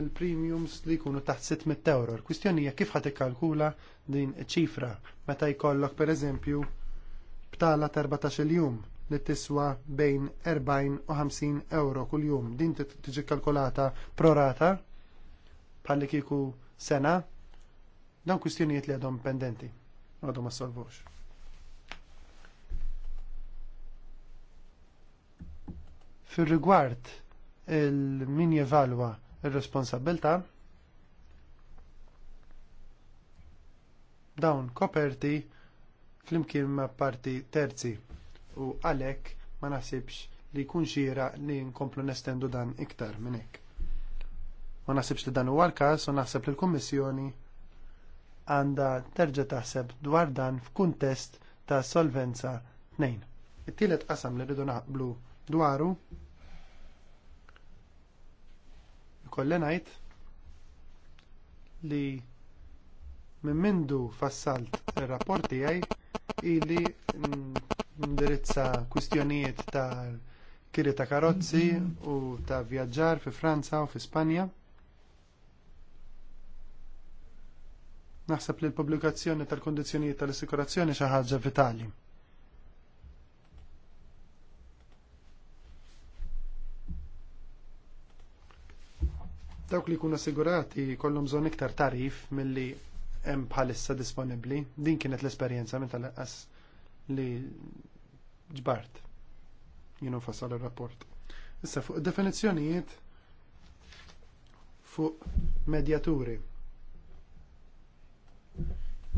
il-premiums li jkunu taħt 600 euro. kwistjoni hija kif ħad ikkalkula din ċifra meta jkollok pereżempju btala ta' 14 jum li tiswa bejn 40 u 50 euro kull jum. Din tiġi kalkulata prorata bħalli kieku sena. Dan kwistjonijiet li għadhom pendenti għadu ma salvux. Fil-rigward il-min jevalwa il-responsabilta, dawn koperti flimkien ma' parti terzi u għalek ma naħsibx li kun xira li nkomplu nestendu dan iktar minn hekk. Ma naħsibx li dan huwa l-każ u naħseb li l-Kummissjoni għandha terġa' taħseb dwar dan f'kuntest ta' solvenza 2. It-tielet qasam li rridu naqblu dwaru ikolli ngħid li minn mindu fassalt ir-rapport tiegħi ili ndirizza kwistjonijiet ta' kiri ta' karozzi u ta' vjaġġar fi Franza u fi Spanja. Naħseb li l-pubblikazzjoni tal kondizjonijiet tal-assikurazzjoni xi ħaġa vitali. Dawk li jkunu assigurati kollhom bżonn iktar tarif milli hemm bħalissa disponibbli. Din kienet l-esperjenza minn tal-qas li ġbart. jien fassal ir-rapport. Issa fuq definizzjonijiet fuq medjaturi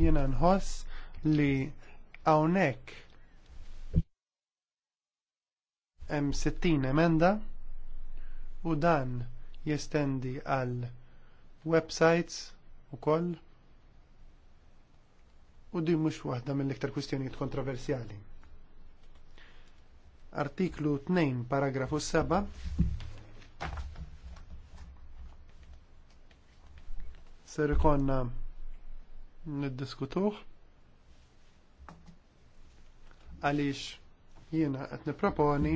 Jiena nħoss li hawnhekk hemm 60 emenda u dan jestendi għal websites ukoll u di mhux waħda mill-iktar kwistjonijiet kontroversjali. Artiklu 2 paragrafu 7 ser ikonna niddiskutuh għaliex jiena qed nipproponi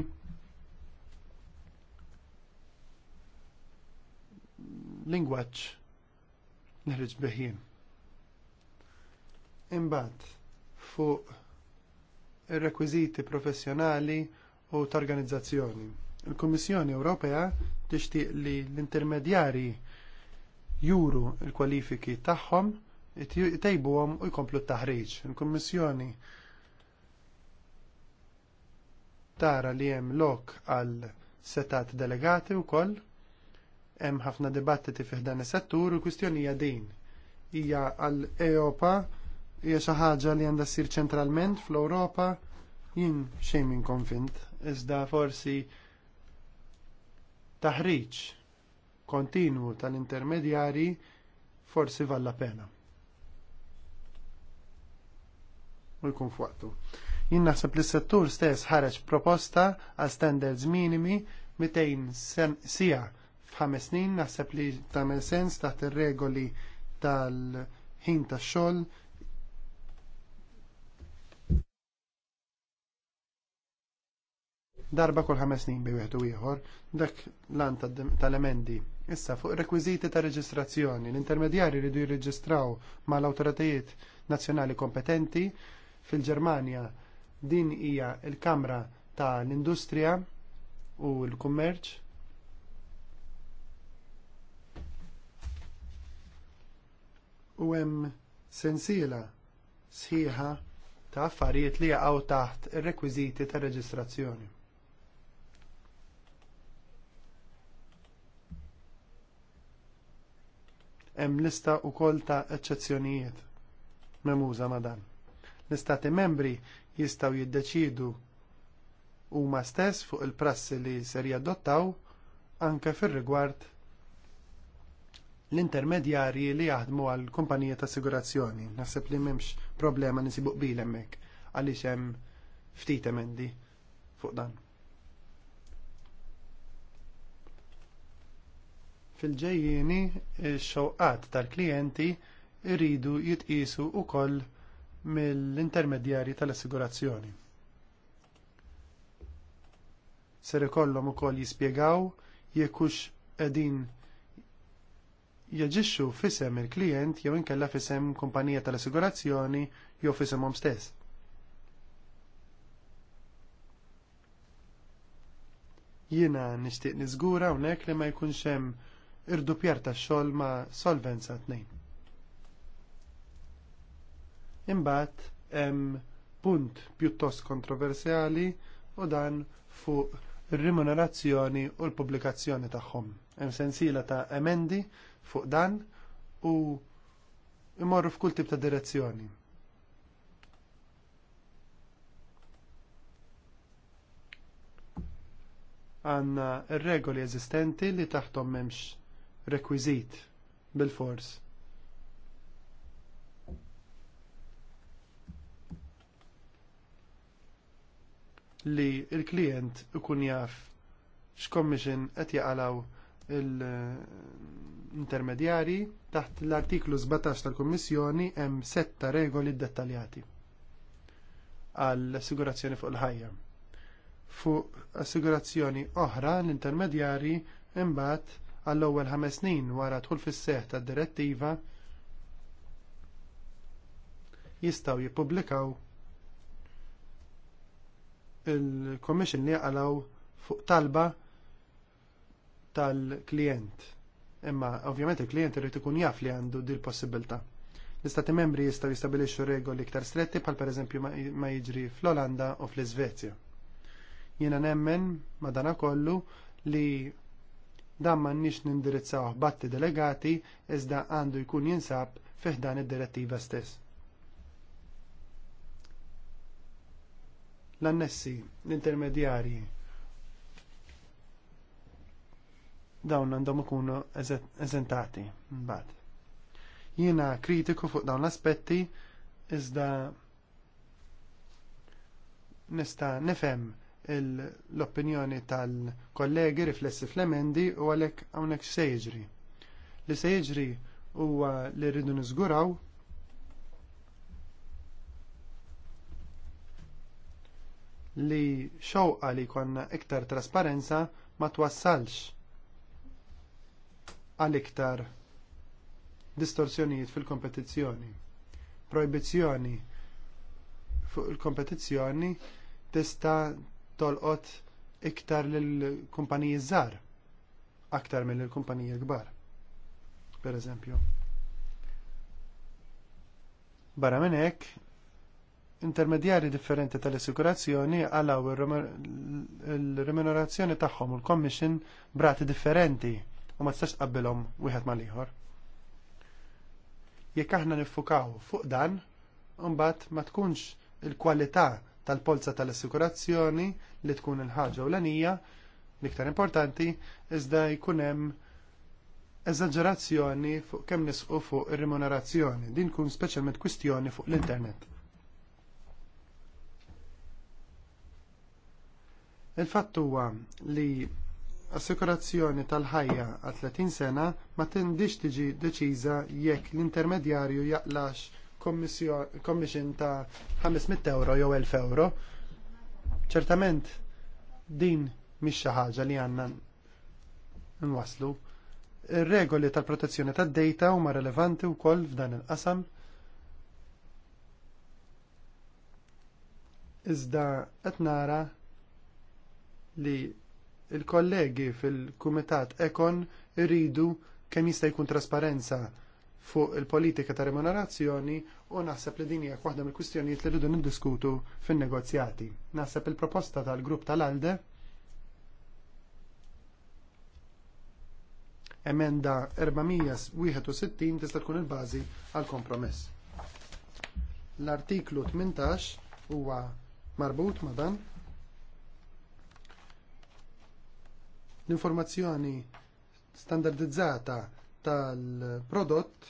lingwaġġ nħriġ biħin. Imbagħad fuq ir-rekwiżiti professjonali u ta' organizzazzjoni. Il-Kummissjoni Ewropea tixtieq li l-intermedjari juru l kwalifiki tagħhom għom u jkomplu t-taħriġ. Il-Kummissjoni tara li hemm lok għal setat delegati wkoll hemm ħafna dibattiti fih dan is-settur u kwistjoni hija din. Hija għal ejopa hija xi ħaġa li għandha ssir ċentralment fl-Ewropa jien xejn minn konfint, iżda forsi taħriġ kontinwu tal-intermedjari forsi valla pena. u jkun fuqtu. Jien naħseb li s-settur stess ħareġ proposta għal standards minimi 200 sija f'ħames snin naħseb li tagħmel sens taħt ir-regoli tal-ħin tax-xogħol darba kull ħames snin bi wieħed u ieħor dak lan tal-emendi. Issa fuq rekwiżiti ta' reġistrazzjoni, l-intermedjari ridu jirreġistraw mal awtoritajiet nazzjonali kompetenti fil-Ġermanja. Din hija l kamra tal industrija u l-Kummerċ. U hemm sensiela sħiħa ta' affarijiet li jaqgħu taħt ir-rekwiżiti ta' reġistrazzjoni. Hemm lista wkoll ta' eċċezzjonijiet memuża ma' dan. L-istati membri jistgħu jiddeċidu huma stess fuq il-prassi li ser jadottaw anke fir-rigward l-intermedjarji li jaħdmu għal kumpanija ta' assigurazzjoni. Naħseb li memx problema nisibu bilemmek hemmhekk għaliex hemm ftit emendi fuq dan. fil ġejjini x xoqqat tal-klijenti jridu jitqisu wkoll mill-intermedjarji tal-assigurazzjoni. Ser ikollhom ukoll jispjegaw jekk hux qegħdin jaġixxu f'isem il-klijent jew inkella f'isem kumpanija tal-assigurazzjoni jew f'isimhom stess. Jiena nixtieq niżgura hawnhekk li ma jkunx hemm irdupjar tax-xogħol ma' solvenza tnejn. Imbagħad hemm punt pjuttost kontroversjali u dan fuq ir-rimunerazzjoni u l-pubblikazzjoni tagħhom. Hemm sensila ta' emendi fuq dan u imorru f'kull tip ta' direzzjoni. Għanna regoli eżistenti li taħtom memx rekwizit bil-fors li l klient ikun jaf x'commission qed jaqalaw l-intermedjari taħt l-artiklu 17 tal kummissjoni hemm setta regoli dettaljati għall assigurazzjoni fuq il-ħajja. Fuq assigurazzjoni oħra l-intermedjari imbagħad għall-ewwel ħames snin wara dħul fis-seħħ tad-direttiva jistgħu jippubblikaw il-commission li għalaw fuq talba tal-klient. Imma ovvjament il-klient irid ikun jaf li għandu dil possibilità L-istati membri jistgħu jistabilixxu regoli iktar stretti per pereżempju ma jiġri fl-Olanda u fl-Iżvezja. Jiena nemmen dana kollu li dan nix nindirizzaw batti delegati iżda għandu jkun jinsab fih dan id-direttiva stess. l-annessi, l-intermedjarji. Dawn għandhom ikunu eżentati mbagħad. Jiena kritiku fuq dawn l-aspetti iżda nista' nifhem l-opinjoni tal-kollegi riflessi fl-emendi u għalhekk hawnhekk se jiġri. Li se jiġri huwa li rridu niżguraw li xewqa li jkollna iktar trasparenza ma twassalx għal iktar distorsjonijiet fil-kompetizzjoni. Proibizzjoni fuq il-kompetizzjoni tista' tolqot iktar lill kumpaniji żgħar aktar mill kumpaniji kbar. Per eżempju. Barra minn hekk intermedjari differenti tal-assikurazzjoni għalaw il-remunerazzjoni tagħhom u l-commission brati differenti u ma tistax tqabbilhom wieħed mal-ieħor. Jekk aħna niffukaw fuq dan, mbagħad ma tkunx il-kwalità tal-polza tal-assikurazzjoni li tkun il-ħaġa u l-anija l-iktar importanti iżda jkun hemm eżaġerazzjoni fuq kemm nisqu fuq ir-remunerazzjoni. Din kun speċjalment kwistjoni fuq l-internet. Il-fatt huwa li assikurazzjoni tal-ħajja għal 30 sena ma tindix tiġi deċiża jekk l-intermedjarju jaqlax commission ta' 500 euro jew 1000 euro. Ċertament din mhix xi ħaġa li għandna nwaslu. Ir-regoli tal-protezzjoni tad-data huma rilevanti wkoll f'dan il-qasam. Iżda qed nara li il-kollegi fil-Kumitat Ekon iridu kemm jista' jkun trasparenza fuq il-politika ta' remunerazzjoni u naħseb li din hija waħda mill-kwistjonijiet li rridu niddiskutu fin-negozjati. Naħseb il-proposta tal-grupp tal-Alde emenda 461 tista' tkun il-bażi għal kompromess. L-artiklu 18 huwa marbut ma' dan L-informazzjoni standardizzata tal-prodott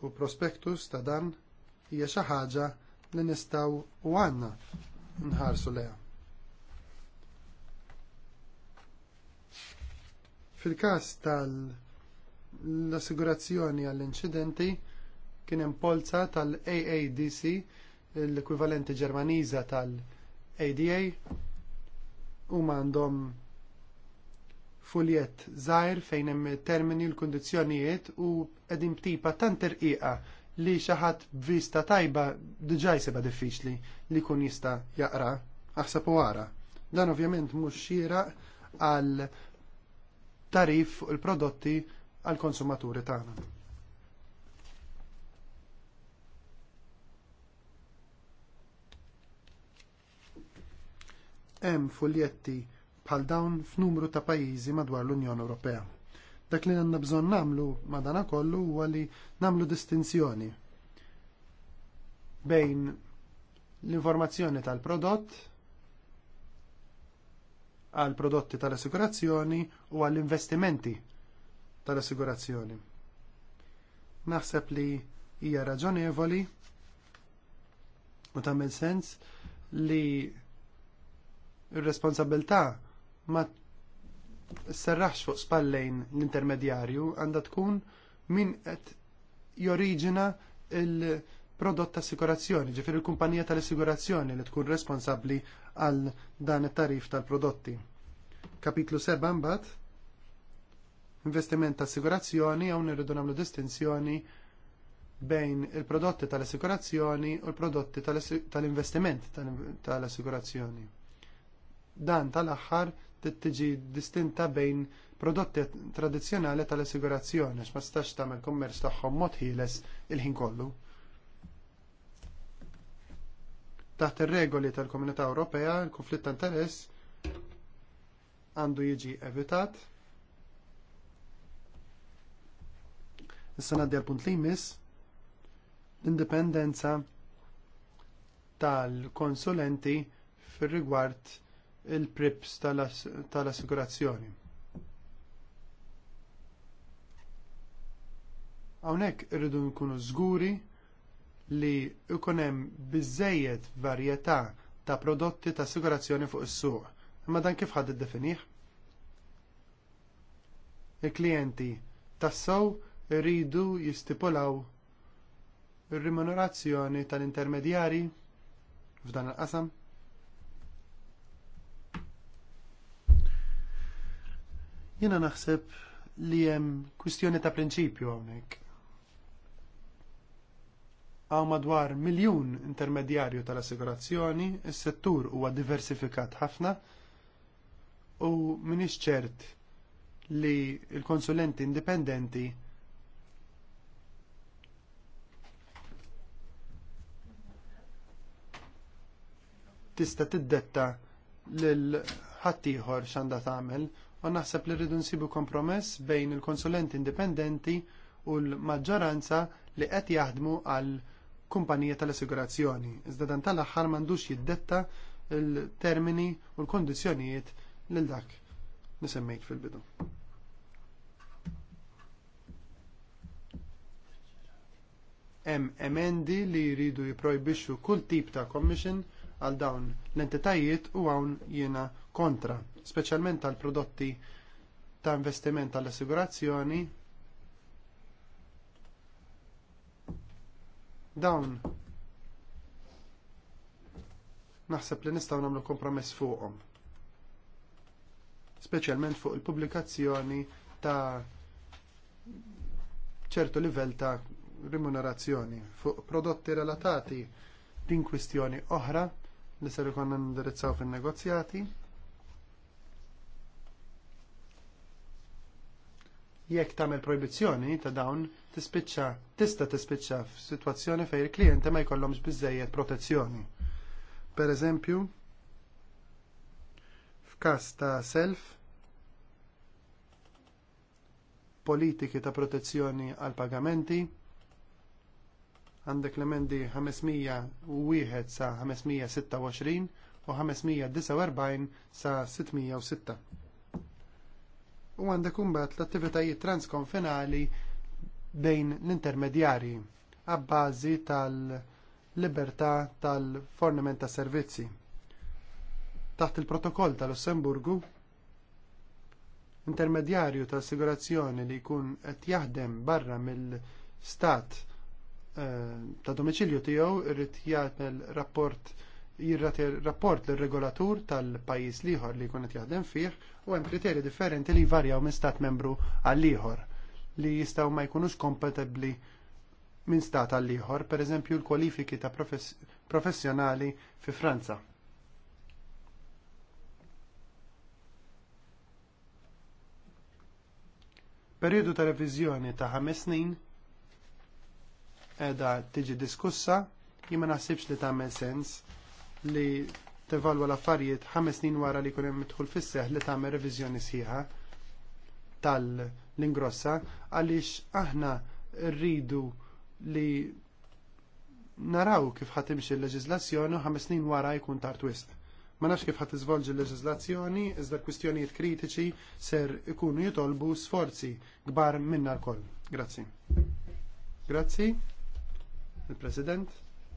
u prospektus ta' dan hija xi ħaġa li nistgħu u għandna nħarsu leha. Fil-każ tal-assigurazzjoni għall-inċidenti kien hemm polza tal-AADC l-ekwivalenti Ġermaniża tal-ADA huma għandhom fuljett żgħir fejn hemm termini l kundizzjonijiet u qegħdin btipa tant irqiqa li xi ħadd b'vista tajba diġà jsibha diffiċli li jkun jista' jaqra aħseb u ara. Dan ovvjament mhux xieraq għal tarif fuq il-prodotti għall konsumaturi tagħna. Hemm fuljetti bħal dawn f'numru ta' pajjiżi madwar l-Unjoni Ewropea. Dak li għandna bżonn nagħmlu madanakollu huwa li nagħmlu distinzjoni bejn l-informazzjoni tal-prodott għal prodotti tal-assigurazzjoni u għall investimenti tal-assigurazzjoni. Naħseb li hija raġonevoli u tagħmel sens li r-responsabilità ma serraħx fuq spallejn l-intermedjarju għandha tkun min qed joriġina il-prodott ta' assikurazzjoni, ġifir il-kumpanija tal assigurazzjoni li tkun responsabbli għal dan it-tarif tal-prodotti. Kapitlu 7 mbagħad investiment ta' assikurazzjoni hawn irridu nagħmlu distinzjoni bejn il-prodotti tal assigurazzjoni u l-prodotti tal-investiment tal assigurazzjoni Dan tal-aħħar tiġi distinta bejn prodotti tradizzjonali tal-assigurazzjoni x'ma ma stax tagħmel kummerċ tagħhom mod ħieles il-ħin kollu. Taħt ir-regoli tal-Komunità Ewropea, il-konflitt ta' interess għandu jiġi evitat. Issa ngħaddi għal punt li jmiss l-indipendenza tal-konsulenti fir rigward il-prips tal-assigurazzjoni. Hawnhekk irridu nkunu żguri li ikun hemm biżżejjed varjetà ta' prodotti ta' assigurazzjoni fuq is-suq. Imma dan kif ħadd iddefinih? Il-klijenti tassew iridu jistipulaw ir-rimunerazzjoni tal-intermedjari f'dan il-qasam? Jena naħseb li hemm kwistjoni ta' prinċipju hawnhekk. Għaw madwar miljun intermedjarju tal-assigurazzjoni, is-settur huwa diversifikat ħafna u minix ċert li l konsulenti indipendenti tista' tiddetta lil ħaddieħor x'għandha tagħmel u naħseb li rridu nsibu kompromess bejn il-konsulenti indipendenti u l-maġġoranza li qed jaħdmu għal kumpanija tal-assigurazzjoni. Iżda dan tal-aħħar m'għandux jiddetta l-termini u l-kondizzjonijiet lil dak nisemmejt fil-bidu. Hemm emendi li jridu jipprojbixxu kull tip ta' commission għal dawn l-entitajiet u hawn jiena kontra, speċjalment għal prodotti ta' investiment tal assigurazzjoni dawn naħseb li nistgħu nagħmlu kompromess fuqhom. Speċjalment fuq il-pubblikazzjoni ta' ċertu livell ta' rimunerazzjoni fuq prodotti relatati din kwistjoni oħra li ser ikonna indirizzaw fin-negozjati. jekk tagħmel proibizzjoni ta' dawn tispiċċa tista' tispiċċa f'sitwazzjoni fejn il-klijenti ma jkollhomx biżejjed protezzjoni. Pereżempju, f'każ ta' self politiki ta' protezzjoni għal pagamenti għandek l-emendi 501 sa 526 u 549 sa 606 u għandek umbat l-attivitajiet transkonfinali bejn l-intermedjari għabbażi tal-libertà tal-forniment ta' servizzi. Taħt il-protokoll tal-Lussemburgu, intermedjarju ta' assigurazzjoni li jkun qed jaħdem barra mill-stat eh, ta' domiċilju tiegħu irrid jagħmel rapport jirrati rapport l-regolatur tal-pajis liħor li kunet jaħdem fih u hemm kriteri differenti li varjaw minn stat membru għal liħor li jistaw ma jkunux kompatibli minn stat għal liħor, per eżempju l-kwalifiki ta' professjonali fi Franza. Periodu ta' reviżjoni ta' ħames snin edha tiġi diskussa jien naħsibx li tagħmel sens li tevalwa l-affarijiet ħames snin wara li jkun hemm idħul fis-seħħ li tagħmel reviżjoni sħiħa tal-ingrossa għaliex aħna rridu li naraw kif ħatimxi l-leġizlazzjoni u ħames snin wara jkun tard twist. Ma nafx kif ħat iżvolġi l-leġizlazzjoni, iżda kwistjonijiet kritiċi ser ikunu jitolbu sforzi kbar minna l-koll. Grazzi. Grazzi, il-President.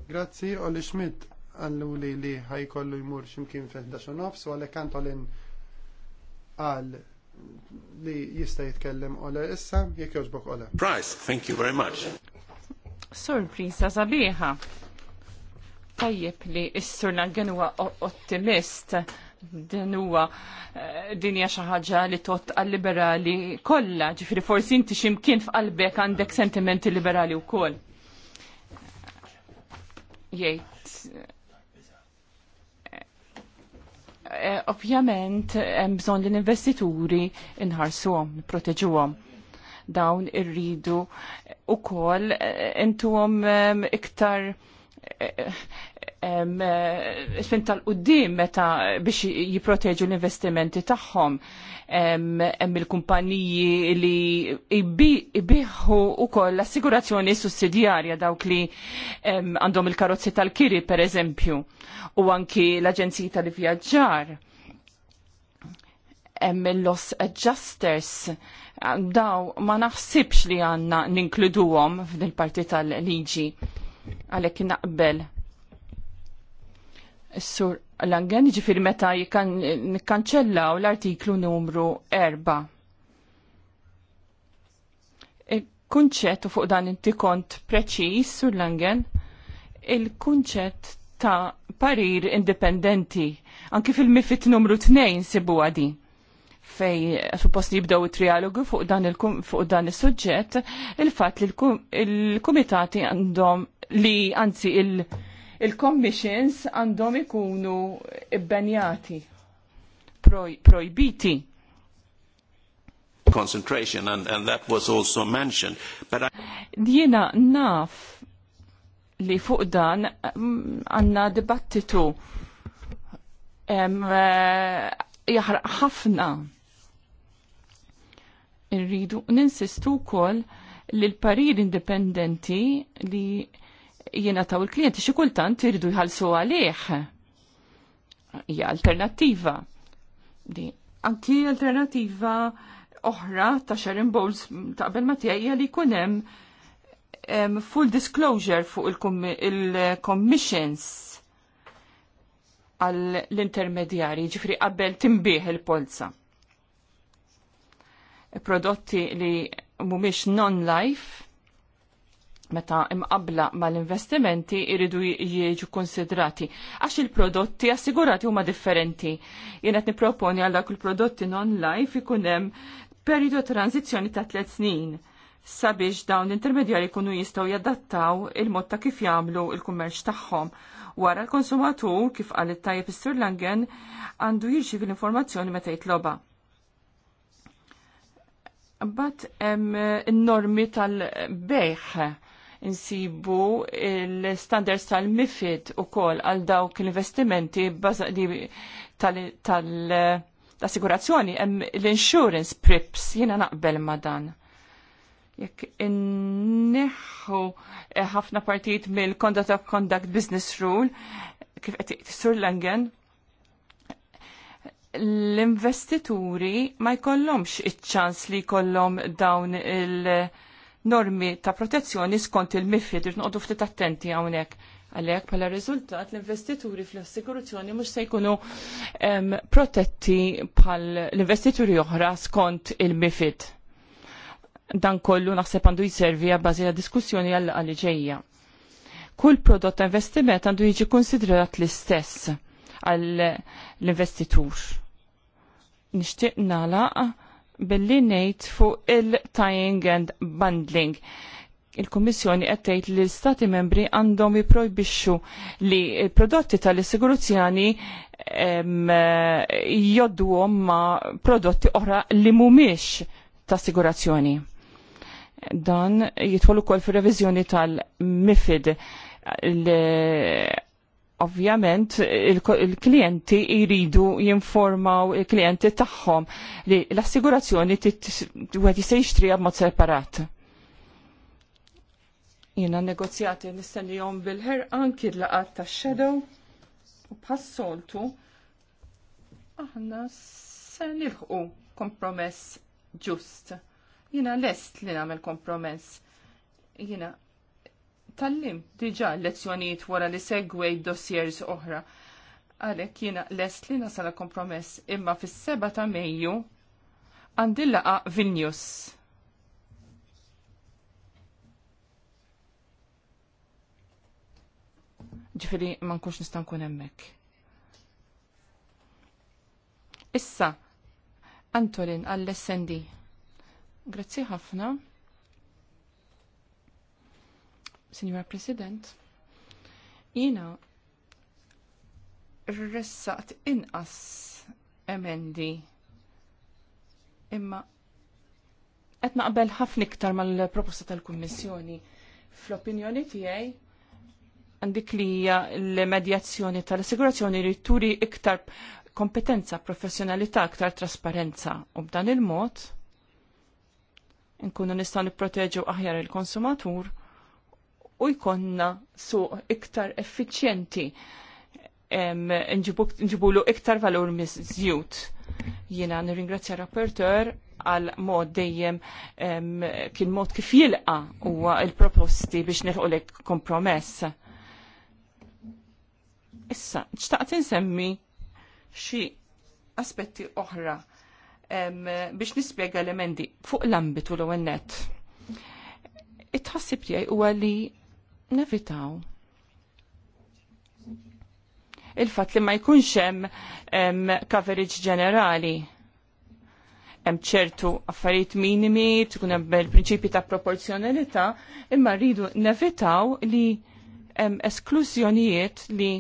Grazzi, Olli Schmidt għallu li li ħajkollu jmur ximkien fil-11 nofs, u għalek Antolin għal li jista jitkellem Ola issa, jek joġbok Ola. Price, thank you very much. Surprisa sabiħa. Tajjeb li s surna Langen huwa ottimist din huwa eh, din hija xi ħaġa li tot għal-liberali kollha, ġifieri forsi inti x'imkien f'qalbek għandek sentimenti liberali wkoll. Jgħid Eh, ovvjament hemm bżonn li l-investituri inħarsuhom, nipproteġuhom. Dawn irridu ukoll eh, intuhom eh, iktar fin tal-qoddim meta biex jiproteġu l-investimenti tagħhom hemm il-kumpaniji li jbiħu wkoll l-assigurazzjoni sussidjarja dawk li għandhom il-karozzi tal-kiri pereżempju u anki l-aġenziji tal-vjaġġar hemm il-loss adjusters daw ma naħsibx li għanna ninkluduhom il parti tal-liġi għalhekk naqbel. Is-sur Langen ġifiri meta nikkanċellaw l-artiklu numru 4. Il-kunċett u fuq dan inti kont preċis sur Langen, il-kunċett ta' parir indipendenti, anki fil-mifit numru 2 sibu għadi fej suppost jibdew it-trialogu fuq dan il-suġġett, il-fat li l-kumitati għandhom li anzi il-commissions il għandhom ikunu ibbenjati, projbiti. Concentration, and, and that was also mentioned. But I... Dina naf li fuq dan mm, għanna dibattitu eh, jaħraq ħafna. Irridu ninsistu kol li l-parir indipendenti li jiena taw il-klienti xi kultant iridu jħallsu għalih. Hija alternattiva. Di anki alternattiva oħra ta' sharing bowls ta' qabel ma tiegħi li jkun hemm full disclosure fuq il-commissions għall l-intermedjari, ġifri qabel timbieħ il-polza. Prodotti li mumiex non-life, meta imqabla mal-investimenti iridu jieġu konsidrati. Għax il-prodotti assigurati huma differenti. Jien qed proponi għal dak il-prodotti non-life ikun hemm periodu tranzizjoni ta' tliet snin sabiex dawn l-intermedjari kunu jistaw jadattaw il-mod ta' kif jagħmlu il-kummerċ tagħhom. Wara l-konsumatur kif qal it-tajjeb is-Sur Langen għandu jirċiev l-informazzjoni meta jitloba. Bat hemm normi tal-bejħ insibu l-standards tal-mifid u kol għal dawk l-investimenti tal-assigurazzjoni tal, l-insurance prips jena naqbel ma dan. Jekk inneħu eh, ħafna partijiet mill-Conduct of Conduct Business Rule, kif qed Sur Langen, l-investituri ma jkollhomx iċ-ċans li jkollhom dawn il- normi ta' protezzjoni skont il-mifid, irrid noqogħdu ftit attenti hawnhekk. Għalhekk bħala riżultat l-investituri fl-assigurazzjoni mhux se jkunu protetti pal l-investituri oħra skont il-mifid. Dan kollu naħseb għandu jiservi għabbażi la diskussjoni għall għal ġejja. Kull prodott ta' investiment għandu jiġi konsidrat l-istess għall investitur Nixtieq nagħlaq billi ngħid fuq il-tying and bundling. Il-Kummissjoni qed tgħid li l-Stati membri għandhom jipprojbixxu li prodotti tal-assigurazzjoni jodduhom ma' prodotti oħra li mhumiex ta' assigurazzjoni. Dan jidħol ukoll fir-reviżjoni tal-MIFID Ovvjament il-klijenti jridu jinformaw il-klijenti tagħhom li l-assigurazzjoni wieħed jista' jixtriha b'mod separat. Jiena negozjati nistennihom bil-ħer anki l-laqat tax-shadow u bħas-soltu aħna se nilħqu kompromess ġust. Jiena lest li nagħmel kompromess. Jiena tal-lim diġa lezzjonijiet wara li segwej dossiers oħra. Għalek jina lest li nasala kompromess imma fis seba ta' Mejju għandillaqa Vilnius. Ġifiri, man kux nistan kun emmek. Issa, Antolin għall-SND. Grazzi ħafna. Signora President, jina rressaqt inqas emendi imma qed naqbel ħafna iktar mal-proposta tal-Kummissjoni. Fl-opinjoni tiegħi għandik li hija l-medjazzjoni tal-assigurazzjoni li turi iktar kompetenza, professjonalità, iktar trasparenza u b'dan il-mod nkunu nistgħu nipproteġu aħjar il-konsumatur u jkonna suq iktar effiċjenti nġibulu iktar valur miżjut. Jiena nirringrazzja rapporteur għal mod dejjem kien mod kif jilqa huwa il-proposti biex nilqu kompromess. Issa, ċtaqt insemmi xi aspetti oħra biex nispjega l-emendi fuq l-ambitu l-għennet. It-ħassib tiegħi huwa li nevitaw il-fat li ma jkunx hemm coverage ġenerali. Hemm ċertu affarijiet minimi, tkun hemm il-prinċipji ta' proporzjonalità, imma rridu nevitaw li hemm esklużjonijiet li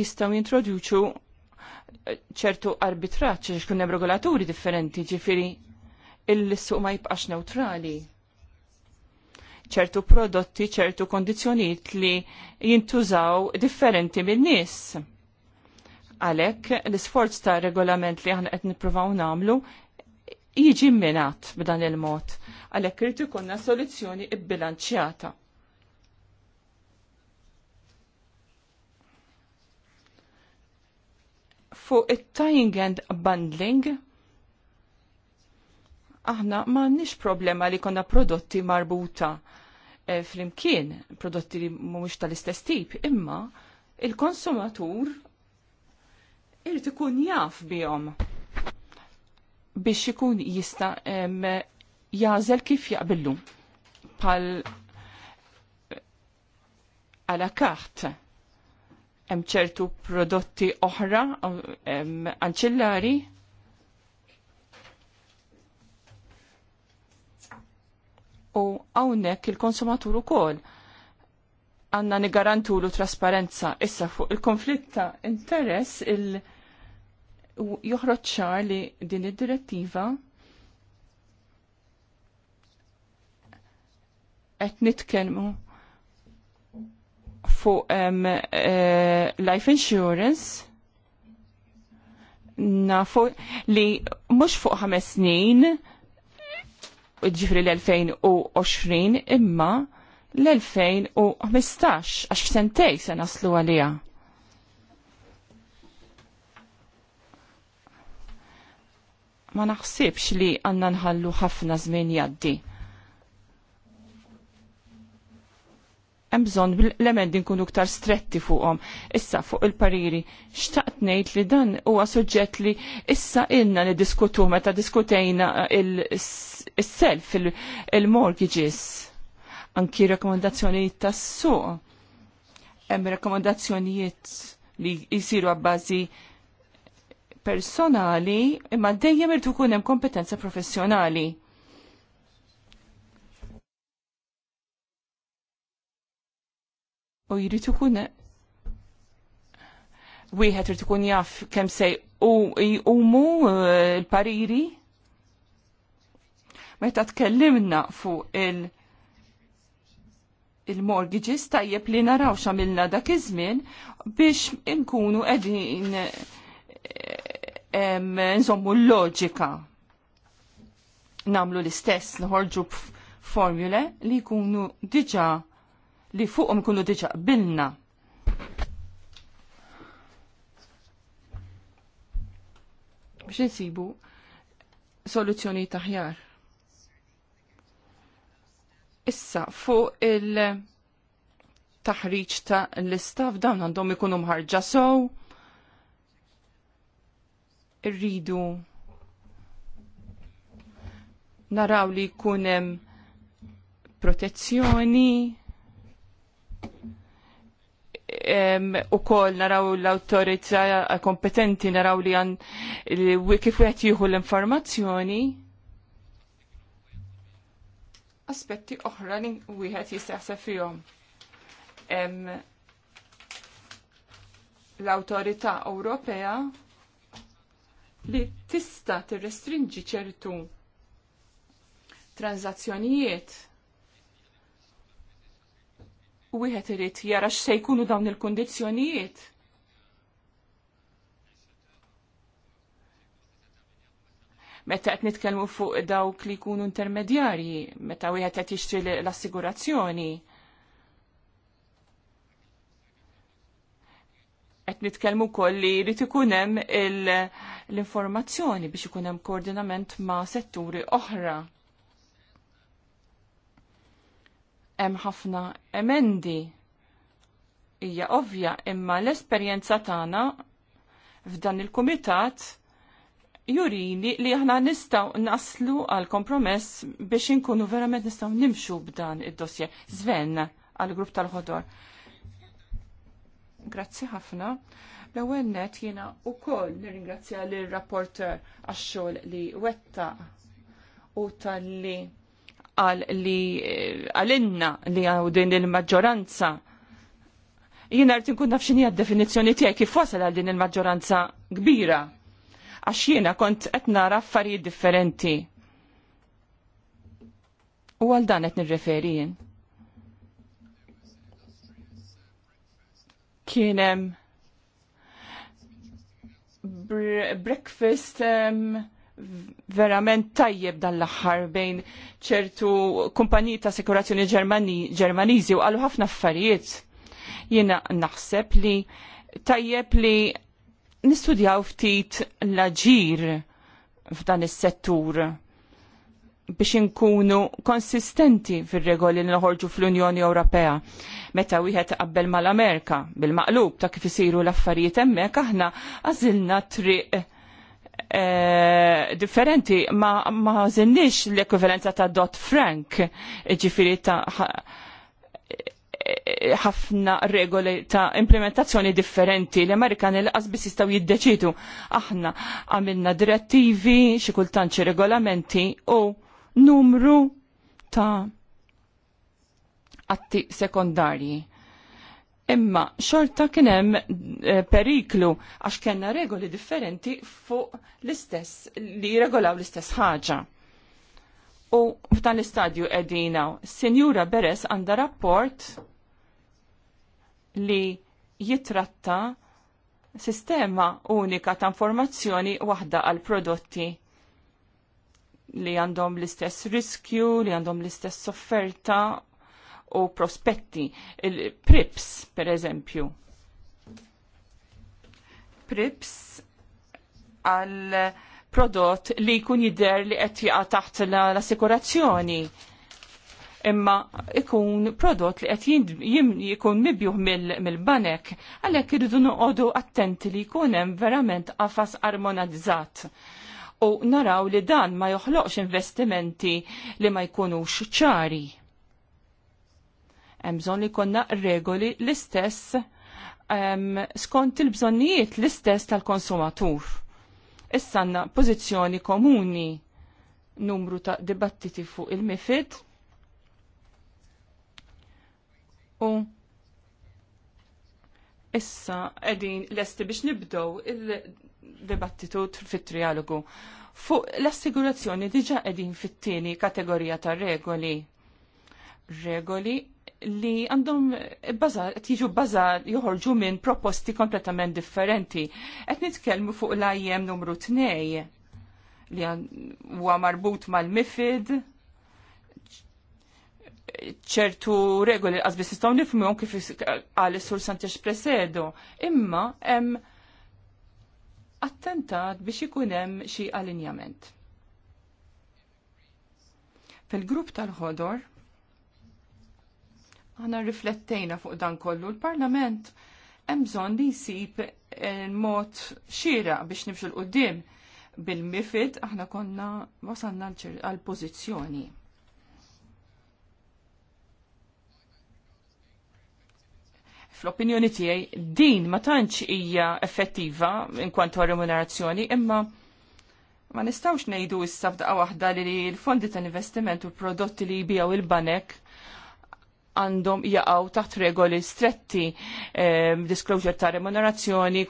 jistgħu jintroduċu eh, ċertu arbitraċċ, xkun hemm regolaturi differenti, ġifieri il-suq ma jibqax neutrali ċertu prodotti, ċertu kondizjoniet li jintużaw differenti minn nies. Għalek, l-sforz ta' regolament li aħna qed nippruvaw namlu jiġi minnat b'dan il-mod. Għalek rritu konna soluzzjoni ibbilanċjata. Fuq it-tying and bundling, aħna ma nix problema li konna prodotti marbuta Eh, flimkien prodotti li mhumiex tal-istess tip, imma il-konsumatur irid ikun jaf bihom biex ikun jista jażel kif jaqbillu bħal għala eh, kart hemm ċertu prodotti oħra anċillari u hawnhekk il-konsumatur ukoll għanna nigarantu lu trasparenza issa fuq il-konflitta interess il juħroċċar li din id-direttiva qed nitkellmu fuq um, uh, life insurance nafu li mhux fuq ħames snin ġifri l-2020 imma l-2015 għax f'sentej se naslu għalija. Ma naħsibx li għanna nħallu ħafna żmien jaddi. Hemm bżonn l-emendi nkunu ktar stretti fuqhom. Issa fuq il-pariri xtaqt ngħid li dan huwa suġġett li issa ilna niddiskutuh meta diskutejna il- self il-mortgages. Anki rekomendazzjonijiet tas-suq. Hemm rekomendazzjonijiet li jisiru għabbażi personali imma dejjem irtu kun hemm kompetenza professjonali. U jrid ikun wieħed irid ikun jaf kemm se u jqumu eh, l-pariri Meta tkellimna fuq il- il-mortgages tajjeb li naraw xamilna dak iż-żmien biex inkunu qegħdin eh, nżommu l-loġika. Namlu l-istess nħorġu formule li jkunu diġa li fuqhom kunu diġa qbilna. Biex insibu soluzzjoni taħjar. Issa, fuq il- taħriġ ta' l-istaff dawn għandhom ikunu mħarġa sow. Irridu naraw li jkunem protezzjoni u kol naraw l autorizzja kompetenti naraw li għan kif għet l-informazzjoni aspetti oħra li wieħed jistaħseb fihom. L-Awtorità Ewropea li tista' tirrestrinġi ċertu tranzazzjonijiet wieħed irid jara x'se jkunu dawn il-kundizzjonijiet meta qed nitkellmu fuq dawk li jkunu intermedjarji, meta wieħed qed jixtri l-assigurazzjoni. Qed nitkellmu wkoll li jrid ikun hemm l-informazzjoni biex ikun hemm koordinament ma' setturi oħra. Hemm ħafna emendi hija ovvja imma l-esperjenza tagħna f'dan il-kumitat jurini li aħna nistaw naslu għal kompromess biex inkunu verament nistaw nimxu b'dan id-dossier. Sven, għal grupp tal-ħodor. Grazzi ħafna. L-ewwel net jiena wkoll nirringrazzja lir rapporter għax-xogħol li wetta u tal-li għal li eh, għalinna li għaw din il-maġġoranza jiena rtin kun nafxinija għad definizjoni tiegħek kif wasal għal din il-maġġoranza kbira għax jiena kont qed nara affarijiet differenti. U għal dan qed nirreferi jien. Kien hemm breakfast um, verament tajjeb dan l-aħħar bejn ċertu kumpaniji ta' sikurazzjoni ġermaniżi u għalu ħafna affarijiet. Jiena naħseb li tajjeb li nistudjaw ftit l-aġir f'dan is-settur biex inkunu konsistenti fir-regoli li noħorġu fl-Unjoni Ewropea. Meta wieħed qabbel mal-Amerika bil-maqlub ta' kif isiru l-affarijiet hemmhekk aħna għażilna triq eh, differenti ma ma l-ekwivalenza ta' Dot Frank ġifieri ta' ħafna regoli ta' implementazzjoni differenti li Amerikan il-qas biss jistgħu jiddeċidu. Aħna għamilna direttivi, xi kultant xi regolamenti u numru ta' atti sekondarji. Imma xorta kien hemm eh, periklu għax kellna regoli differenti fuq l-istess li regolaw l-istess ħaġa. U f'dan l-istadju edina, Sinjura Beres għanda rapport li jitratta sistema unika ta' informazzjoni waħda għal prodotti li għandhom l-istess riskju, li għandhom l-istess offerta u prospetti. Il-PRIPS, per eżempju. PRIPS għal prodott li jkun jider li qed jaqa' taħt l-assikurazzjoni. La imma ikun prodott li qed jkun mibjuh mill-banek, għalhekk irridu noqogħdu attenti li jkun hemm verament qafas armonizzat. U naraw li dan ma joħloqx investimenti li ma jkunux ċari. Hemm bżonn li konna regoli l-istess ehm, skont il-bżonnijiet l-istess tal-konsumatur. Issa għandna pożizzjoni komuni numru ta' dibattiti fuq il-mifid U issa qegħdin lesti biex nibdow il-dibattitu fit-trialogu. Fuq l-assigurazzjoni diġa qegħdin fit-tieni kategorija ta' regoli. Regoli li għandhom tiġu baza joħorġu minn proposti kompletament differenti. Qed nitkellmu fuq l-IM numru 2 li huwa marbut mal-MIFID, ċertu regoli għazbis jistaw nifmu kif għal sur Santex Presedo, imma hemm attentat biex ikun hemm xi alinjament. Fil-grupp tal-ħodor, għana riflettejna fuq dan kollu l-Parlament hemm bżonn li jsib eh, mod xira biex nimxu l-qudiem bil-mifid aħna konna wasanna għal pożizzjoni. fl-opinjoni tiegħi din ma tantx hija effettiva inkwantu għal remunerazzjoni, imma ma nistawx ngħidu issa f'daqqa waħda li l-fondi ta' investiment u l-prodotti li jbijaw il-banek għandhom jaqgħu taħt regoli stretti eh, disclosure ta' remunerazzjoni,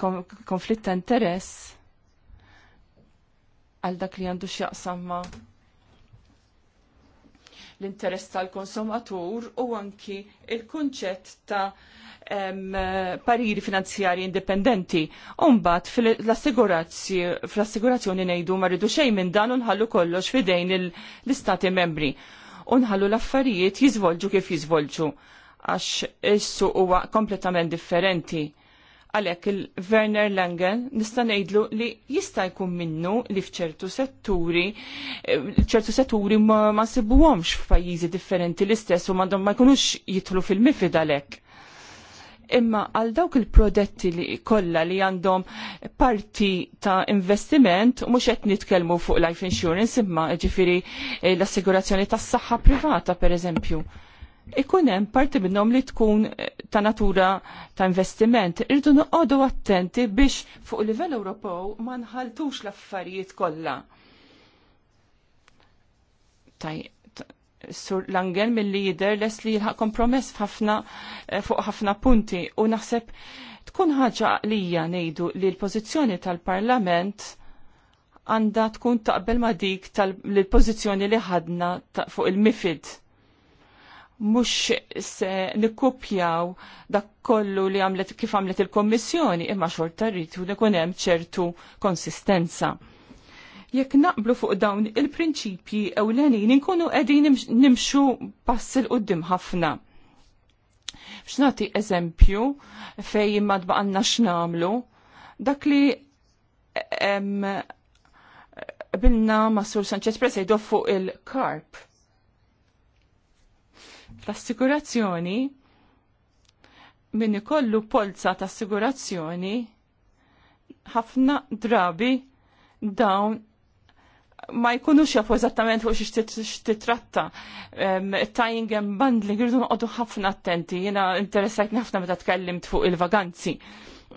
konflitt ta' interess għal dak li għandu x'jaqsam ma' l-interess tal-konsumatur u anki il-kunċett ta' em, pariri finanzjari indipendenti. Umbat fl-assigurazzjoni nejdu ma rridu xejn minn dan unħallu kollox fidejn l-istati membri. Unħallu l-affarijiet jizvolġu kif jizvolġu għax issu huwa kompletament differenti Għalhekk il-Werner Langen nista' ngħidlu li jista' jkun minnu li f'ċertu setturi eh, ċertu setturi ma, ma sibuhomx f'pajjiżi differenti l-istess u m'għandhom ma jkunux jidħlu fil-mifid għalhekk imma għal dawk il-prodetti li kollha li għandhom parti ta' investiment u mhux qed nitkellmu fuq life insurance imma ġifiri eh, l-assigurazzjoni tas-saħħa privata pereżempju ikun hemm parti minnhom li tkun eh, ta' natura ta' investiment. Irdu noqogħdu attenti biex fuq livell Ewropew ma nħaltux l-affarijiet kollha. Taj, Sur Langen mill-lider les li jilħaq kompromess eh, fuq ħafna punti u naħseb tkun ħaġa għalija ngħidu li l-pożizzjoni tal-Parlament għandha tkun taqbel ma dik tal-pożizzjoni li ħadna fuq il-mifid mux se nikkupjaw dak kollu li għamlet kif għamlet il-kommissjoni imma xorta rritu li hemm ċertu konsistenza. Jekk naqblu fuq dawn il-prinċipji ewlenin inkunu qegħdin nimxu pass il qudiem ħafna. X'nagħti eżempju fej ma tbaqanna x'namlu dak li bilna ma' Sur Sanchez Presa fuq il-karp l-assigurazzjoni min ikollu polza ta' assigurazzjoni ħafna drabi dawn ma jkunux jafu eżattament fuq xiex titratta. Tying and bundling, rridu noqogħdu ħafna attenti, jiena interessajt ħafna meta tkellimt fuq il-vaganzi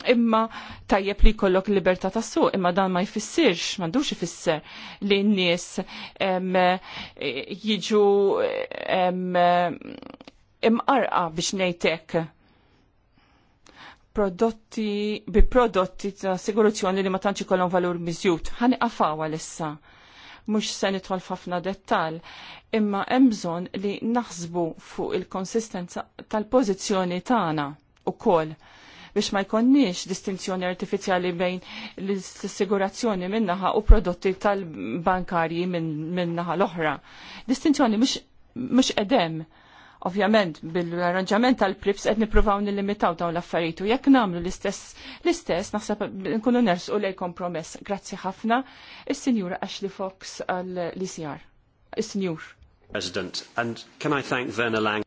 imma tajjeb li jkollok libertà ta' suq, imma dan ma jfissirx, m'għandux ifisser li n-nies jiġu imqarqa biex nejtek prodotti bi prodotti ta' sigurazzjoni li ma tantx ikollhom valur mizjut. Ħani qafawa issa mhux se nidħol ħafna dettal, imma hemm bżonn li naħsbu fuq il-konsistenza tal-pożizzjoni tagħna ukoll biex ma jkonniex distinzjoni artifiċjali bejn l-assigurazzjoni minnaħa u prodotti tal-bankarji minnaħa l-oħra. Distinzjoni mhux edem ovvjament bil-arranġament tal-prips qed nippruvaw nillimitaw dawn l-affarijiet u jekk nagħmlu l-istess l-istess naħseb nkunu nersqu lej kompromess. Grazzi ħafna. Is-Sinjura Ashley Fox għall-ICR. Is-Sinjur. President, and can I thank Werner Lang?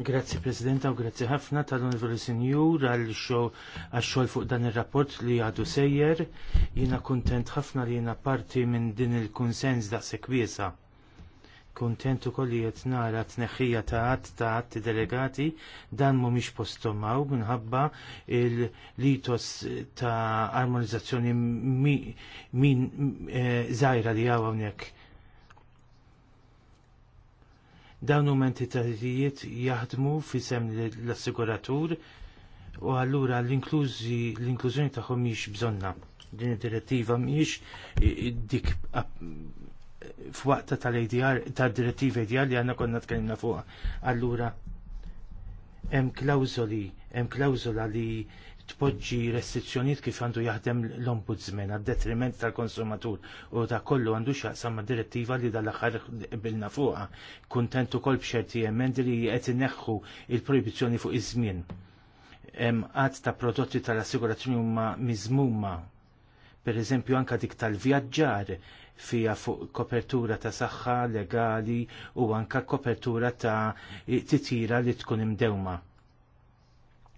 Grazzi Presidenta u grazzi ħafna tal-Onorevoli Sinjur għal xogħol fuq dan ir-rapport li għadu sejjer. Jiena kuntent ħafna li jina parti minn din il-kunsens da' sekwiesa. Kuntent ukoll kolli jetna nara tneħħija ta' għat ta' atti delegati dan mhumiex postomaw minħabba il-litos ta' armonizzazzjoni min zaħira eh, li hawnhekk Dawn huma entitajiet jaħdmu sem l-assiguratur u allura l-inklużjoni tagħhom mhix bżonna. Din id-direttiva mhix dik f'waqta tal-ADR, tad direttiva ideal li għanna konna tkellimna fuqha. Allura hemm klawżoli, hemm klawżola li tpoġġi restrizzjonijiet kif għandu jaħdem l-ombudsman għad detriment tal-konsumatur u ta' kollu għandu xaqsam direttiva li dal-axar bilna fuqa. kontentu kol bċerti emendi li qed neħħu il-proibizjoni fuq iż-żmien. Għad ta' prodotti tal-assigurazzjoni huma miżmuma. Per eżempju anka dik tal-vjaġġar fija fuq kopertura ta' saħħa legali u anka kopertura ta' titira li tkun imdewma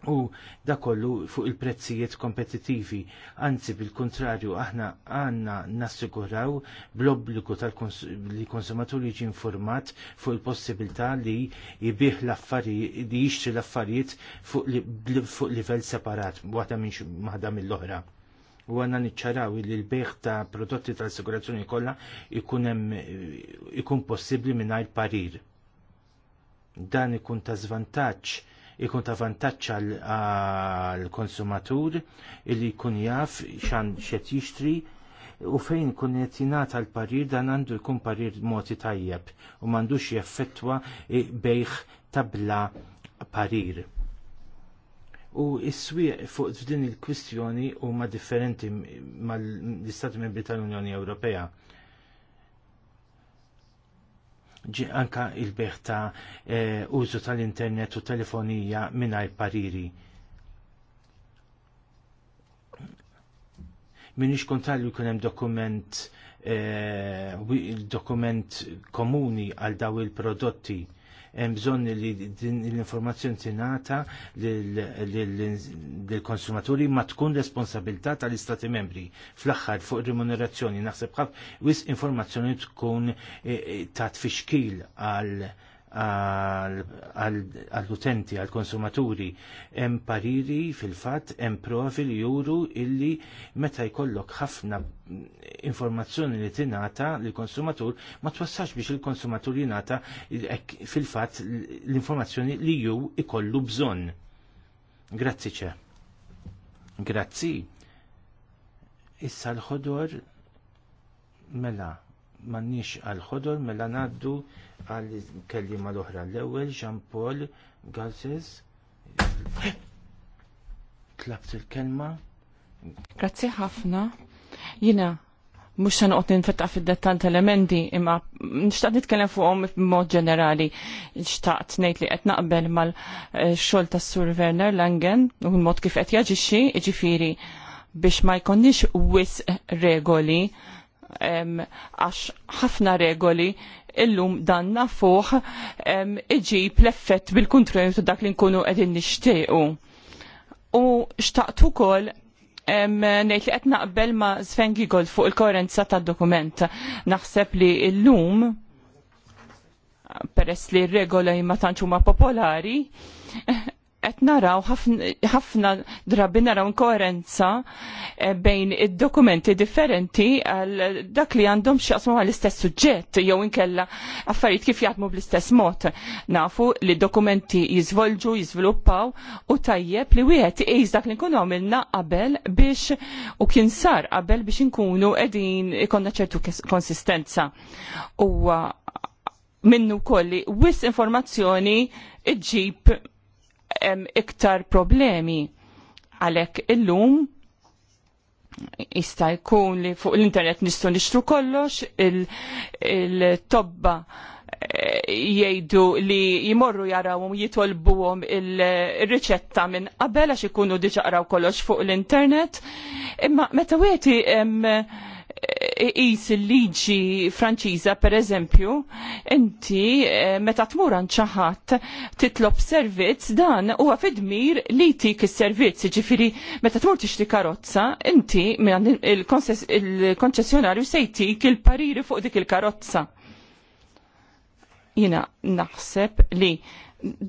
u da kollu fuq il-prezzijiet kompetitivi. Anzi, bil-kontrarju, aħna għanna nassiguraw bl-obbligu tal-konsumaturi jiġi informat fuq il-possibilità li jibih l-affarijiet, li jixtri l-affarijiet fuq, li, fuq livell separat, waħda minn maħda mill-oħra. U għanna niċċaraw li l-beħ ta' prodotti tal-assigurazzjoni kollha ikun possibbli mingħajr parir. Dan ikun ta' zvantaċ ikun ta' vantaġġ għall konsumatur illi jkun jaf xan xed jixtri u fejn kun jingħata l-parir dan għandu jkun parir moti tajjeb u m'għandux jeffettwa bejħ tabla parir. U s-swieq fuq din il-kwistjoni huma differenti mal-Istati Membri tal-Unjoni Ewropea ġi anka il-beħ ta' e, użu tal-internet u telefonija mingħajr pariri. Min kontallu jkun hemm dokument e, dokument komuni għal daw il-prodotti hemm bżonn li din l-informazzjoni tingħata lill-konsumaturi ma tkun responsabilità tal-Istati membri. Fl-aħħar fuq remunerazzjoni naħseb ħaf wis informazzjoni tkun eh, eh, tat fixkil għal għall-utenti, għall-konsumaturi. Hemm pariri fil-fatt, hemm provi li juru illi meta jkollok ħafna informazzjoni li tinata lill konsumatur ma twassax biex il-konsumatur jinata fil-fatt l-informazzjoni li ju ikollu bżonn. Grazzi ċe. Grazzi. Issa l-ħodor mela mannix għal-ħodor mela naddu għal-kellima l-oħra. L-ewel Jean Paul Galses tlabt il-kelma. Grazzi ħafna. Jina, mux san noqgħod ninfetta fil dettall tal-elementi, imma nishtaqt nitkellem fuqom mod ġenerali. Nishtaqt nejt li qed naqbel mal-xol tas sur Werner Langen, u mod kif qed jaġixxi, ġifiri biex ma jkonniex wis regoli għax ħafna regoli illum dan nafuħ iġib l-effett bil-kontrarju ta' dak li nkunu qegħdin nixtiequ. U xtaqt ukoll ngħid li qed naqbel ma' zfengi Gigol fuq il-koerenza tad-dokument. Naħseb li llum peress li regoli ma tantx huma popolari, qed naraw ħafna drabi naraw inkoerenza eh, bejn id-dokumenti differenti għal dak li għandhom x'jaqsmu għall-istess suġġett jew inkella affarijiet kif jaħdmu bl-istess mod. Nafu li dokumenti jiżvolġu, jiżviluppaw u tajjeb li wieħed iqis dak li nkunu għamilna qabel biex u kien sar qabel biex inkunu qegħdin ikonna ċertu konsistenza. U minnu kolli wis informazzjoni iġġib hemm iktar problemi għalhekk illum jista' jkun li fuq l-internet nistgħu nixtru kollox, il-tobba il eh, jgħidu li jmorru jaraw jitolbuhom il-riċetta minn qabel għax ikunu diġa qraw kollox fuq l-internet. Imma meta wieti iqis il-liġi Franċiża pereżempju, inti eh, meta tmur ċaħat titlob servizz dan huwa fidmir li tik is-servizz, ġifiri meta tmur tixtri karozza, inti il-konċessjonarju se jtik il-pariri fuq dik il-karozza. Jina naħseb li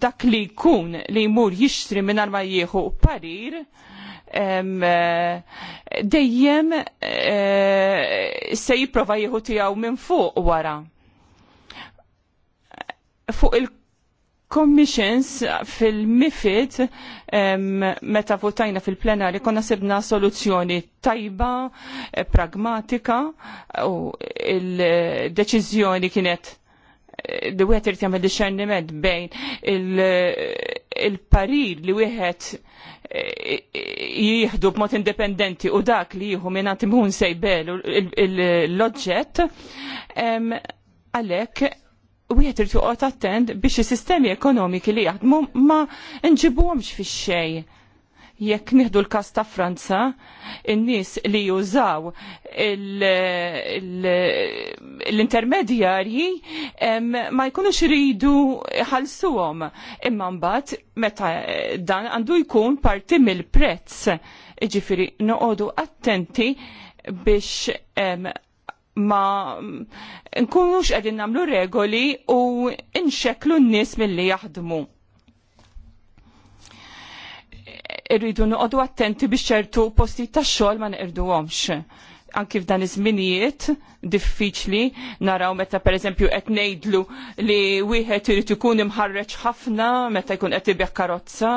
dak li jkun li jmur jixtri minn ma jieħu parir, Eh, dejjem eh, se jipprova jieħu tiegħu minn fuq wara. Fuq il commissions fil-MIFID meta votajna fil-plenari konna sibna soluzzjoni tajba, eh, pragmatika u il-deċizjoni kienet li wieħed irid jagħmel discernement bejn il-parir li wieħed jieħdu b'mod indipendenti u dak li jieħu minn għatimun sejbel l-oġġett, għalek u jgħet tuqot attend biex i sistemi ekonomiki li jaħdmu ma nġibuhomx fix xej Jekk nieħdu l-każ ta' Franza, in-nies li jużaw l-intermedjarji ma jkunux iridu ħalsuhom. Imma mbagħad meta dan għandu jkun parti mill-prezz. Ġifiri, noqogħdu attenti biex ma nkunux qegħdin nagħmlu regoli u nxeklu n-nies milli jaħdmu. irridu noqogħdu attenti biex ċertu postijiet tax-xogħol ma għomx. anki f'dan iż-żminijiet diffiċli naraw meta pereżempju qed ngħidlu li wieħed irid ikun imħarreġ ħafna meta jkun qed ibeħ karozza.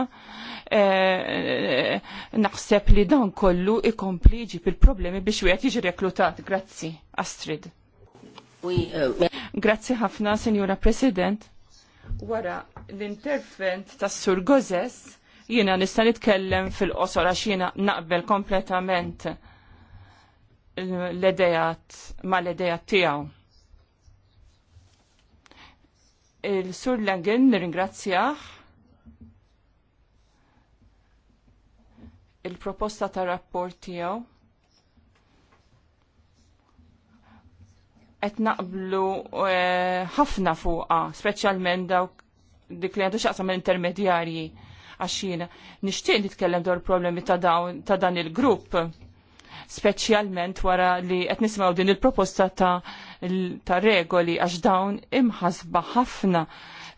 Eh, eh, naħseb li dan kollu ikompli jġib il-problemi biex wieħed jiġi reklutat. Grazzi, Astrid. Euh, Grazzi ħafna, Sinjura President. Wara l-intervent tas-Sur Gozes Jiena nista' nitkellem fil-qosor għax jina naqbel kompletament l-edejat ma l-edejat tiegħu. Il-Sur Langen nir-ingrazzjaħ il-proposta ta' rapport tiegħu qed naqblu eh, ħafna e, fuqha, speċjalment dawk dik li għandu xaqsa l-intermedjarji għax jiena nixtieq nitkellem dwar problemi ta' dan il-grupp speċjalment wara li qed nisimgħu din il-proposta ta', ta regoli għax dawn imħasba ħafna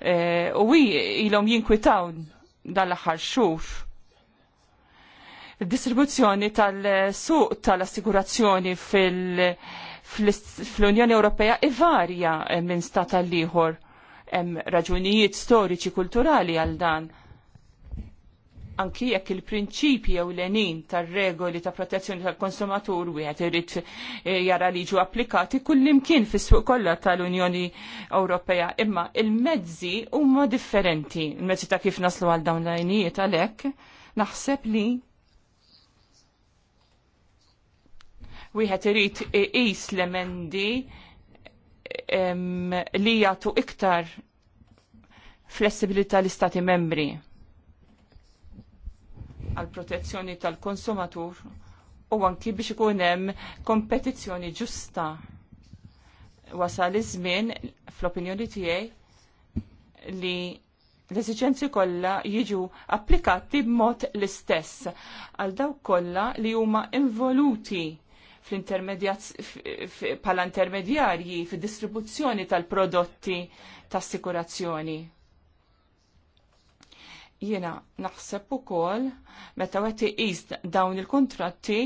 e, u ilhom jinkwitaw dal-aħħar xhur distribuzzjoni tal-suq tal-assigurazzjoni fil-Unjoni Ewropea ivarja minn stat għal ieħor hemm raġunijiet storiċi kulturali għal dan anki jekk il-prinċipji ewlenin tar-regoli ta' protezzjoni tal-konsumatur wieħed irid eh, jara li ġu applikati kullimkien fis-suq kollha tal-Unjoni Ewropea. Imma il-mezzi huma differenti, il-mezzi ta' kif naslu għal dawn l-għajnijiet għalhekk naħseb li wieħed irid iqis l-emendi li jagħtu iktar flessibilità l-istati membri għal protezzjoni tal-konsumatur u anki biex ikun hemm kompetizzjoni ġusta. Wasal iż-żmien fl-opinjoni tiegħi li l-eżiġenzi kollha jiġu applikati b'mod l-istess għal dawk kollha li huma involuti bħala intermedjarji fid-distribuzzjoni tal-prodotti tas-sikurazzjoni. Jiena naħseb ukoll meta għati jist dawn il kuntratti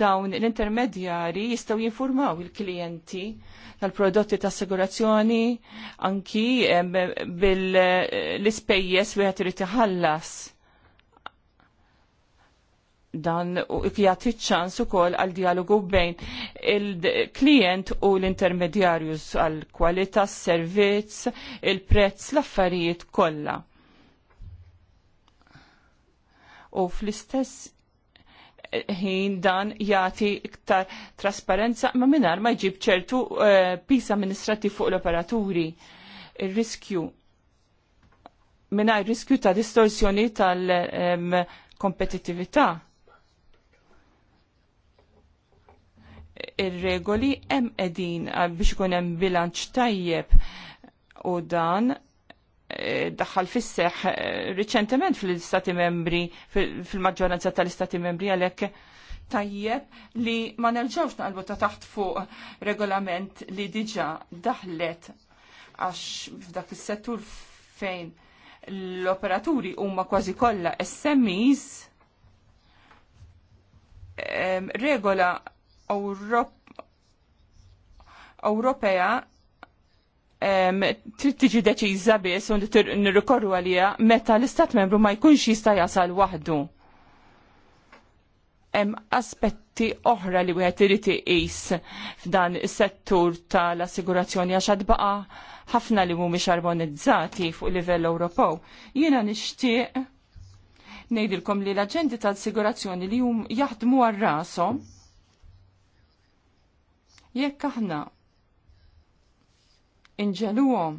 dawn l-intermedjari jistgħu jinformaw il-klijenti tal-prodotti ta' assigurazzjoni anki bil-ispejjeż wieħed irid iħallas dan u jagħti ċans ukoll għal dialogu bejn il-klient u l-intermedjarju għal kwalità, servizz, il-prezz, l-affarijiet kollha u fl-istess ħin dan jati iktar trasparenza ma minar ma jġib ċertu pisa eh, pis amministrativ fuq l-operaturi. Il-riskju minar riskju ta' distorsjoni tal kompetitivita Ir-regoli hemm edin eh, biex ikun hemm bilanċ tajjeb u dan Eh, daħħal fisseħ eh, riċentement fil-istati membri, fil-maġġoranza tal-istati membri għalhekk tajjeb li ma nerġawx naqalbu ta' taħt fuq regolament li diġa daħlet għax f'dak is-settur fejn l-operaturi huma kważi kollha SMEs eh, regola Ewropea trid tiġi deċiża biss u nirrikorru għalija meta l-istat membru ma jkunx jista' jasal waħdu. Hemm aspetti oħra li wieħed irid iqis f'dan is-settur tal-assigurazzjoni għax għad baqa' ħafna li mhumiex armonizzati fuq livell Ewropew. Jiena nixtieq ngħidilkom li l-aġendi tal-assigurazzjoni li hum jaħdmu għar rashom jekk aħna inġeluhom.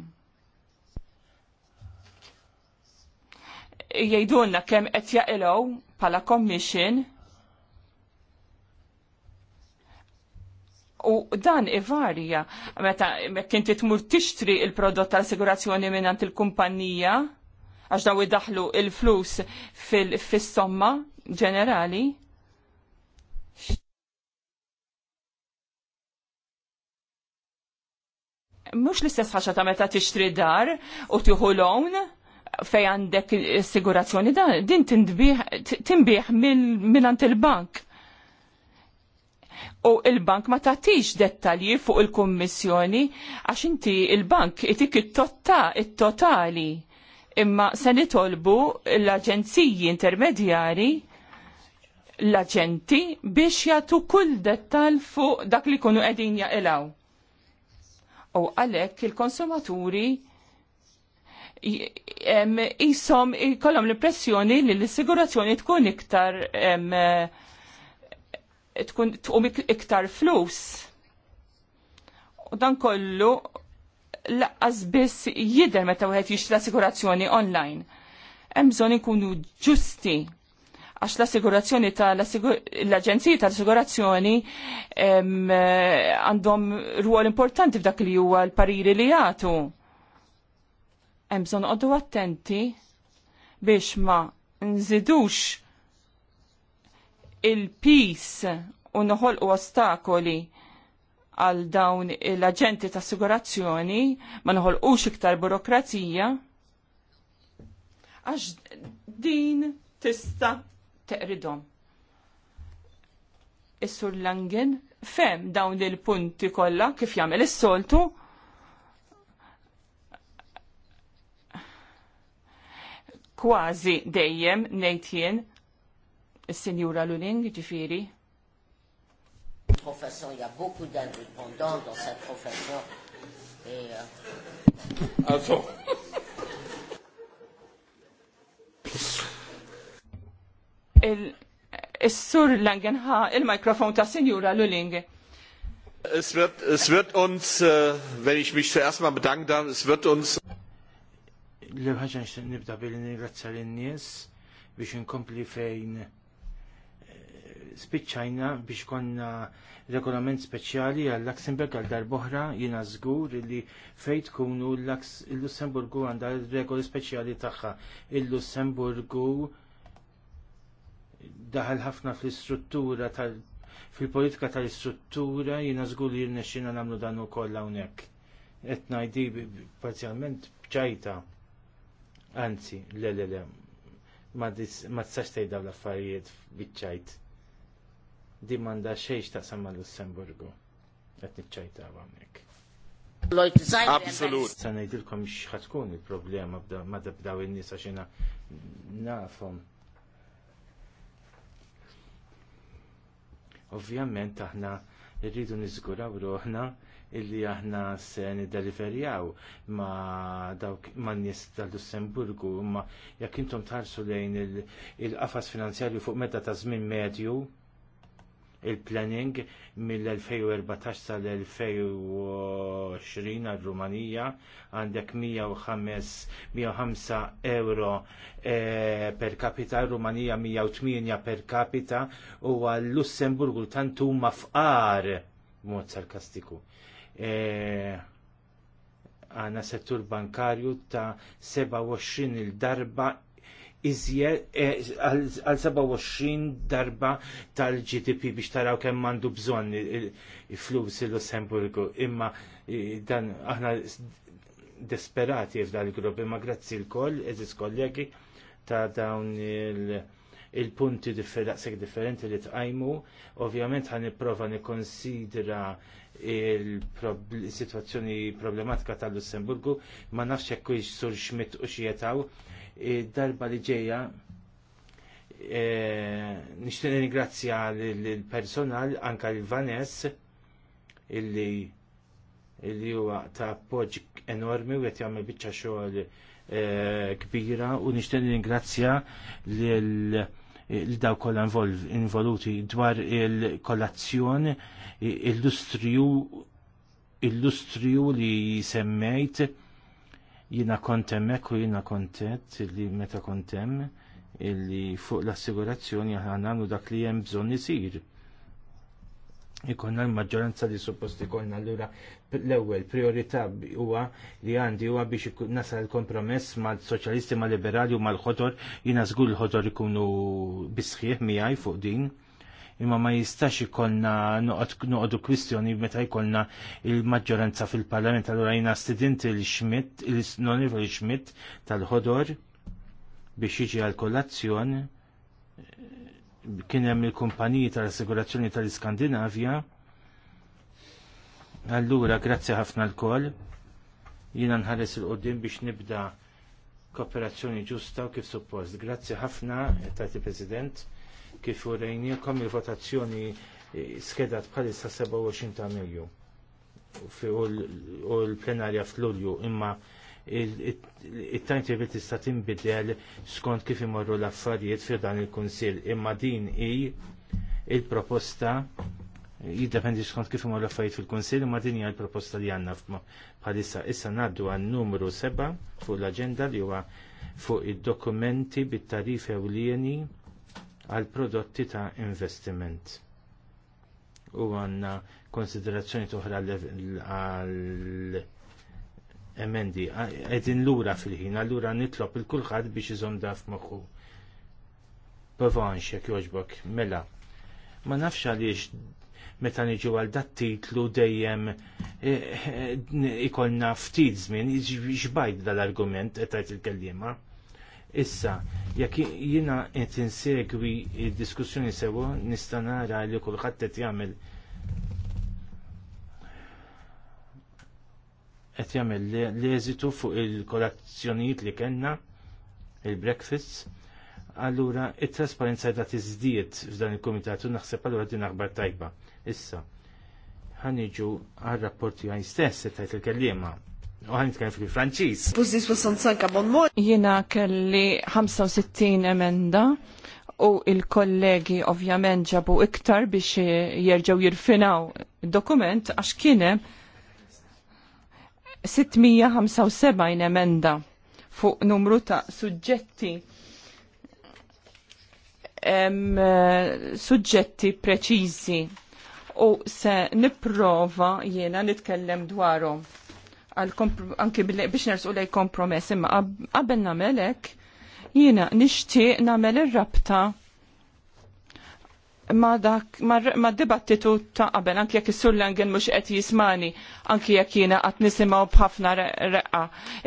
Jgħidulna kemm qed jaqilgħu bħala commission U dan ivarja, meta kinti tmur tixtri il-prodott tal-assigurazzjoni minnant il-kumpanija, għax daw id-daħlu il-flus fil-somma ġenerali, mux l-istess ħaxa ta' meta tixtri dar u tieħu lawn fej għandek assigurazzjoni da din tinbih mill-ant il-bank. U il-bank ma tatix dettalji fuq il-kommissjoni għax inti il-bank itik it-totali imma se nitolbu l-aġenziji intermedjari l-aġenti biex jagħtu kull dettal fuq dak li kunu qegħdin jaqilgħu U għalhekk il-konsumaturi jisom jkollhom l-impressjoni li l-assigurazzjoni tkun iktar tkun tkun iktar flus. U dan kollu laqqas biss jidher meta wieħed jixtra assigurazzjoni online. Hemm bżonn ikunu ġusti għax l-assigurazzjoni ta' l-Aġenzija tal-Assigurazzjoni għandhom ruol importanti f'dak li huwa l-pariri li jagħtu. Hemm bżonn qogħdu attenti biex ma nżidux il-pis u noħolqu ostakoli għal dawn l-aġenti ta' assigurazzjoni ma noħolqux iktar burokrazija għax din tista' teqridom. Is-sur Langen fem dawn il-punti kollha kif jagħmel is-soltu kważi dejjem ngħid jien is-Sinjura Luling ġifieri. Profession, il y a beaucoup d'indépendants dans cette profession. Et, euh... Ah, il-sur Langenha il-mikrofon ta' Signora Lulinge. Es wird, es wird uns, uh, wenn ich mich zuerst mal bedanken darf, es wird uns. L-ħagġa nixtieq nibda billi ningrazzja lin-nies biex inkompli fejn äh, spiċċajna biex konna regolament speċjali għal Luxemburg għal darboħra jina zgur li fejt kunu l-Lussemburgu għandha regoli speċjali taħħa. Il-Luxemburgu il luxemburgu il daħal ħafna fl-istruttura tal- fil-politika tal-istruttura jina żgur li rnexxina nagħmlu dan ukoll hawnhekk. Qed ngħidi parzjalment bċajta. Anzi, le le le, ma t tgħid dawn l-affarijiet biċċajt. Din m'għandha xejn taqsam l lussemburgu Qed niċċajta hawnhekk. Absolut. Sa x'ħatkun il-problema ma dabdaw in-nies għax nafhom Ovvjament aħna rridu niżguraw roħna illi aħna se niddeliverjaw ma dawk ma nies tal-Lussemburgu imma jekk intom tħarsu lejn il-qafas finanzjarju fuq meta ta' żmien medju il-planning mill-2014 sal-2020 għal-Rumanija għandek 105 euro eh, per capita, Rumanija 108 per capita u għal-Lussemburgu tantu mafqar mod sarkastiku. Eh, għana settur bankarju ta' 27 il-darba iżjed eh, għal 27 darba tal-GDP biex taraw kemm għandu bżonn flus il-Lussemburgu. Imma eh, dan aħna desperati f'dan il-grupp, imma grazzi l-koll, eżis kollegi ta' dawn il-punti daqseg differenti li tqajmu. Ovvjament ħan nipprova nikkonsidra il-situazzjoni problematika tal-Lussemburgu, ma nafx hekk sur xmit u xietaw darba li ġeja eh, nishtin ringrazzja l-personal anka l vaness illi illi huwa ta' appoġġ enormi u qed jagħmel biċċa xogħol eh, kbira u nixtieq ringrazzja lil daw kolla involuti dwar il kolazzjoni il-lustriju, il-lustriju li semmejt Jina kontemmek u jina kontet li meta kontem illi fuq l-assigurazzjoni għannu dak li jem bżon jisir. Ikonna l-maġġoranza li supposti konna allura l-ewwel priorita huwa li għandi huwa biex nasal kompromess mal-soċjalisti mal-liberali u mal-ħodor jina żgur l-ħodor ikunu bisħieħ miegħi fuq din imma ma jistax ikollna noqogħdu kwistjoni meta jkollna il-maġġoranza fil-Parlament allora jiena student il-Schmidt, il-Nonivel Schmidt tal-ħodor biex jiġi għal kollazzjon kien hemm il-kumpaniji tal-assigurazzjoni tal-Iskandinavja. Allura, grazzi ħafna l-koll. Jina nħares il-qoddim biex nibda kooperazzjoni ġusta u kif suppost. Grazzi ħafna, tati President kif u rejniekom il-votazzjoni eh, skedat bħalissa 27 ta' milju u l-plenarja f'Lulju imma il-timetable tista' tinbidel skont kif imorru l-affarijiet fi dan il-Kunsill imma din hi il-proposta jiddependi skont kif imorru l-affarijiet fil-Kunsill imma din hija l-proposta li għandna bħalissa issa ngħaddu għan numru 7 fuq l-aġenda li huwa fuq id-dokumenti bit-tarif ewlieni għal prodotti ta' investiment. U għanna konsiderazzjoni toħra għal emendi, l lura fil-ħin, allura nitlob il-kulħadd biex iżomda moħu Pavanx, jekk jogħġbok, mela. Ma nafx għaliex meta niġu għal dat titlu dejjem eh, eh, ikolna ftit żmien, xbajt dal-argument qed il-kellima. Issa, jekk jiena qed insegwi d-diskussjoni sewwa nista' nara li kulħadd qed jagħmel qed jagħmel l-eżitu fuq il-kolazzjonijiet li kellna il breakfast Allura, it-trasparenza ta' tiżdiet f'dan il-komitatu naħseb allura din aħbar tajba. Issa, ħaniġu għal-rapporti għaj stess, tajt il-kellima għan fil-Franċiż. Jiena kelli 65 emenda u il-kollegi ovvjament ġabu iktar biex jerġgħu jirfinaw dokument għax kienem 675 emenda fuq numru ta' suġġetti suġġetti preċiżi u se nipprova jiena nitkellem dwarhom anki biex nersu lej kompromess imma qabel nagħmel hekk jiena nixtieq nagħmel ir-rabta ma dak ma dibattitu ta' qabel anki jekk is sullangen mhux qed jismani anki jekk jiena qatt nisimgħu b'ħafna reqqa.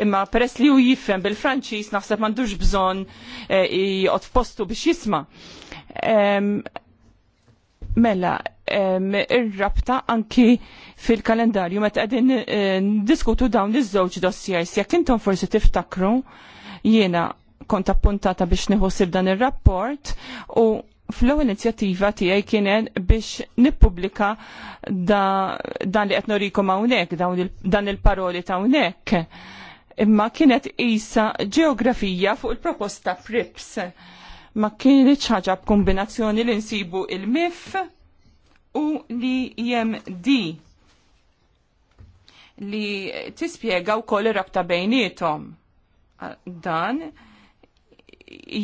Imma peress li hu jifhem bil-Franċiż naħseb m'għandux bżonn eh, joqgħod f'postu biex jisma' Mela, ir-rabta anki fil-kalendarju meta qegħdin eh, diskutu dawn iż-żewġ dossiers jekk intom forsi tiftakru jiena kont appuntata biex niħossib dan ir-rapport u fl-ewwel inizjattiva tiegħi kienet biex nippubblika da, dan li qed norikom hawnhekk dan il-paroli ta' hawnhekk. Imma kienet isa ġeografija fuq il-proposta PRIPS ma kienieċ ħaġa b'kombinazzjoni li nsibu il-MIF u li IMD e li tispjega wkoll ir-rabta bejnietom. Dan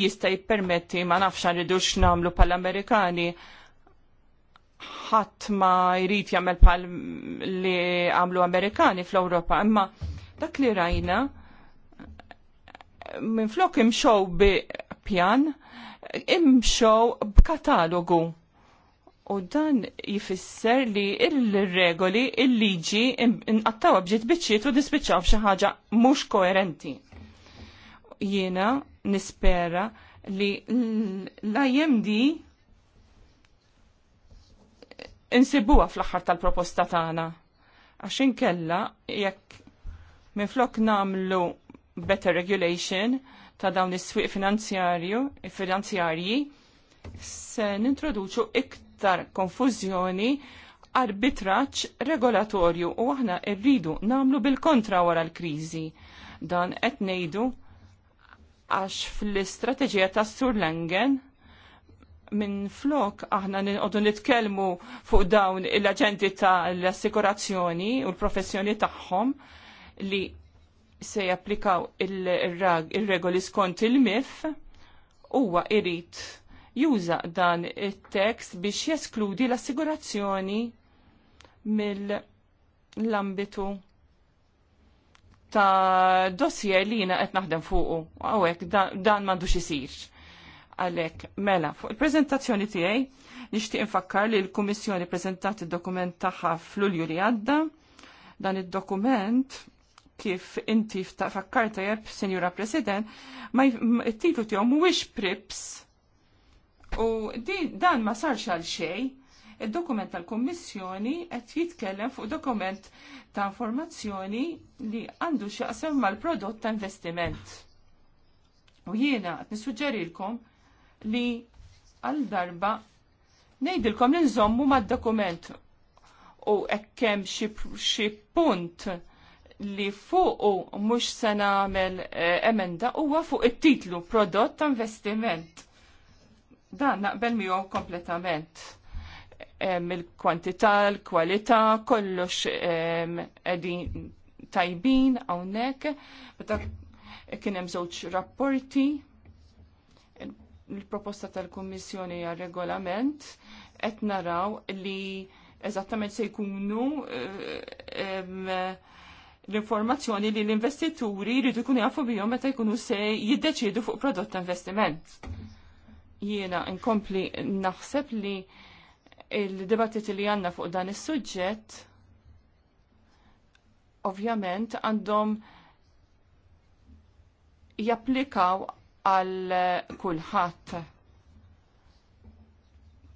jista' jippermetti ma nafx rridux nagħmlu pal-Amerikani ħadd ma jrid jagħmel pal li għamlu Amerikani fl-Ewropa, imma dak li rajna minn flok imxow bi pjan imxow b'katalogu. U dan jifisser li il-regoli, il-liġi inqattawa bġiet biċċiet u dispiċċaw xi ħaġa mhux koerenti. Jiena nispera li l-IMD insibuha fl-aħħar tal-proposta tagħna. Għax inkella jekk minflok nagħmlu better regulation, ta' dawn is-swieq finanzjarju, finanzjarji, se nintroduċu iktar konfużjoni arbitraċ regolatorju u aħna rridu namlu bil-kontra wara l-kriżi. Dan qed ngħidu għax fl-istrateġija ta' Sur Langen minn flok aħna nqogħdu nitkellmu fuq dawn l-aġenti tal-assikurazzjoni u l-professjoni tagħhom li se japplikaw il-regoli skont il-MIF huwa irrit juża dan it-tekst jeskludi l-assigurazzjoni mill-ambitu ta' dossier li jina qed naħdem fuqu. Għawek, dan, mandu m'għandux isir. Għalek, mela, fuq il-prezentazzjoni tiegħi nixtieq infakkar li l-Kummissjoni preżentat id-dokument tagħha f'Lulju li għadda. Dan id-dokument kif inti fakkar tajab, Senjura President, ma titlu tiegħu mhuwiex prips. U di, dan ma sarx għal xej. Id-dokument tal-Kommissjoni qed jitkellem fuq dokument ta' informazzjoni li għandu x'jaqsam mal-prodott ta' investiment. U jiena qed nissuġġerilkom li għal darba ngħidilkom li nżommu mad-dokument u hekk hemm xi punt li fuqu mhux se nagħmel eh, emenda huwa fuq it-titlu prodott ta' investiment. Dan naqbel miegħu kompletament. Il-kwantità, l-kwalità, kollox qegħdin tajbin hawnhekk, meta kien hemm żewġ rapporti il-proposta tal-Kummissjoni għal regolament qed naraw li eżattament se jkunu eh, l-informazzjoni li l-investituri jridu ikun jafu bihom meta jkunu se jiddeċidu fuq prodott ta' investiment. Jiena nkompli naħseb li il-dibattit li għanna fuq dan is-suġġett ovvjament għandhom japplikaw għal kulħadd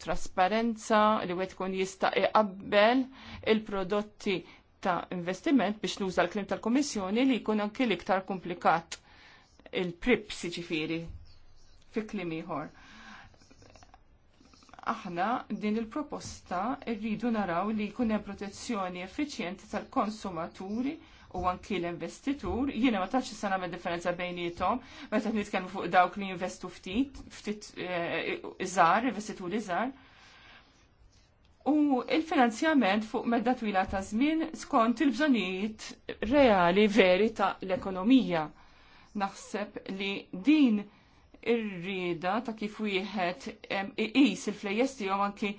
trasparenza li għed kun jista' iqabbel il-prodotti ta' investiment biex nuża l-klim tal-Komissjoni li jkun anki l-iktar komplikat il-prips ġifiri fi klim ieħor. Aħna din il-proposta rridu naraw li jkun hemm protezzjoni effiċjenti tal-konsumaturi u anki l-investitur, jiena ma taċ sana me differenza bejnietom, meta nitkellmu fuq dawk li jinvestu ftit, ftit eh, iżar, investituri iżar, U il-finanzjament fuq medda twila ta' żmien skont il-bżonijiet reali veri ta' l-ekonomija. Naħseb li din ir rieda ta' kif wieħed iqis il-flejjes tiegħu anki eh,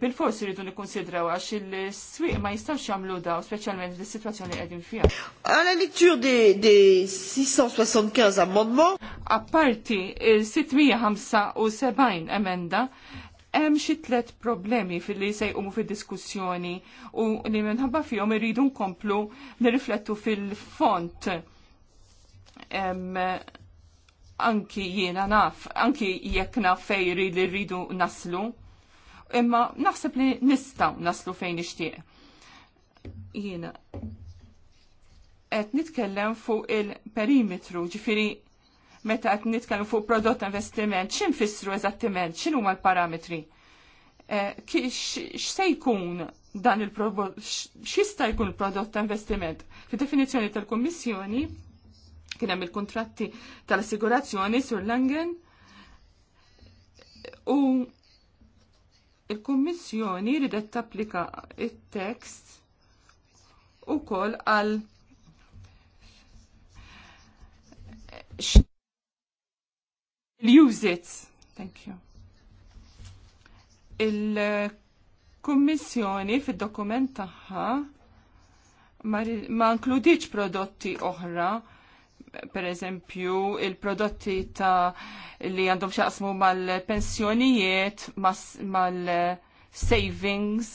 bil-forsi rridu nikkonsidraw għax il-swieq ma jistax jagħmlu daw, speċjalment fis-sitwazzjoni qegħdin fiha. À la lecture des, des 675 amendements. Apparti il-675 emenda, hemm xi tliet problemi fil-li sejqumu fid-diskussjoni u li minħabba fihom irridu nkomplu nirriflettu fil-font. Anki jiena naf, anki jekk naf fejri li rridu naslu, imma naħseb li nistaw naslu fejn nixtieq. Jiena qed nitkellem fuq il-perimetru, ġifiri meta qed nitkellmu fuq prodott investiment, x'in fissru eżattiment, x'in huma l-parametri? Eh, x'se jkun dan il-prodott, jkun il-prodott ta' investiment? Fid-definizzjoni tal-Kummissjoni kien hemm il-kuntratti tal-assigurazzjoni sur Langen u il-Kummissjoni ridet tapplika it-tekst ukoll għal use it. Thank you. Il-Kummissjoni fid-dokument tagħha ma nkludiċ prodotti oħra, per eżempju, il-prodotti ta' li għandhom xaqsmu mal-pensjonijiet, mal-savings, mal pensjonijiet mal savings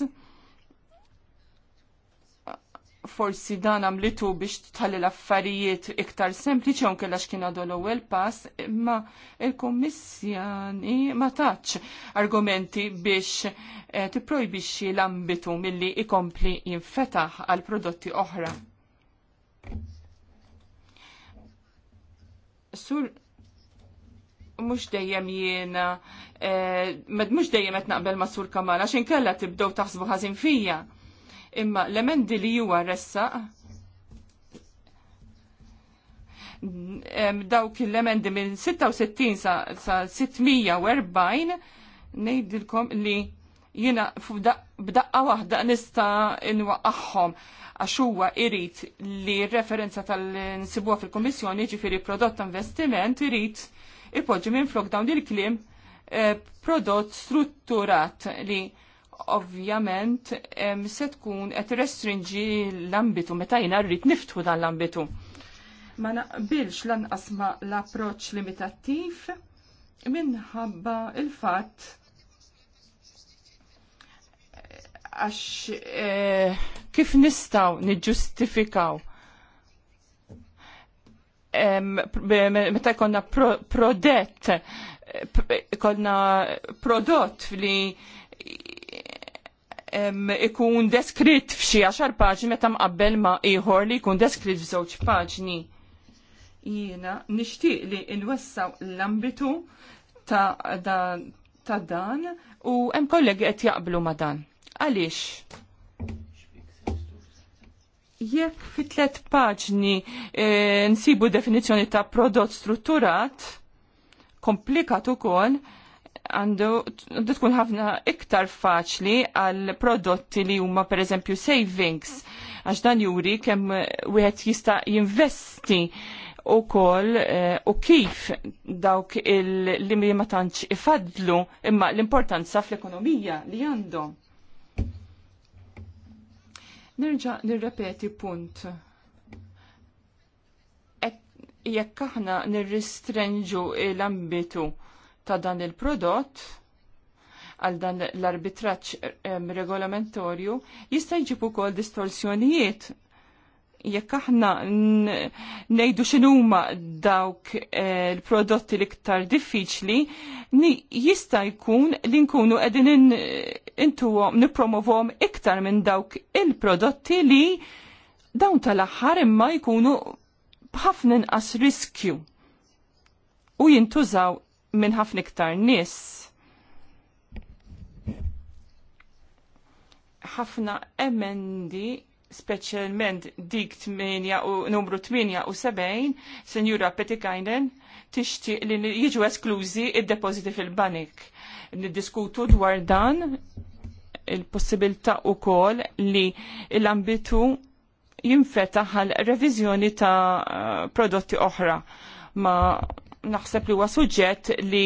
forsi dan għamlitu biex tħalli l-affarijiet iktar sempliċi għon kellax kien għadu l pass, imma il-Kommissjani ma taċ argumenti biex eh, tipprojbixxi l-ambitu milli ikompli jinfetaħ għal prodotti oħra. Sur mux dejjem jiena, eh, mux dejjem qed naqbel ma' sur kamala, xin inkella tibdew taħsbu ħażin fija imma l-emendi li huwa ressaq dawk l-emendi minn 66 sa, sa 640 nejdilkom li jina b'daqqa waħda nista nwaqqaħħom għax huwa irid li referenza tal nsibuwa fil-Kommissjoni ġifieri prodott investiment irid ipoġġi minn flok dawn il-kliem eh, prodott strutturat li ovvjament se tkun qed restringi l-ambitu meta jiena rrid niftħu dan l-ambitu. Ma naqbilx lanqas ma l-approċċ limitattiv minħabba il-fatt għax e, kif nistaw niġġustifikaw meta jkollna prodett konna prodott li ikun deskritt f'xi għaxar paġni meta mqabbel ma' ieħor li jkun deskritt f'żewġ paġni. Jiena nixtieq li nwessaw l-ambitu ta' dan, ta' dan u hemm kollegi qed jaqblu ma' dan. Għaliex? Jekk fi tlet paġni e, nsibu definizzjoni ta' prodott strutturat, komplikat ukoll, għandu tkun ħafna iktar faċli għal prodotti li huma pereżempju savings għax dan juri kemm wieħed jista' jinvesti u kol eh, u kif dawk il-li ma tantx ifadlu imma l-importanza fl-ekonomija li għandhom. Nirġa nirrepeti punt. Jekk aħna nirristrenġu l-ambitu ta' dan il-prodott għal dan l-arbitraċ regolamentorju jista' jġib ukoll distorsjonijiet jekk aħna nejdu x'inhuma dawk il-prodotti eh, l-iktar diffiċli, jista' jkun li nkunu qegħdin intuhom nippromovhom iktar minn dawk il-prodotti li dawn tal-aħħar imma jkunu b'ħafna inqas riskju u jintużaw minn ħafna iktar nies. ħafna emendi speċjalment dik 8 u numru 78, Senjura Petikajnen, tixtieq li jiġu esklużi id depositi fil-banik. Niddiskutu dwar dan il-possibilità ukoll li l-ambitu jinfetaħ għal reviżjoni ta' prodotti oħra ma naħseb li huwa suġġett li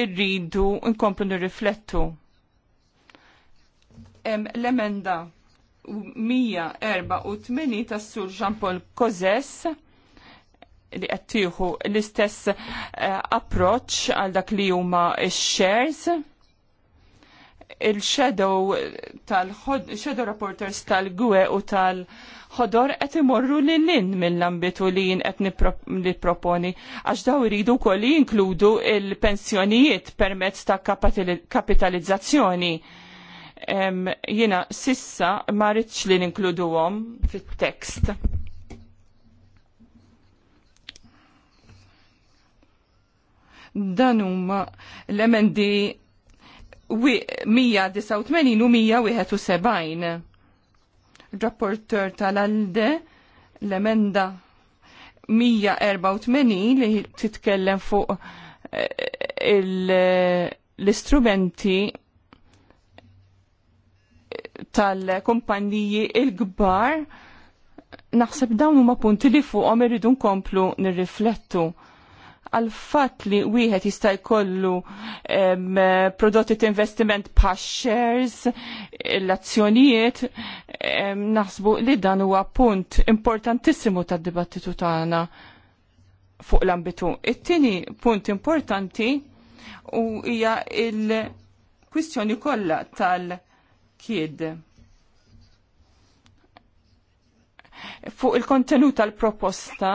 rridu nkomplu nirriflettu. L-emenda 184 tas-sur Jean-Paul Cozes li qed tieħu l-istess eh, approċċ għal dak li huma shares il-shadow tal-shadow reporters tal-GUE u tal-, -shadow ħodor qed imorru lil in mill-ambitu li jien qed nipproponi għax daw iridu wkoll jinkludu il-pensjonijiet permezz ta' kapitalizzazzjoni. jiena sissa ma rridx li ninkluduhom fit-tekst. dan huma l-emendi 189 u 171 rapporteur tal-ALDE l-emenda 184 li titkellem fuq eh, l-istrumenti tal-kumpanniji il-gbar naħseb dawn huma punti li fuqhom irridu nkomplu nirriflettu għal fatt li wieħed jista' jkollu prodotti ta' investiment pa' shares, l-azzjonijiet, naħsbu li dan huwa punt importantissimu tad-dibattitu tagħna fuq l-ambitu. It-tieni punt importanti u hija il-kwistjoni kollha tal-kied Fuq il-kontenut tal-proposta,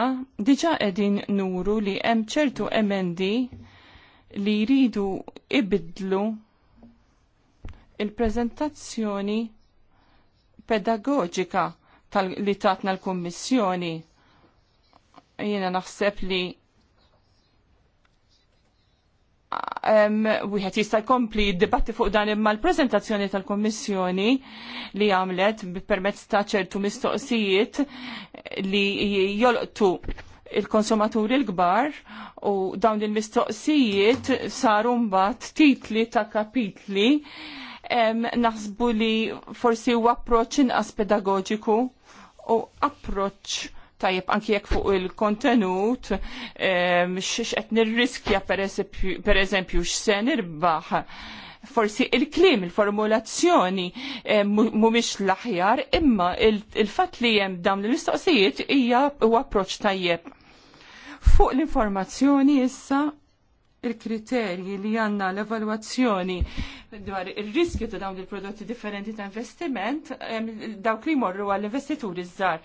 diġa edin nuru li hemm ċertu emendi li jridu ibidlu il-prezentazzjoni pedagogika tal li tatna l-Kommissjoni. Jiena naħseb li wieħed jista' jkompli d-dibatti fuq dan imma l-preżentazzjoni tal-Kommissjoni li għamlet permezz ta' ċertu mistoqsijiet li jolqtu il-konsumaturi l-kbar u dawn il-mistoqsijiet saru mbagħad titli ta' kapitli naħsbu li forsi huwa approċċ inqas pedagoġiku u approċċ tajjeb anki jekk fuq il-kontenut xiex qed nirriskja pereżempju x'se nirbaħ forsi il-klim, il-formulazzjoni mhumiex l-aħjar, imma il-fatt li hemm dawn l istoqsijiet hija u approċċ tajjeb. Fuq l-informazzjoni issa il-kriterji li għanna l-evaluazzjoni dwar il-riskju ta' dawn il-prodotti differenti ta' investiment, dawk li morru għall-investituri zzar.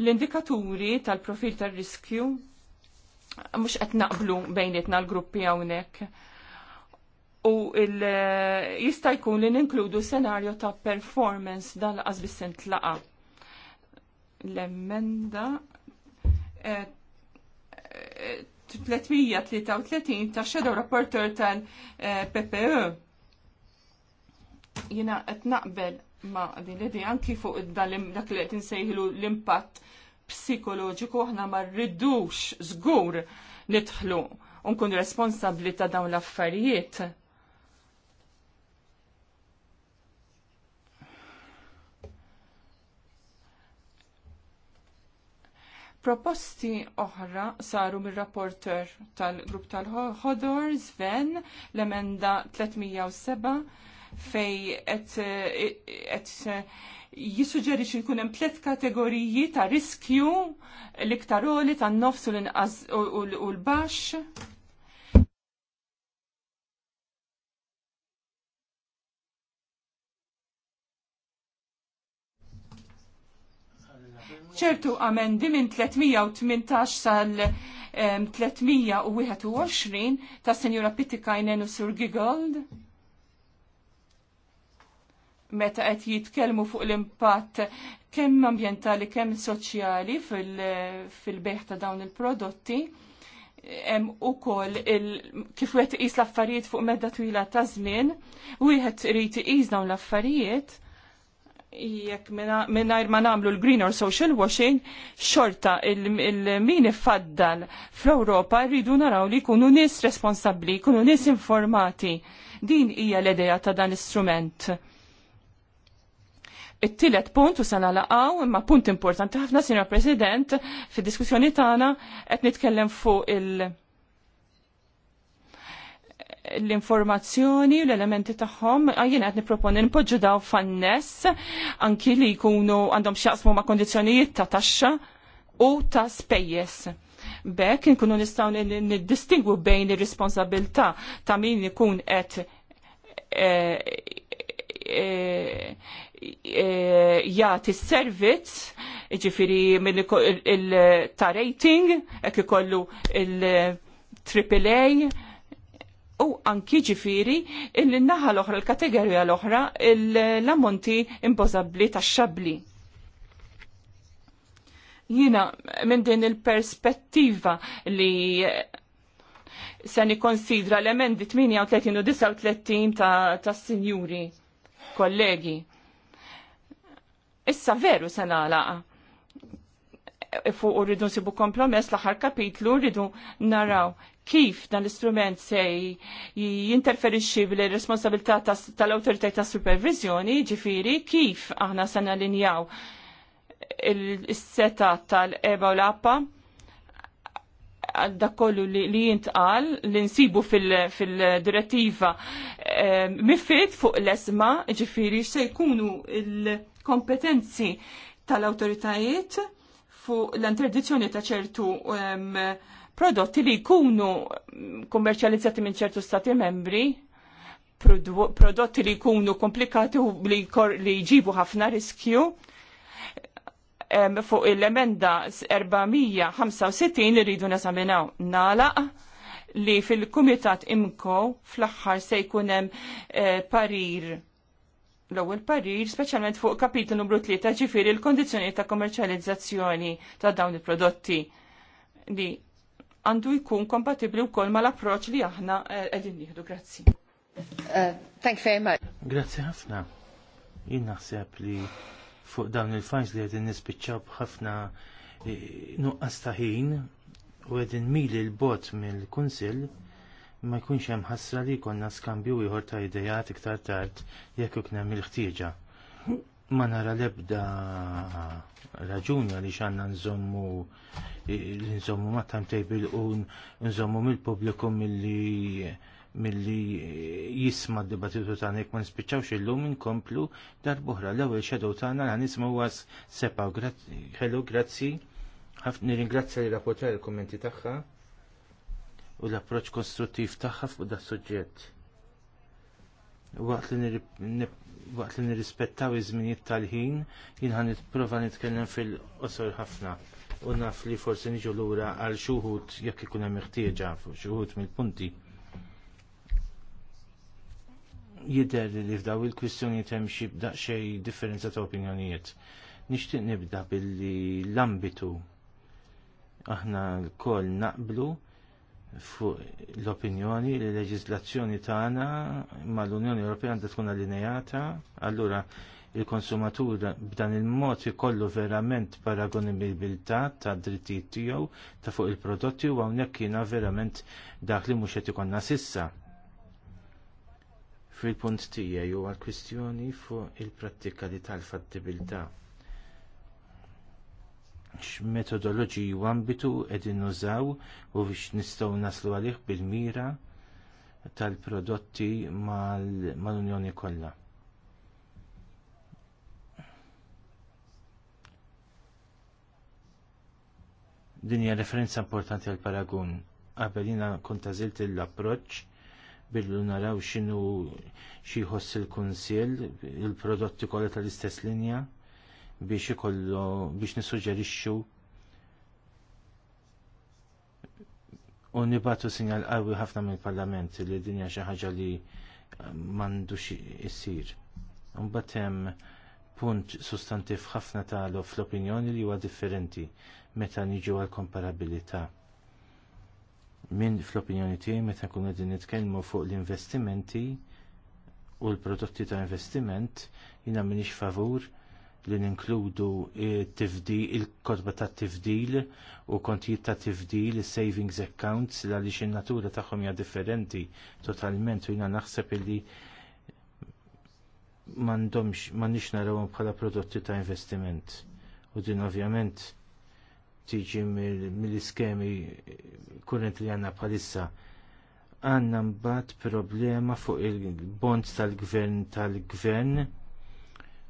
L-indikaturi tal-profil tal-riskju mhux qed naqblu bejnietna l-gruppi hawnhekk. U jista' jkun li ninkludu senarju ta' performance dan qas biss intlaqa. L-emenda eh, eh, 333 ta' Shadow Rapporteur tal-PPE. Eh, Jina qed naqbel ma' din l-idea anki fuq dak li qed insejħlu l-impatt psikoloġiku aħna ma rridux żgur nidħlu u nkun responsabbli ta' dawn l-affarijiet Proposti oħra saru mir-rapporter tal-grupp tal-ħodor, Sven, l-emenda 307, fej et jisuġeri xin hemm tliet kategoriji ta' riskju l-iktaroli tan-nofs u l-baxx ċertu amendi minn 318 sal 321 ta' Senjura Pittikajnen u Sur Gigold. Meta qed jitkellmu fuq l-impatt kemm ambjentali kemm soċjali fil-beħ ta' dawn il-prodotti, hemm ukoll kif wieħed iqis l-affarijiet fuq medda twila ta' żmien, wieħed irid iqis dawn l-affarijiet jekk minnajr ma namlu l-green or social washing, xorta il-min ifaddal fl-Europa rridu naraw li kunu nis responsabli, kunu nis informati. Din hija l-ideja ta' dan l-istrument. It-tielet punt u sena laqaw, imma punt importanti ħafna, Sinjor President, fid-diskussjoni tagħna qed nitkellem fuq il- l-informazzjoni u l-elementi tagħhom jiena qed nipproponi npoġġu daw fan-nes anki li jkunu għandhom x'jaqsmu ma' kondizzjonijiet ta' taxxa u ta' spejjeż. Bekk inkunu nistgħu niddistingwu bejn ir-responsabilità ta' min ikun qed eh, eh, eh, jagħti s-servizz ġifiri ta' rating, hekk ikollu il-AAA, u anki ġifiri il-naħa l-oħra, l-kategorija l-oħra, l-ammonti impożabbli tax xabli jina minn din il-perspettiva li se nikonsidra l-emendi 38 u 39 ta', ta sinjuri kollegi. Issa veru se nalaqa. E, fu u rridu nsibu kompromess l-aħħar kapitlu rridu naraw kif dan l-istrument se jinterferixxi bil-responsabilità tal-awtorità ta' supervizjoni, ġifiri, kif aħna se nalinjaw il-seta tal-EBA u l appa dak kollu li jintqal li nsibu fil-direttiva eh, mifid fuq l-esma ġifiri se jkunu il-kompetenzi tal-autoritajiet fuq l interdizjoni ta' ċertu prodotti li jkunu kummerċjalizzati minn ċertu stati membri, prodotti li jkunu komplikati u li, jġibu ħafna riskju, fuq il-emenda 465 li rridu nasaminaw nalaq li fil-Kumitat Imko fl-axħar se jkunem eh, parir l-ewwel parir, speċjalment fuq kapitlu numru 3 ġifieri l-kondizzjoni ta' kommerċjalizzazzjoni ta' dawn il-prodotti li għandu jkun kompatibli wkoll mal-approċċ li aħna eh, qegħdin nieħdu. Grazzi. Uh, thank you very much. Grazzi ħafna. Jien naħseb li fuq dawn il-fajs li qegħdin nispiċċaw b'ħafna eh, nuqqas ta' ħin u qegħdin mili l-bot mill-Kunsill ma jkunx hemm ħassra li jkollna skambju ieħor ta' idejat iktar tard jekk ikun mill il-ħtieġa ma nara lebda raġuni għal xanna nżommu nżommu ma timetable u nżommu mill-pubbliku milli li jisma d-dibattitu tagħna ma nispiċċawx illum inkomplu darb'oħra l-ewwel xedew tagħna nisma' u għas sepa għelu grazzi ħafna nirringrazzja li rapportar il-kommenti tagħha u l-approċċ konstruttiv tagħha fuq da' suġġett. għat li waqt li nirrispettaw iż-żminijiet tal-ħin jien ħan nipprova nitkellem fil-qosor ħafna u naf li forsi niġu lura għal xuħut jekk ikun hemm iħtieġa xuħut mill-punti. Jidher li f'daw il-kwistjoni hemm xi differenza ta' opinjonijiet. Nixtieq nibda billi l-ambitu aħna l-koll naqblu fuq l-opinjoni li l leġislazzjoni tagħna mal-Unjoni Ewropea għandha tkun allineata, allura il-konsumatur b'dan il-mod ikollu verament paragonibilità tad drittijiet tiegħu ta' fuq il-prodotti u hawnhekk kienha verament dak li mhux qed ikollna sissa. Fil-punt tiegħi huwa kwistjoni fuq il li tal fattibilità x-metodoloġiji u ambitu qegħdin nużaw u biex nistgħu naslu għalih bil-mira tal-prodotti mal-Unjoni mal kollha. Din hija referenza importanti għal paragun Qabel jiena kont tażilt l-approċċ billu naraw x'inhu xi jħoss il-kunsill il-prodotti kollha tal-istess linja biex ikollu biex nissuġġerixxu u nibatu sinjal qawwi ħafna mill-Parlament li din hija xi ħaġa li eh, m'għandux issir. Imbagħad hemm punt sustantiv ħafna tagħlu fl-opinjoni li huwa differenti meta niġu għal komparabilità. Min fl-opinjoni tiegħi meta nkunu din nitkellmu fuq l-investimenti u l-prodotti ta' investiment jiena m'iniex favur li ninkludu il kotba ta' tifdil u kontijiet ta' tifdil, savings accounts, li xin natura tagħhom hija differenti totalment u jina naħseb li m'għandhomx m'għandniex narawhom bħala prodotti ta' investiment. U din ovvjament tiġi mill-iskemi kurrent li għandna bħalissa għandna mbagħad problema fuq il-bonds tal-gvern tal-gvern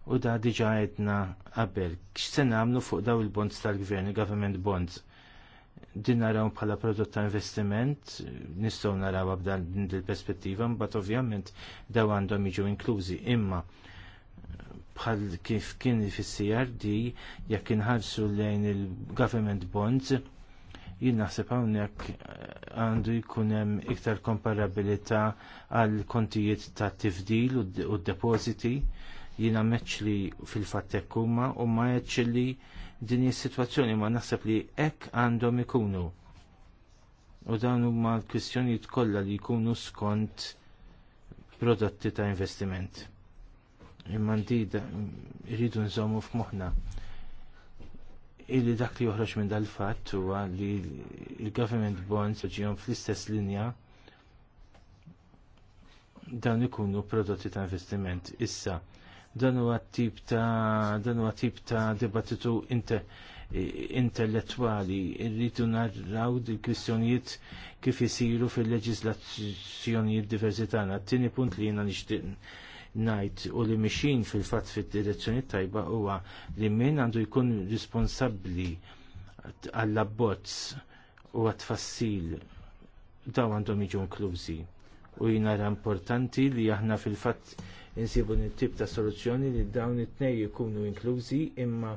u da diġa għedna qabel. X'se nagħmlu fuq daw il-bonds tal-gvern, il-government bonds. Din naraw bħala prodott ta' investiment, nistgħu naraw b'dan il-perspettiva, mbagħad ovvjament daw għandhom jiġu inklużi. Imma bħal kif kien fis-CRD jekk inħarsu lejn il-government bonds, jien naħseb hawnhekk eh, għandu jkun hemm iktar komparabilità għal kontijiet ta' tifdil u d-depożiti jina meċ li fil-fattek huma u ma meċ li din is-sitwazzjoni ma naħseb li hekk għandhom ikunu. U dan huma l-kwistjonijiet kollha li jkunu skont prodotti ta' investiment. Imma da' irridu nżommu f'moħħna illi dak li joħroġ minn dal-fatt huwa li l-government bonds ġijom fl-istess linja dan ikunu prodotti ta' investiment. Issa, Dan huwa tip ta' dan huwa tip ta' dibattitu inte intellettuali rridu narraw il-kwistjonijiet kif isiru fil-leġislazzjonijiet diversi tagħna. Tieni punt li jiena nixtieq ngħid u li mixin fil fatt fid direzzjoni tajba huwa li min għandu jkun responsabbli għall-abbozz u għat-fassil daw għandhom jiġu inklużi u jnara importanti li aħna fil-fatt insibu nittib ta' soluzzjoni li dawn it-tnej jikunu inklużi imma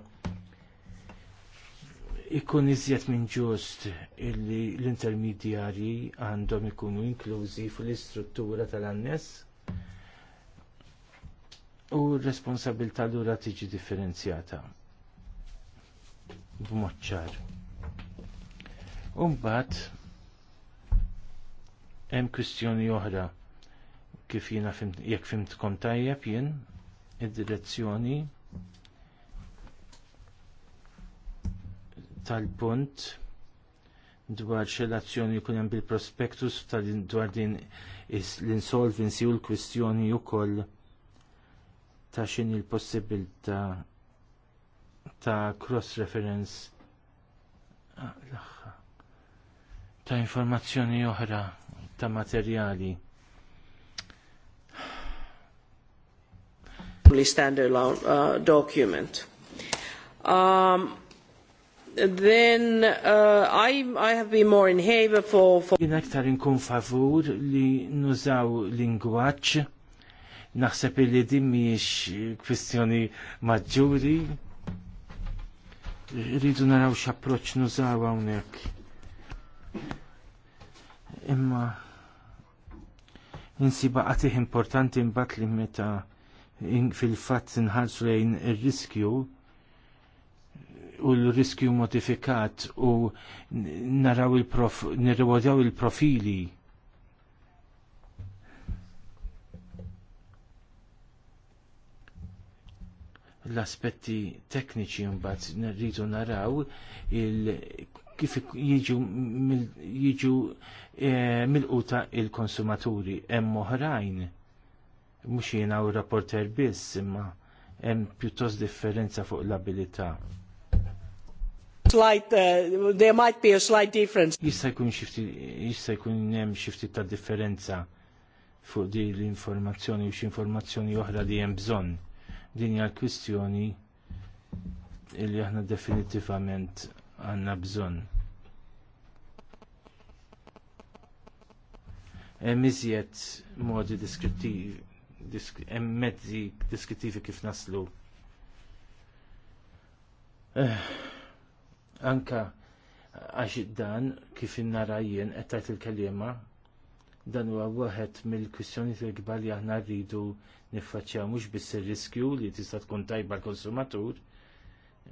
ikun iżjed minn ġust illi l-intermedjarji għandhom ikunu inklużi fl-istruttura tal-annes u r-responsabilità lura tiġi differenzjata b'mod ċar. Umbat, Hemm kwistjoni oħra kif jiena jekk fimtkom tajjeb jien id-direzzjoni tal-punt dwar xelazzjoni jkun hemm bil-prospektus dwar din l-insolvency u l-kwistjoni wkoll ta' xin il possibilità ta' cross-reference ah, ta' informazzjoni oħra ta' materjali. standalone uh, document. Um, then uh, I, I have been more in favor for... for... Jien aktar inkun favur li nużaw lingwaċ, naħseb li din miex kwestjoni maġġuri, rridu naraw x'approċċ nużaw hawnhekk. Imma Insiba għatih importanti mbagħad li meta fil-fatt nħarsu lejn ir-riskju u l-riskju modifikat u naraw il-prof, il-profili. l-aspetti tekniċi mbagħad nirridu naraw il kif jiġu E, mil quta il-konsumaturi hemm oħrajn mhux jiena u rapporter biss imma hemm pjuttost differenza fuq l-abilità. Slight, uh, there might be a slight difference. Jista' jkun hemm xi ftit xifti ta' differenza fuq di l-informazzjoni u informazzjoni oħra li hemm bżonn. Din hija l-kwistjoni li aħna definitivament għandna bżonn miżjed modi deskrittivi disk, mezzi deskrittivi kif naslu. Eh, anka għax dan kif innara jien qed tajt il-kelliema dan huwa waħed mill kwissjoni il-kbar aħna rridu niffaċċjaw mhux biss ir-riskju li tista' tkun tajba l-konsumatur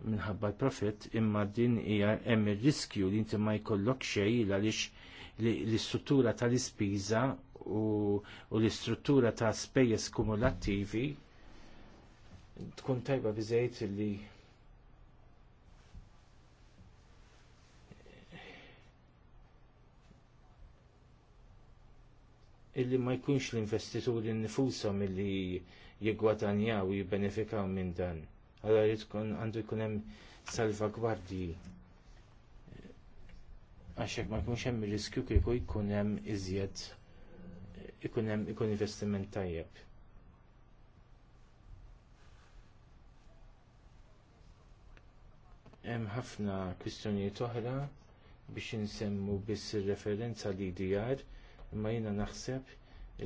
minħabba l-profit imma din hija hemm il riskju li inti ma jkollok xejn għaliex l-istruttura tal-ispiża u, u l-istruttura ta' spejjeż kumulattivi tkun tajba biżejt li illi ma jkunx l-investituri nifusom illi jigwadanjaw jibbenefikaw minn dan. Allora jitkun għandu jkun hemm salvagwardji għax jekk ma jkunx hemm riskju kieku jkun hemm iżjed ikun hemm ikun investiment tajjeb. Hemm ħafna kwistjonijiet oħra biex insemmu biss ir-referenza li e djar imma jiena naħseb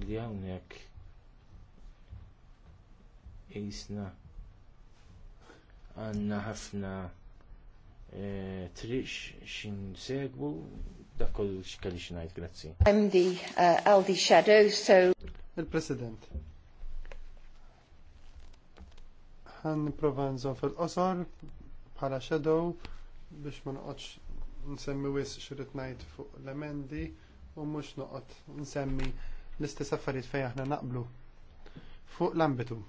li hawnhekk jisna għandna ħafna Eh, trix xin segwu dak kollu x'kelli ngħid grazzi. I'm the uh, Aldi Shadow, so Il-President. Ħan provan nżomm fil-qosor bħala Shadow biex ma noqgħodx nsemmi wis xirrid ngħid fuq l-emendi u mhux noqgħod nsemmi l-istess affarijiet fejn aħna naqblu fuq l-ambitu.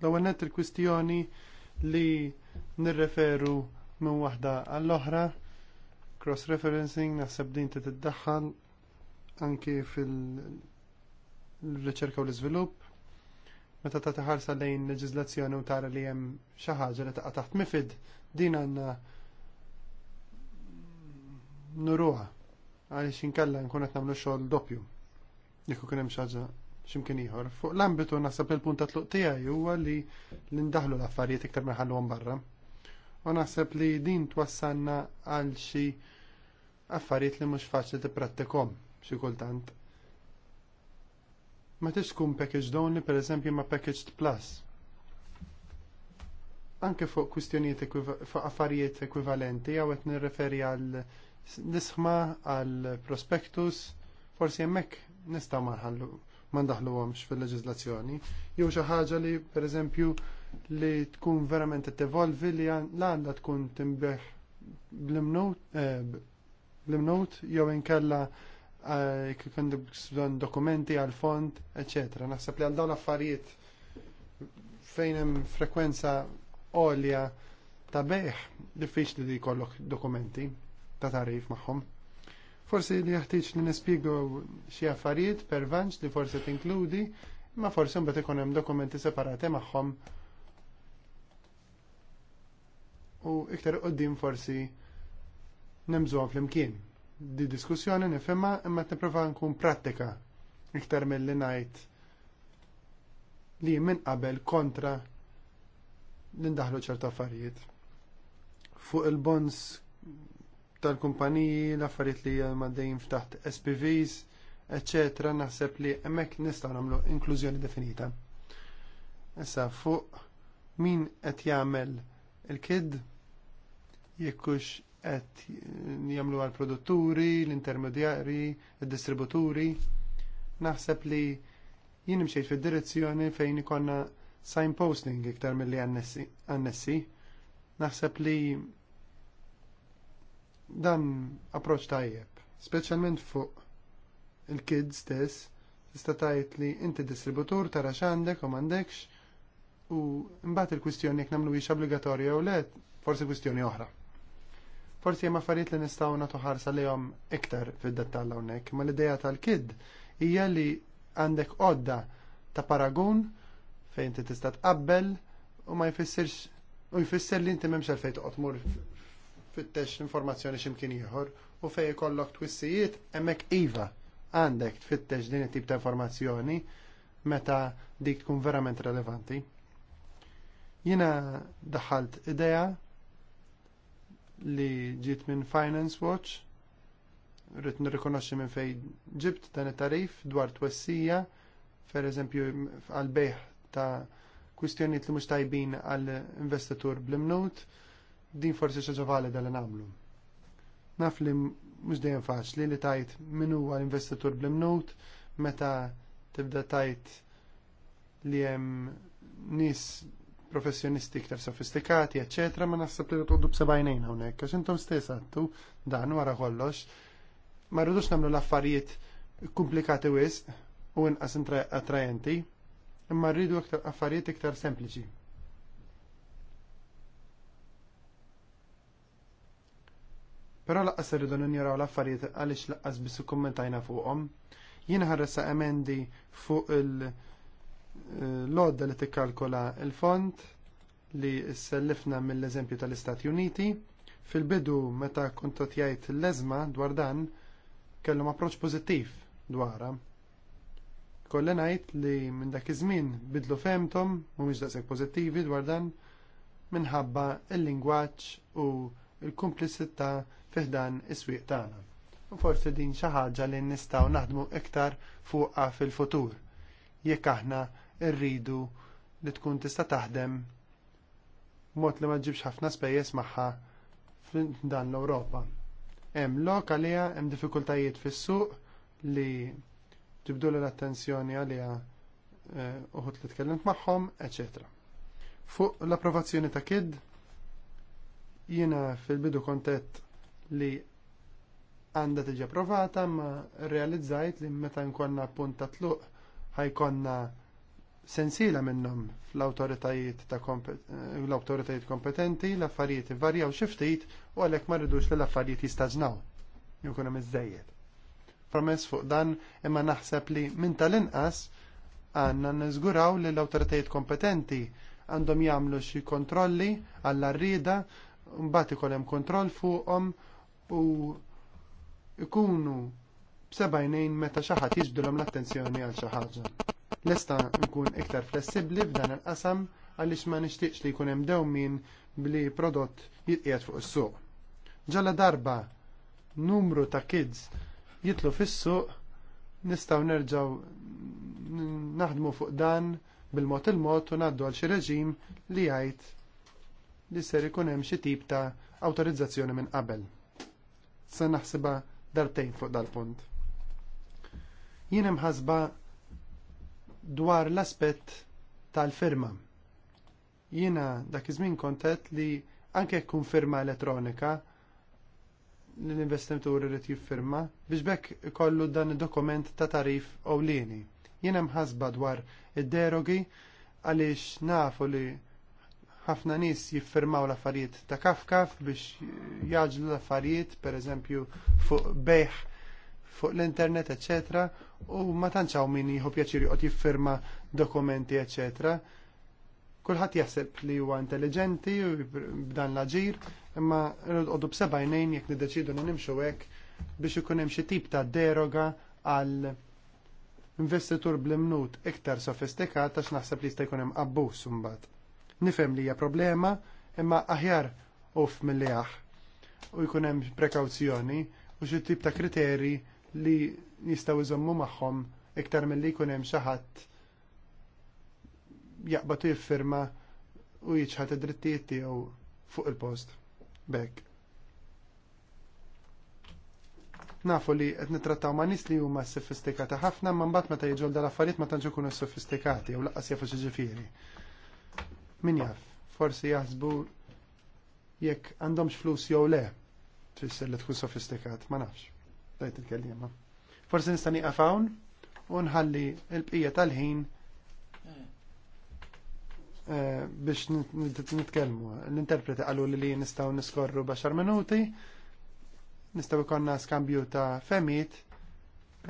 l il-kwistjoni li nirreferu minn waħda għall-oħra, cross-referencing naħseb din tiddaħħal anki fil-riċerka u l-iżvilupp. Meta ta' taħarsa lejn leġiżlazzjoni u tara li hemm xi ħaġa li taqa' taħt mifid, din għandna nuruha għaliex inkella nkun qed nagħmlu xogħol doppju. Jekk kien hemm xi ħaġa x'imkien ieħor. Fuq l-ambitu naħseb il-punt ta' tluq tiegħi huwa li l-indaħlu l-affarijiet iktar ma ħalluhom barra u naħseb li din twassalna għal xi affarijiet li mhux faċli tipprattikhom xi kultant. Ma tix tkun package only pereżempju ma packaged plus. Anke fuq kwistjonijiet fuq affarijiet ekwivalenti jew qed nirreferi għal nisħma għal prospectus forsi hemmhekk nistgħu ma ma ndaħluhomx fil-leġiżlazzjoni. Jew xi ħaġa li pereżempju li tkun verament t-evolvi li għanda tkun timbeħ bl-imnot eh, jew inkella eh, kikun bżon dokumenti għal font ecc. Naħseb li għal dawn affarijiet fejn hemm frekwenza għolja ta' beħ diffiċli li jkollok dokumenti ta' tarif magħhom. Forsi li jaħtieġ li nispjegu xi affarijiet per vanċ li forsi tinkludi, ma forsi mbagħad ikun hemm dokumenti separati magħhom u iktar qoddim forsi nemżuha flimkien. Di diskussjoni nifemma imma tipprova nkun prattika iktar milli ngħid li minn qabel kontra l-indaħlu ċerta affarijiet. Fuq il-bonds tal-kumpaniji, l-affarijiet li maddejn ftaħt SPVs, ecc. naħseb li emmek nistaw namlu inklużjoni definita. Issa fuq min qed jagħmel il-kid jekkux qed jagħmlu għall produtturi, l-intermedjari, id-distributuri. Naħseb li jien imxejt fi direzzjoni fejn ikonna signposting iktar mill-li annessi. Naħseb li dan approċ tajjeb, speċjalment fuq il-kids stess, tista' tgħid li inti distributur tara x'għandek u m'għandekx u mbagħad il-kwistjoni jekk nagħmlu obbligatorja u le, forsi kwistjoni oħra. Forsi hemm affarijiet li nistgħu nagħtu ħarsa lihom iktar fid dettalla hawnhekk, ma l-idea tal-kid hija li għandek għodda ta' paragun fejn ti tista' tqabbel u ma jfissirx u jfisser li inti m'hemmx fejn toqgħod tmur fittex informazzjoni x'imkien ieħor u fejn ikollok twissijiet hemmhekk iva għandek tfittex din it-tip ta' informazzjoni meta dik tkun verament relevanti. Jiena daħalt idea li ġiet minn Finance Watch, rrit nirrikonoxxi minn fejn ġibt dan it-tarif dwar twessija, per eżempju għal-bejħ ta' kwistjonijiet li mhux tajbin għall-investitur bl-imnut, din forsi xi valida li nagħmlu. Naf li mhux dejjem faċli li tajt min huwa investitur bl-imnut meta tibda tajt li hemm nies professjonisti iktar sofistikati, eccetera, ma naħseb li tuqdu b'sebajnejn hawnhekk, għax intom stess għattu dan wara kollox. Ma rridux nagħmlu l-affarijiet komplikati wisq u inqas attrajenti, imma rridu iktar affarijiet iktar sempliċi. Però laqqas rridu ninjaraw l-affarijiet għaliex laqqas biss ikkummentajna fuqhom. Jien ħarressa emendi fuq il- l-odda li tikkalkola l-fond li sellifna mill-eżempju tal-Istati Uniti. Fil-bidu meta kontot jgħid l ezma dwar dan kellhom approċċ pożittiv dwarha. Kolli ngħid li minn dak iż-żmien bidlu femtom mhumiex daqshekk pożittivi dwar dan minħabba l-lingwaġġ u l fih fiħdan is-swieq tagħna. U forsi din xi ħaġa li nistgħu naħdmu iktar fuqha fil-futur jekk aħna Irridu li tkun tista' taħdem mod li ma ġibx ħafna spejjeż magħha f'dan l-Ewropa. Hemm lok għalija, hemm diffikultajiet fis-suq li ġibdu l-attenzjoni għalija eh, uħut li tkellimt magħhom, eċetera. Fuq l-approvazzjoni ta' kid, jiena fil-bidu kontett li għanda tiġi approvata, ma realizzajt li meta nkonna punt ta' tluq ħajkonna sensila minnhom fl-awtoritajiet ta' eh, l-awtoritajiet kompetenti l-affarijiet varjaw xi ftit u għalhekk ma rridux li l-affarijiet jistaġnaw. Jkun hemm iżejjed. Promess fuq dan imma naħseb li minn tal-inqas għandna nizguraw li l-awtoritajiet kompetenti għandhom jagħmlu xi kontrolli għall-arrieda mbagħad ikun hemm kontroll fuqhom u ikunu b'sebajnejn meta xi ħadd jiġbdilhom l-attenzjoni għal xi ħaġa. Lesta nkun iktar flessibbli f'dan il-qasam għaliex ma nixtieqx li jkun hemm dewmin bli prodott jitqiegħed fuq is-suq. Ġalla darba numru ta' kids jitlu fis-suq nistgħu nerġgħu naħdmu fuq dan bil-mod il-mod u ngħaddu għal xi reġim li jgħid li ser ikun hemm xi tip ta' awtorizzazzjoni minn qabel. Se naħsibha dartejn fuq dal-punt. Jien hemm ħasba dwar l-aspett tal-firma. Jiena dak iż-żmien kontet li anke kun firma elettronika l-investitur irid jiffirma biex bekk ikollu dan id-dokument ta' tarif ewlieni. Jien hemm ħasba dwar id-derogi għaliex nafu li ħafna nies jiffirmaw l-affarijiet ta' kafkaf biex jaġlu l-affarijiet, pereżempju fuq bejħ fuq l-internet, eccetera, u ma tantxaw min jieħu pjaċir joqgħod jiffirma dokumenti, eccetera. Kulħadd jaħseb li huwa intelligenti u b'dan l-aġir, imma rqodu b'sebajnejn jekk niddeċidu li nimxu hekk biex ikun hemm xi tip ta' deroga għal investitur bl-imnut iktar sofistikat għax naħseb li jista' jkun hemm abbuż imbagħad. Nifhem li hija problema, imma aħjar uf mill-li u jkun hemm prekawzjoni u xi tip ta' kriterji li jistaw iżommu magħhom iktar milli jkun hemm xi ħadd jaqbatu jiffirma u jieċħat id-drittijiet tiegħu fuq il-post. Bek. Nafu li qed nittrattaw ma' nies li huma s-sofistikata ħafna ma mbagħad meta jiġu dal-affarijiet ma tantx ikunu sofistikati u laqqas jafu ġifieri. Min jaf, forsi jaħsbu jekk għandhomx flus jew le tfisser li tkun sofistikat, ma nafx tajt il-kellima. Forse nistani għafawn u nħalli il-bqija tal-ħin eh, biex nitkellmu. L-interpreti għallu li li nistaw niskorru baxar minuti, nistaw konna skambju ta' femit,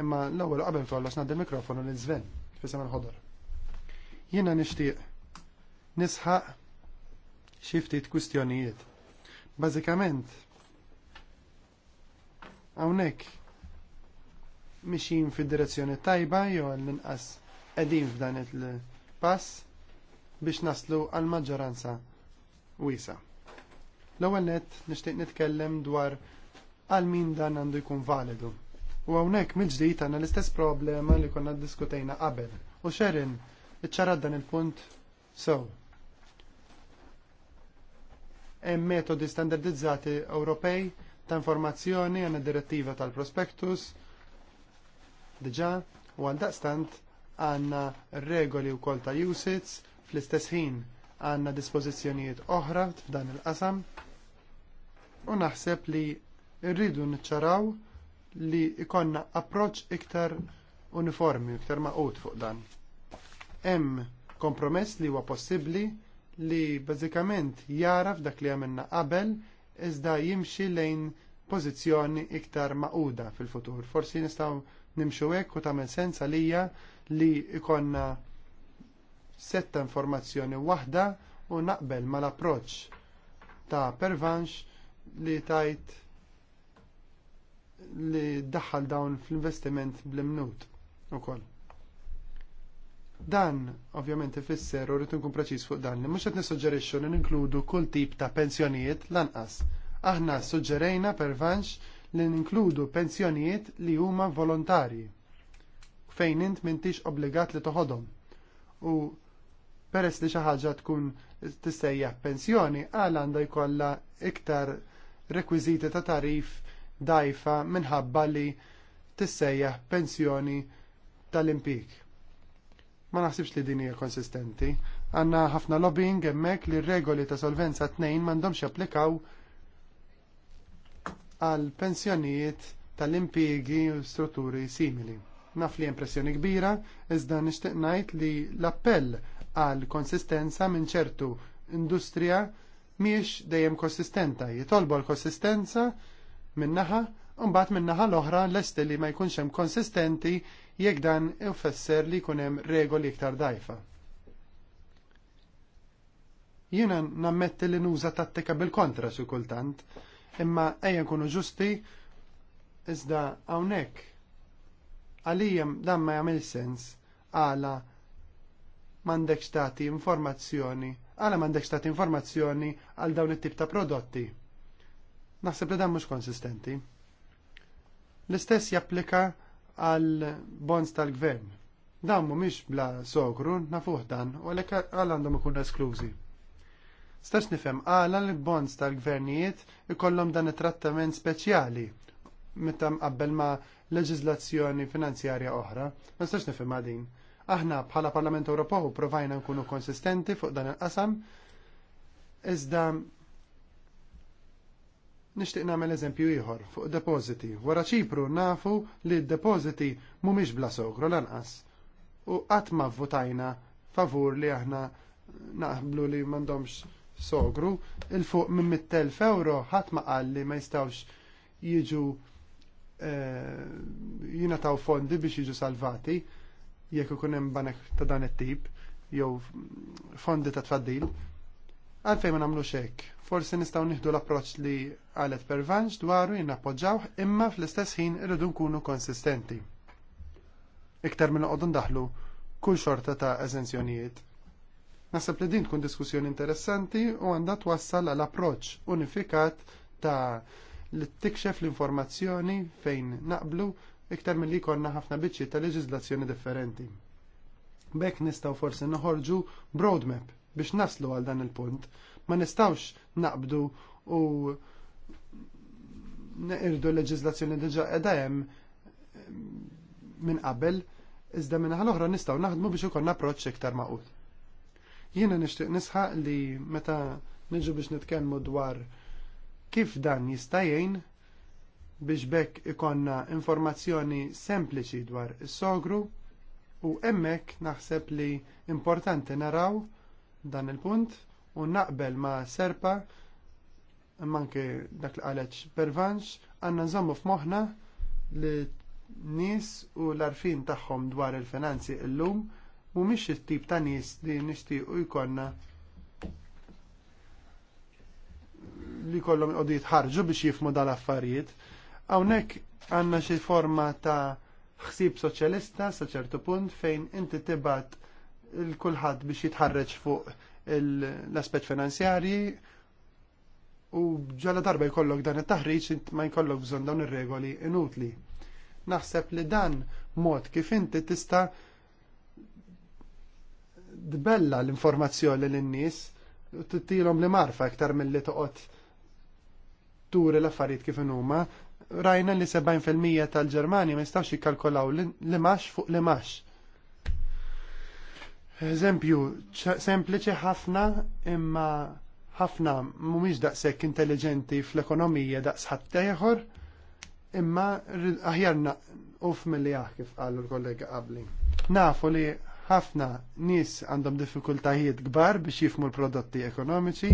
imma l-ewwel qabel kollox nad il-mikrofonu li żven il-ħodor. Jiena nixtieq nisħaq xi ftit kwistjonijiet. Bażikament hawnhekk mixin fid-direzzjoni tajba jew għall-inqas qegħdin f'dan il-pass biex naslu għall maġġoranza wiesa. L-ewwel nett nixtieq nitkellem dwar għal min dan għandu jkun validu. U hawnhekk mill-ġdid għandna l-istess problema li konna ddiskutejna qabel. U xerin iċċarad dan il-punt sew. Hemm metodi standardizzati Ewropej ta' informazzjoni għandna direttiva tal-prospektus, diġà u għaldaqstant għandna regoli wkoll ta' usits fl-istess ħin għandna dispożizzjonijiet oħra f'dan il-qasam u naħseb li rridu niċċaraw li ikonna approċċ iktar uniformi, iktar maqut fuq dan. Hemm kompromess li huwa possibbli li bażikament jara f'dak li għamilna qabel iżda jimxi lejn pożizzjoni iktar maquda fil-futur. Forsi nistgħu nimxu hekk u tagħmel sens għalija li ikonna setta informazzjoni waħda u naqbel mal-approċċ ta' pervanx li tajt li daħħal dawn fl-investiment bl-imnut ukoll. Dan, ovvjament, ifisser u rrid nkun preċiż fuq dan li mhux qed nissuġġerixxu li ninkludu kull tip ta' pensjonijiet lanqas. Aħna suġġerejna pervanx li ninkludu pensjonijiet li huma volontarji fejn int m'intix obbligat li toħodhom. U peress li xi ħaġa tkun tissejjaħ pensjoni għal għandha jkollha iktar rekwiżiti ta' tarif dajfa minħabba li tissejjaħ pensjoni tal-impik. Ma naħsibx li din hija konsistenti. Għanna ħafna lobbying hemmhekk li r regoli ta' solvenza tnejn m'għandhomx japplikaw għal pensjonijiet tal-impjiegi u strutturi simili. Naf li impressjoni kbira, iżda nixtieq ngħid li l-appell għal konsistenza minn ċertu industrija miex dejjem konsistenta. Jitolbu l-konsistenza minn naħa, mbagħad minn naħa l-oħra l-esti li ma jkunx hemm konsistenti jekk dan ifesser li jkun hemm regoli iktar dajfa. Jiena nammetti li nuża tattika bil-kontra xi kultant, imma ejja nkunu ġusti iżda hawnhekk għalijem dan ma jagħmel sens għala m'għandekx tagħti informazzjoni għala m'għandekx tagħti informazzjoni għal dawn it-tip ta' prodotti. Naħseb li dan mhux konsistenti. L-istess japplika għal bonds tal-gvern. Dan mhumiex bla sokru nafuh dan u għalhekk għal għandhom ikunu esklużi. Stax nifhem għala li bonds tal-gvernijiet ikollhom dan it-trattament speċjali meta qabbel ma' leġiżlazzjoni finanzjarja oħra. Ma stax nifem din. Aħna bħala Parlament Ewropew provajna nkunu konsistenti fuq dan il-qasam iżda nixtieq nagħmel eżempju ieħor fuq depositi. Wara Ċipru nafu li d-depositi mhumiex bla sogro lanqas u qatt ma vvutajna favur li aħna naqblu li m'għandhomx sogru il-fuq minn 100.000 euro ħadd ma qal li ma jistawx jiġu eh, jina taw fondi biex jiġu salvati jekk ikun hemm banek ta' dan it-tip jew fondi ta' tfaddil. Għalfejn ma nagħmlu hekk. Forsi nistgħu nieħdu l-approċċ li qalet pervanġ dwaru jien appoġġawh imma fl-istess ħin irridu nkunu konsistenti. Iktar minn noqogħdu ndaħlu kull xorta ta' eżenzjonijiet Nasab li din tkun diskussjoni interessanti u għandha twassal għal approċċ unifikat ta' li tikxef l-informazzjoni fejn naqblu iktar mill-li konna ħafna biċċi ta' leġislazzjoni differenti. Bek nistaw forsi noħorġu broadmap biex naslu għal dan il-punt. Ma nistawx naqbdu u neqirdu l diġa edajem hemm minn qabel, iżda minn ħal-oħra nistgħu naħdmu biex ukoll approċċ iktar maqut. Jiena nixtieq nisħaq li meta niġu biex nitkellmu dwar kif dan jista' biex bekk ikonna informazzjoni sempliċi dwar is-sogru u hemmhekk naħseb li importanti naraw dan il-punt u naqbel ma' serpa manke dak li qalet pervanx għandna nżommu f'moħħna li nies u l-arfin tagħhom dwar il-finanzi llum mhumiex it-tip ta' nies li nixtiequ jkollna li kollhom qodijiet ħarġu biex jifmu dal-affarijiet. Hawnhekk għandna xi forma ta' ħsieb soċjalista sa ċertu punt fejn inti tibgħat il kulħadd biex jitħarreġ fuq l-aspett finanzjarji u ġala darba jkollok dan it-taħriġ ma jkollok bżonn dawn ir-regoli inutli. Naħseb li dan mod kif inti tista' tbella l-informazzjoni l-nies u tilom li marfa iktar mill-li toqgħod turi l-affarijiet kif huma. Rajna li 70% tal-Ġermani ma jistawx jikkalkolaw li max fuq li max. Eżempju, sempliċi ħafna imma ħafna mhumiex daqshekk intelligenti fl-ekonomija daqsħat tieħor, imma aħjar naquf mill-li kif qalu l-kollega qabli. Nafu li ħafna nies għandhom diffikultajiet kbar biex jifmu l-prodotti ekonomiċi.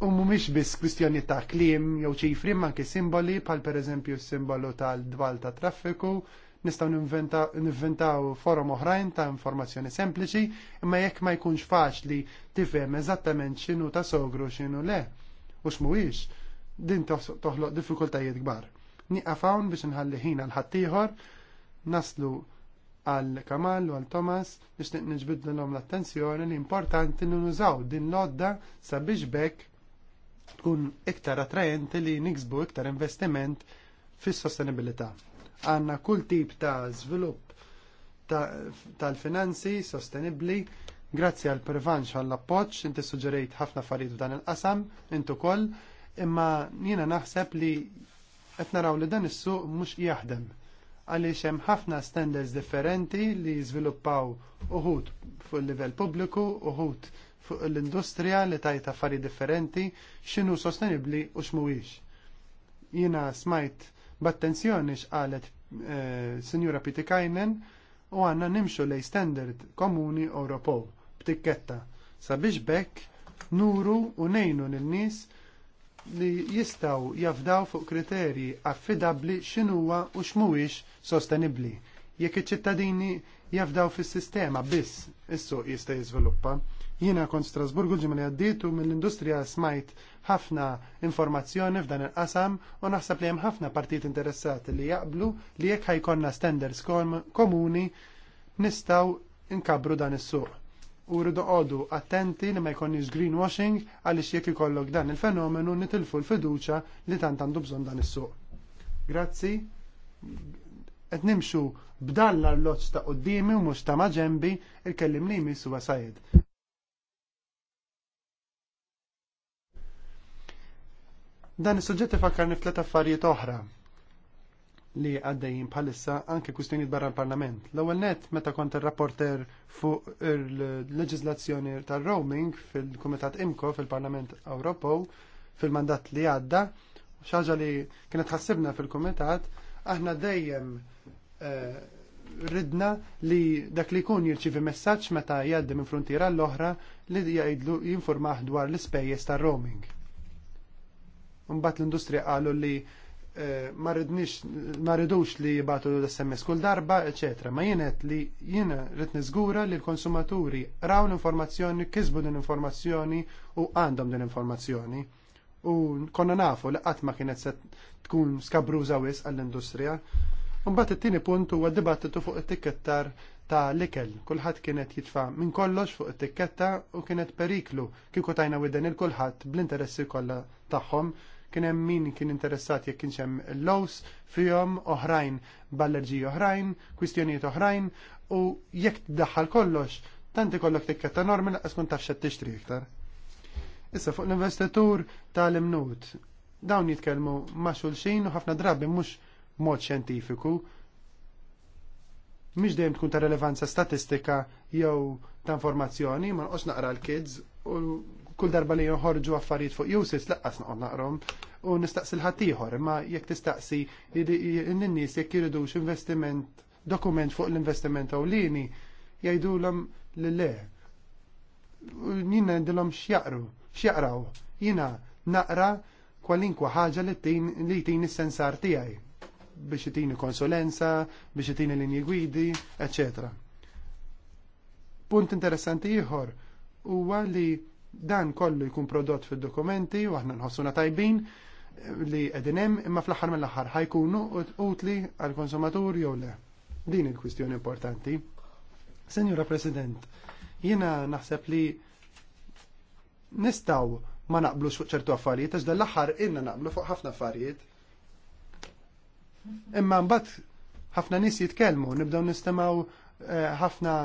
U mhumiex biss kwistjoni ta' kliem jew ċifri ma' ki simboli bħal pereżempju s-simbolu tal-dwal ta' traffiku, nistgħu inventaw forum oħrajn ta' informazzjoni sempliċi, imma jekk ma jkunx faċli tifhem eżattament x'inhu ta' sogru x'inhu le u x'mhuwiex, din toħloq diffikultajiet kbar. Nieqaf hawn biex nħalli ħin għal ħaddieħor naslu għal Kamal u għal Thomas nixtieq niġbidlu l l-attenzjoni li importanti li nużaw din l-odda sabiex bekk tkun iktar attrajenti li niksbu iktar investiment fis sostenibilità Għanna kull tip ta' żvilupp tal-finanzi ta sostenibbli grazzi għal pervanx għall appoġġ inti suġġerejt ħafna affarijiet dan il-qasam, intu koll, imma jiena naħseb li qed naraw li dan is-suq mhux jaħdem għaliex hemm ħafna standards differenti li jiżviluppaw uħud fuq il-livell pubbliku, uħud fuq l-industrija li tajt affari differenti, x'inhu sostenibbli u x'mhuwiex. Jiena smajt b'attenzjoni x'qalet eh, Sinjura Pitikajnen u għanna nimxu lej standard komuni Ewropew b'tikketta sabiex bekk nuru u nejnu lin-nies li jistaw jafdaw fuq kriterji affidabli x'inhuwa u x'mhuwiex sostenibbli. Jekk iċ-ċittadini jafdaw fis-sistema biss is-suq jista' jiżviluppa. Jiena kont Strasburgu ġimli għaddiet u mill-industrija smajt ħafna informazzjoni f'dan il-qasam u naħseb li hemm ħafna partijiet interessati li jaqblu li jekk ħajkonna standards komuni nistgħu nkabru dan is-suq u rridu għodu attenti li ma jkonniex greenwashing għaliex jekk ikollok dan il-fenomenu nitilfu l-fiduċa li tant għandu bżonn dan is-suq. Grazzi. Qed nimxu b'dan l-arloġġ ta' qudiemi u mhux ta' maġembi il-kellim li jmiss huwa Sajed. Dan is-suġġett ifakkarni f'tliet affarijiet oħra li għaddejjin bħalissa anke kustjonijiet barra l-Parlament. L-ewwel net meta kont ir-rapporter fuq il-leġiżlazzjoni tar-roaming fil-Kumitat Imko fil-Parlament Ewropew fil-mandat li għadda, ħaġa li kienet ħassibna fil-Kumitat, aħna dejjem eh, ridna li dak li jkun jirċivi messaġġ meta jgħaddi minn frontiera l-oħra li jgħidlu jinformah dwar l-ispejjeż tar-roaming. Mbagħad l-industrija qalu li Eh, ma rridux li jibatu l-SMS kull darba, ecc. Ma jienet li jiena rrit nizgura li l-konsumaturi raw l-informazzjoni, kisbu din informazzjoni u għandhom din informazzjoni. U konna nafu li qatt ma kienet se tkun skabruża wis għall-industrija. Mbagħad it-tieni punt huwa dibattitu fuq it-tikkettar ta' l-ikel. Kulħadd kienet jitfa' minn kollox fuq it-tikketta u kienet periklu kieku tajna widen il-kulħadd bl-interessi kollha tagħhom kien hemm min kien interessat jekk kienx hemm lows fihom oħrajn ballerġiji oħrajn, kwistjonijiet oħrajn u jekk tiddaħħal kollox, tanti kollok tikketta normi laqas kun taf xed tixtri iktar. Issa fuq l-investitur tal-imnut. Dawn jitkellmu ma' xulxin u ħafna drabi mhux mod xjentifiku. Mhix dejjem tkun ta' relevanza statistika jew ta' informazzjoni, ma nqos naqra l-kids u kull darba li jħorġu affarijiet fuq jusis laqqas noqgħod naqrom u nistaqsi l ħatiħor imma jekk tistaqsi n-nies jekk jiridux investiment dokument fuq l-investiment ewlieni jgħidulhom l le. Jina ndilhom x'jaqru, x'jaqraw. Jina naqra kwalinkwa ħaġa li tin is-sensar tiegħi biex itini konsulenza, biex itini linji gwidi, eccetera punt interessanti ieħor huwa li Dan kollu jkun prodott fil-dokumenti u aħna nħossuna tajbin li qegħdin hemm imma fl-aħħar mill-aħħar ħajkunu utli għall konsumatur jew le. Din il-kwistjoni importanti. Senjura President, jiena naħseb li nistaw ma naqblux fuq ċertu affarijiet, għax dal-aħħar inna naqblu fuq ħafna affarijiet. Imma mbagħad ħafna nies jitkellmu, nibdew nistemaw eh, ħafna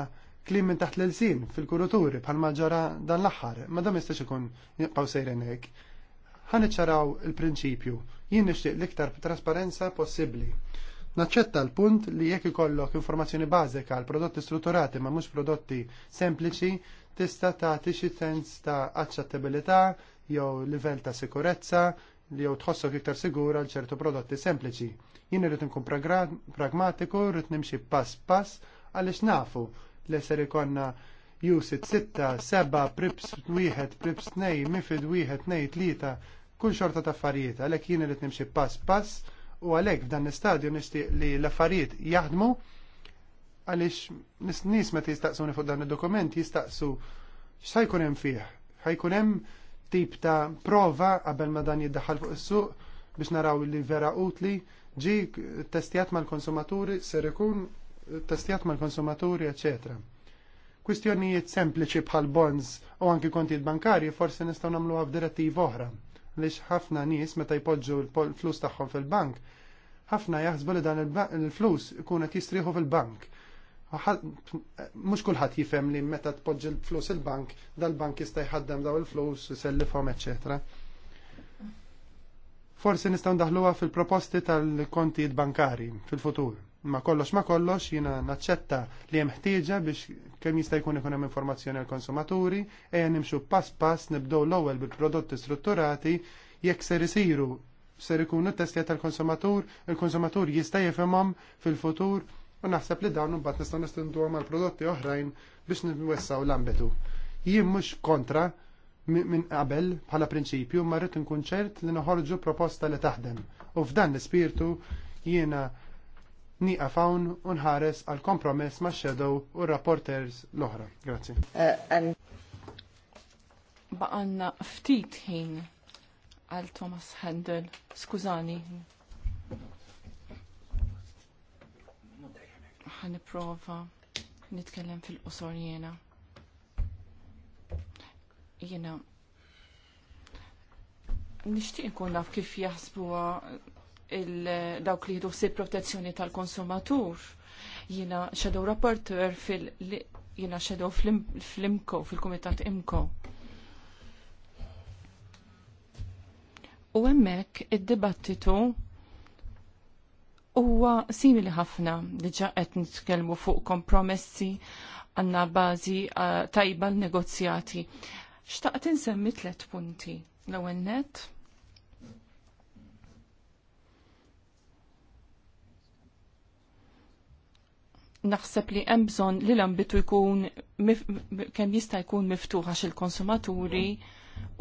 klim minn taħt l-elsin fil-kuruturi bħalma ġara dan l-aħħar, ma dam jistax ikun jibqaw sejren hekk. Ħan iċċaraw il-prinċipju, jien nixtieq l-iktar trasparenza possibbli. Naċċetta l-punt li jekk ikollok informazzjoni bażika għal prodotti strutturati ma mhux prodotti sempliċi, tista' tagħti xi sens ta' aċċettabilità jew livell ta' sikurezza li jew tħossok iktar sigura għal ċertu prodotti sempliċi. Jien irrid nkun pragmatiku, rrid nimxi pass pass għaliex nafu l ser ikonna jusit sitta, seba, prips wieħed, prips nej, mifid wieħed, nej, tlita, kull xorta ta' affarijiet, għalhekk jien irid nimxi pass pass u għalhekk f'dan l-istadju nixtieq li l-affarijiet jaħdmu għaliex nies meta jistaqsuni fuq dan id-dokument jistaqsu x'ħajkun hemm fih. jkun hemm tip ta' prova qabel ma dan jiddaħħal fuq is-suq biex naraw li vera utli ġi testjat mal-konsumaturi ser ikun testijat mal-konsumaturi, eccetera kwistjonijiet sempliċi bħal bonds u anki kontijiet bankarji forsi nistgħu nagħmluha f'direttiva oħra. Lix ħafna nies meta jpoġġu l-flus tagħhom fil-bank, ħafna jaħsbu li dan il-flus ikun qed fil-bank. Mhux kulħadd jifhem li meta tpoġġi l-flus il-bank, dal-bank jista' jħaddem daw il-flus, sellifhom, eċetera. Forsi nistgħu ndaħluha fil-proposti tal-kontijiet bankari fil-futur ma kollox ma kollox jina naċċetta li hemm ħtieġa biex kemm jista' jkun ikun hemm informazzjoni għal konsumaturi ejja nimxu pass pass nibdew l-ewwel bil-prodotti strutturati jekk ser isiru ser ikunu testja tal-konsumatur, il-konsumatur jista' jifhimhom fil-futur u naħseb li dawn imbagħad nistgħu nistinduhom għal prodotti oħrajn biex niwessaw l-ambitu. Jien mhux kontra minn qabel bħala prinċipju ma rrid ċert li noħorġu proposta li taħdem. U f'dan l-ispirtu jiena Niqa fawn unħares għal kompromess ma' shadow u rapporters l-oħra. Grazzi. Eh, Baqanna ftit ħin għal Thomas Handel. Skużani. prova nitkellem fil-qosor jena. Jena nishtiq nkun naf kif jaħsbuha dawk li jidu si protezzjoni tal-konsumatur. Jina xedow rapporter fil- jina shadow fl-imko, fil-komitat imko. U hemmhekk id-dibattitu huwa simili ħafna diġa qed nitkellmu fuq kompromessi għandna bażi tajba l-negozjati. Xtaqt insemmi tliet punti. L-ewwel nett naħseb li hemm bżonn li l-ambitu jkun kem jista' jkun miftuħ għax il-konsumaturi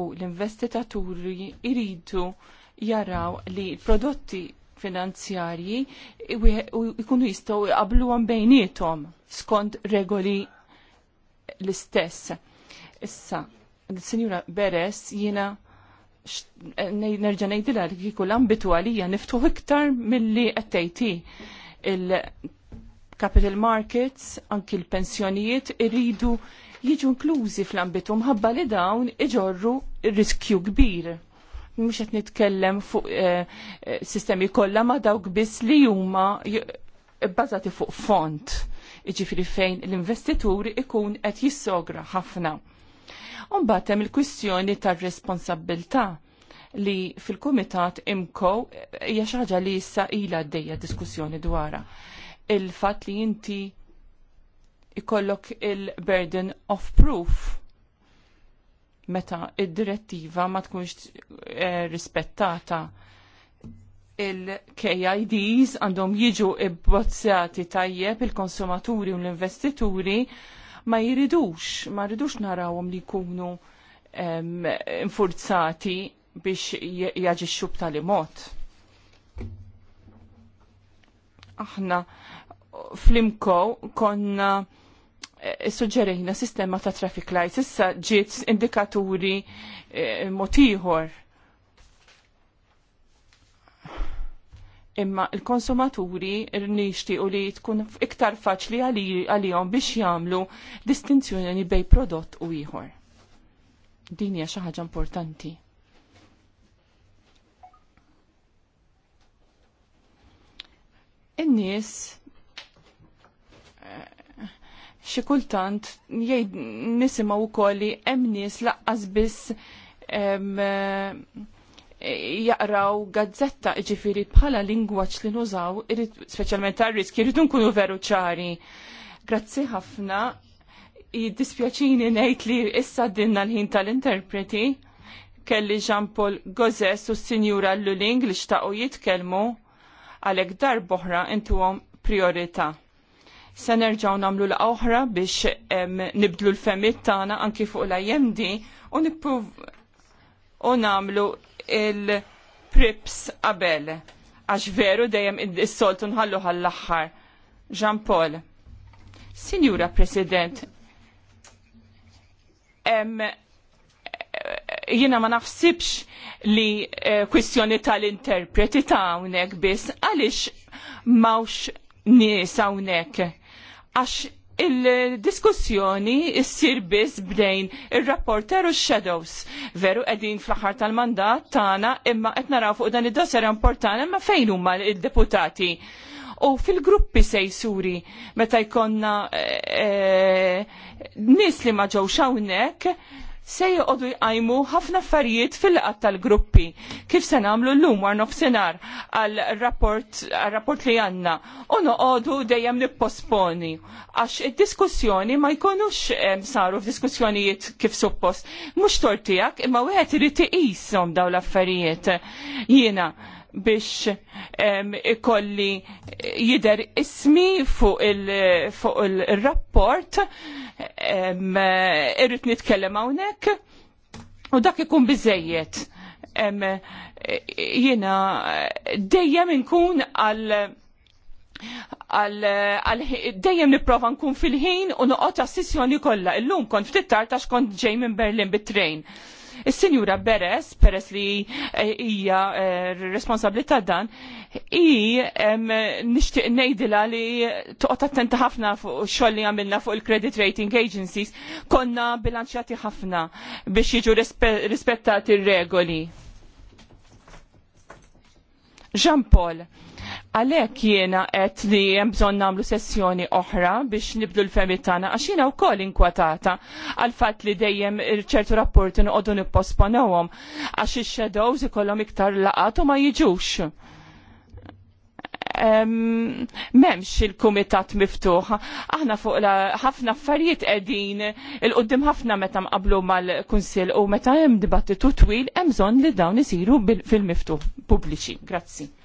u l-investitaturi iridu jaraw li prodotti finanzjarji jkunu jistgħu għan bejniethom skont regoli l-istess. Issa, l sinjura Beres jiena nerġa' ngħidilha li kieku l-ambitu għalija niftuħ iktar milli qed tgħidih capital markets, anki l-pensjonijiet, irridu jiġu inklużi fl-ambitu mħabba li dawn iġorru riskju kbir. Mux qed nitkellem fuq eh, eh, sistemi kollha ma dawk biss li huma bbażati fuq font. Iġifieri fejn l investituri ikun qed jissogra ħafna. Umbagħad hemm il-kwistjoni tar-responsabbiltà li fil-kumitat imkow eh, hija xi ħaġa li issa ilha għaddejja diskussjoni dwarha il-fat li inti ikollok il-burden of proof meta id-direttiva ma tkunx eh, rispettata il-KIDs għandhom jiġu ibbozzjati tajjeb il-konsumaturi u l-investituri ma jiridux, ma jiridux narawhom li jkunu infurzati biex jaġixxu b'tali mod aħna flimko konna eh, suġġerejna sistema ta' traffic lights, issa ġiet indikaturi eh, motiħor. Imma il-konsumaturi rnixti u li tkun iktar faċli għalihom biex jagħmlu distinzjoni bej prodott u ieħor. Din hija xi ħaġa importanti. in-nies xi kultant jgħid nisimgħu wkoll li hemm nies laqqas biss jaqraw gazzetta ġifiri bħala lingwaġġ li nużaw, speċjalment għar riski jridu nkunu veru ċari. Grazzi ħafna, jiddispjaċini nejt li issa dinna l-ħin tal-interpreti kelli Jean-Paul Gozes u s-Sinjura Luling li xtaqu jitkellmu għalhekk darboħra intuhom priorità. Se nerġgħu nagħmlu l oħra biex nibdlu l-femmit tagħna anki fuq l-IMD u nippruv u nagħmlu il-prips qabel għax veru dejjem is-soltu nħallu għall-aħħar. Jean Paul. Sinjura President, em, jina ma nafsibx li eh, kwistjoni tal-interpreti ta' hawnhekk biss għaliex mawx nies hawnhekk. Għax il-diskussjoni issir biss bdejn ir-rapporter u shadows veru qegħdin fl-aħħar tal-mandat tagħna imma qed naraw fuq dan id-dossier importanti imma fejn huma il-deputati u fil-gruppi sejsuri meta jkonna eh, eh, nis li ma ġewx hawnhekk se joqogħdu jqajmu ħafna affarijiet fil-qatt tal-gruppi. Kif se nagħmlu llum war nofsinhar għall-rapport rapport li għandna u noqogħdu dejjem nipposponi għax id-diskussjoni ma jkunux saru f'diskussjonijiet kif suppost. Mhux tortijak imma wieħed irid iqishom dawn l-affarijiet. Jiena biex ikolli jider ismi fuq il-rapport irrit nitkellem hawnhekk u dak ikun biżejjed. Jiena dejjem nkun għal għal dejjem nipprova nkun fil-ħin u noqgħod tas-sissjoni kollha. Illum kont ftit tar għax kont ġej minn Berlin bit-trejn. Is-Sinjura Beres, peress li eh, hija eh, responsabbli ta' dan, i nixtieq ngħidilha li toqgħod attenta ħafna fuq xogħol li għamilna fuq il-credit rating agencies, konna bilanċjati ħafna biex jiġu rispettati r-regoli. Jean Paul, għalek jiena għet li hemm bżonn nagħmlu sessjoni oħra biex nibdu l-femi tagħna għax jiena wkoll inkwatata għal fat li dejjem ċertu rapporti noqogħdu nipposponewhom għax ix-shadows ikollhom iktar laqatu u ma jiġux. Um, memx il-kumitat miftuħ. Aħna fuq ħafna affarijiet qegħdin il-qudiem ħafna meta mqablu mal-Kunsill u meta hemm dibattitu twil hemm bżonn li dawn isiru fil-miftuħ pubbliċi. Grazzi.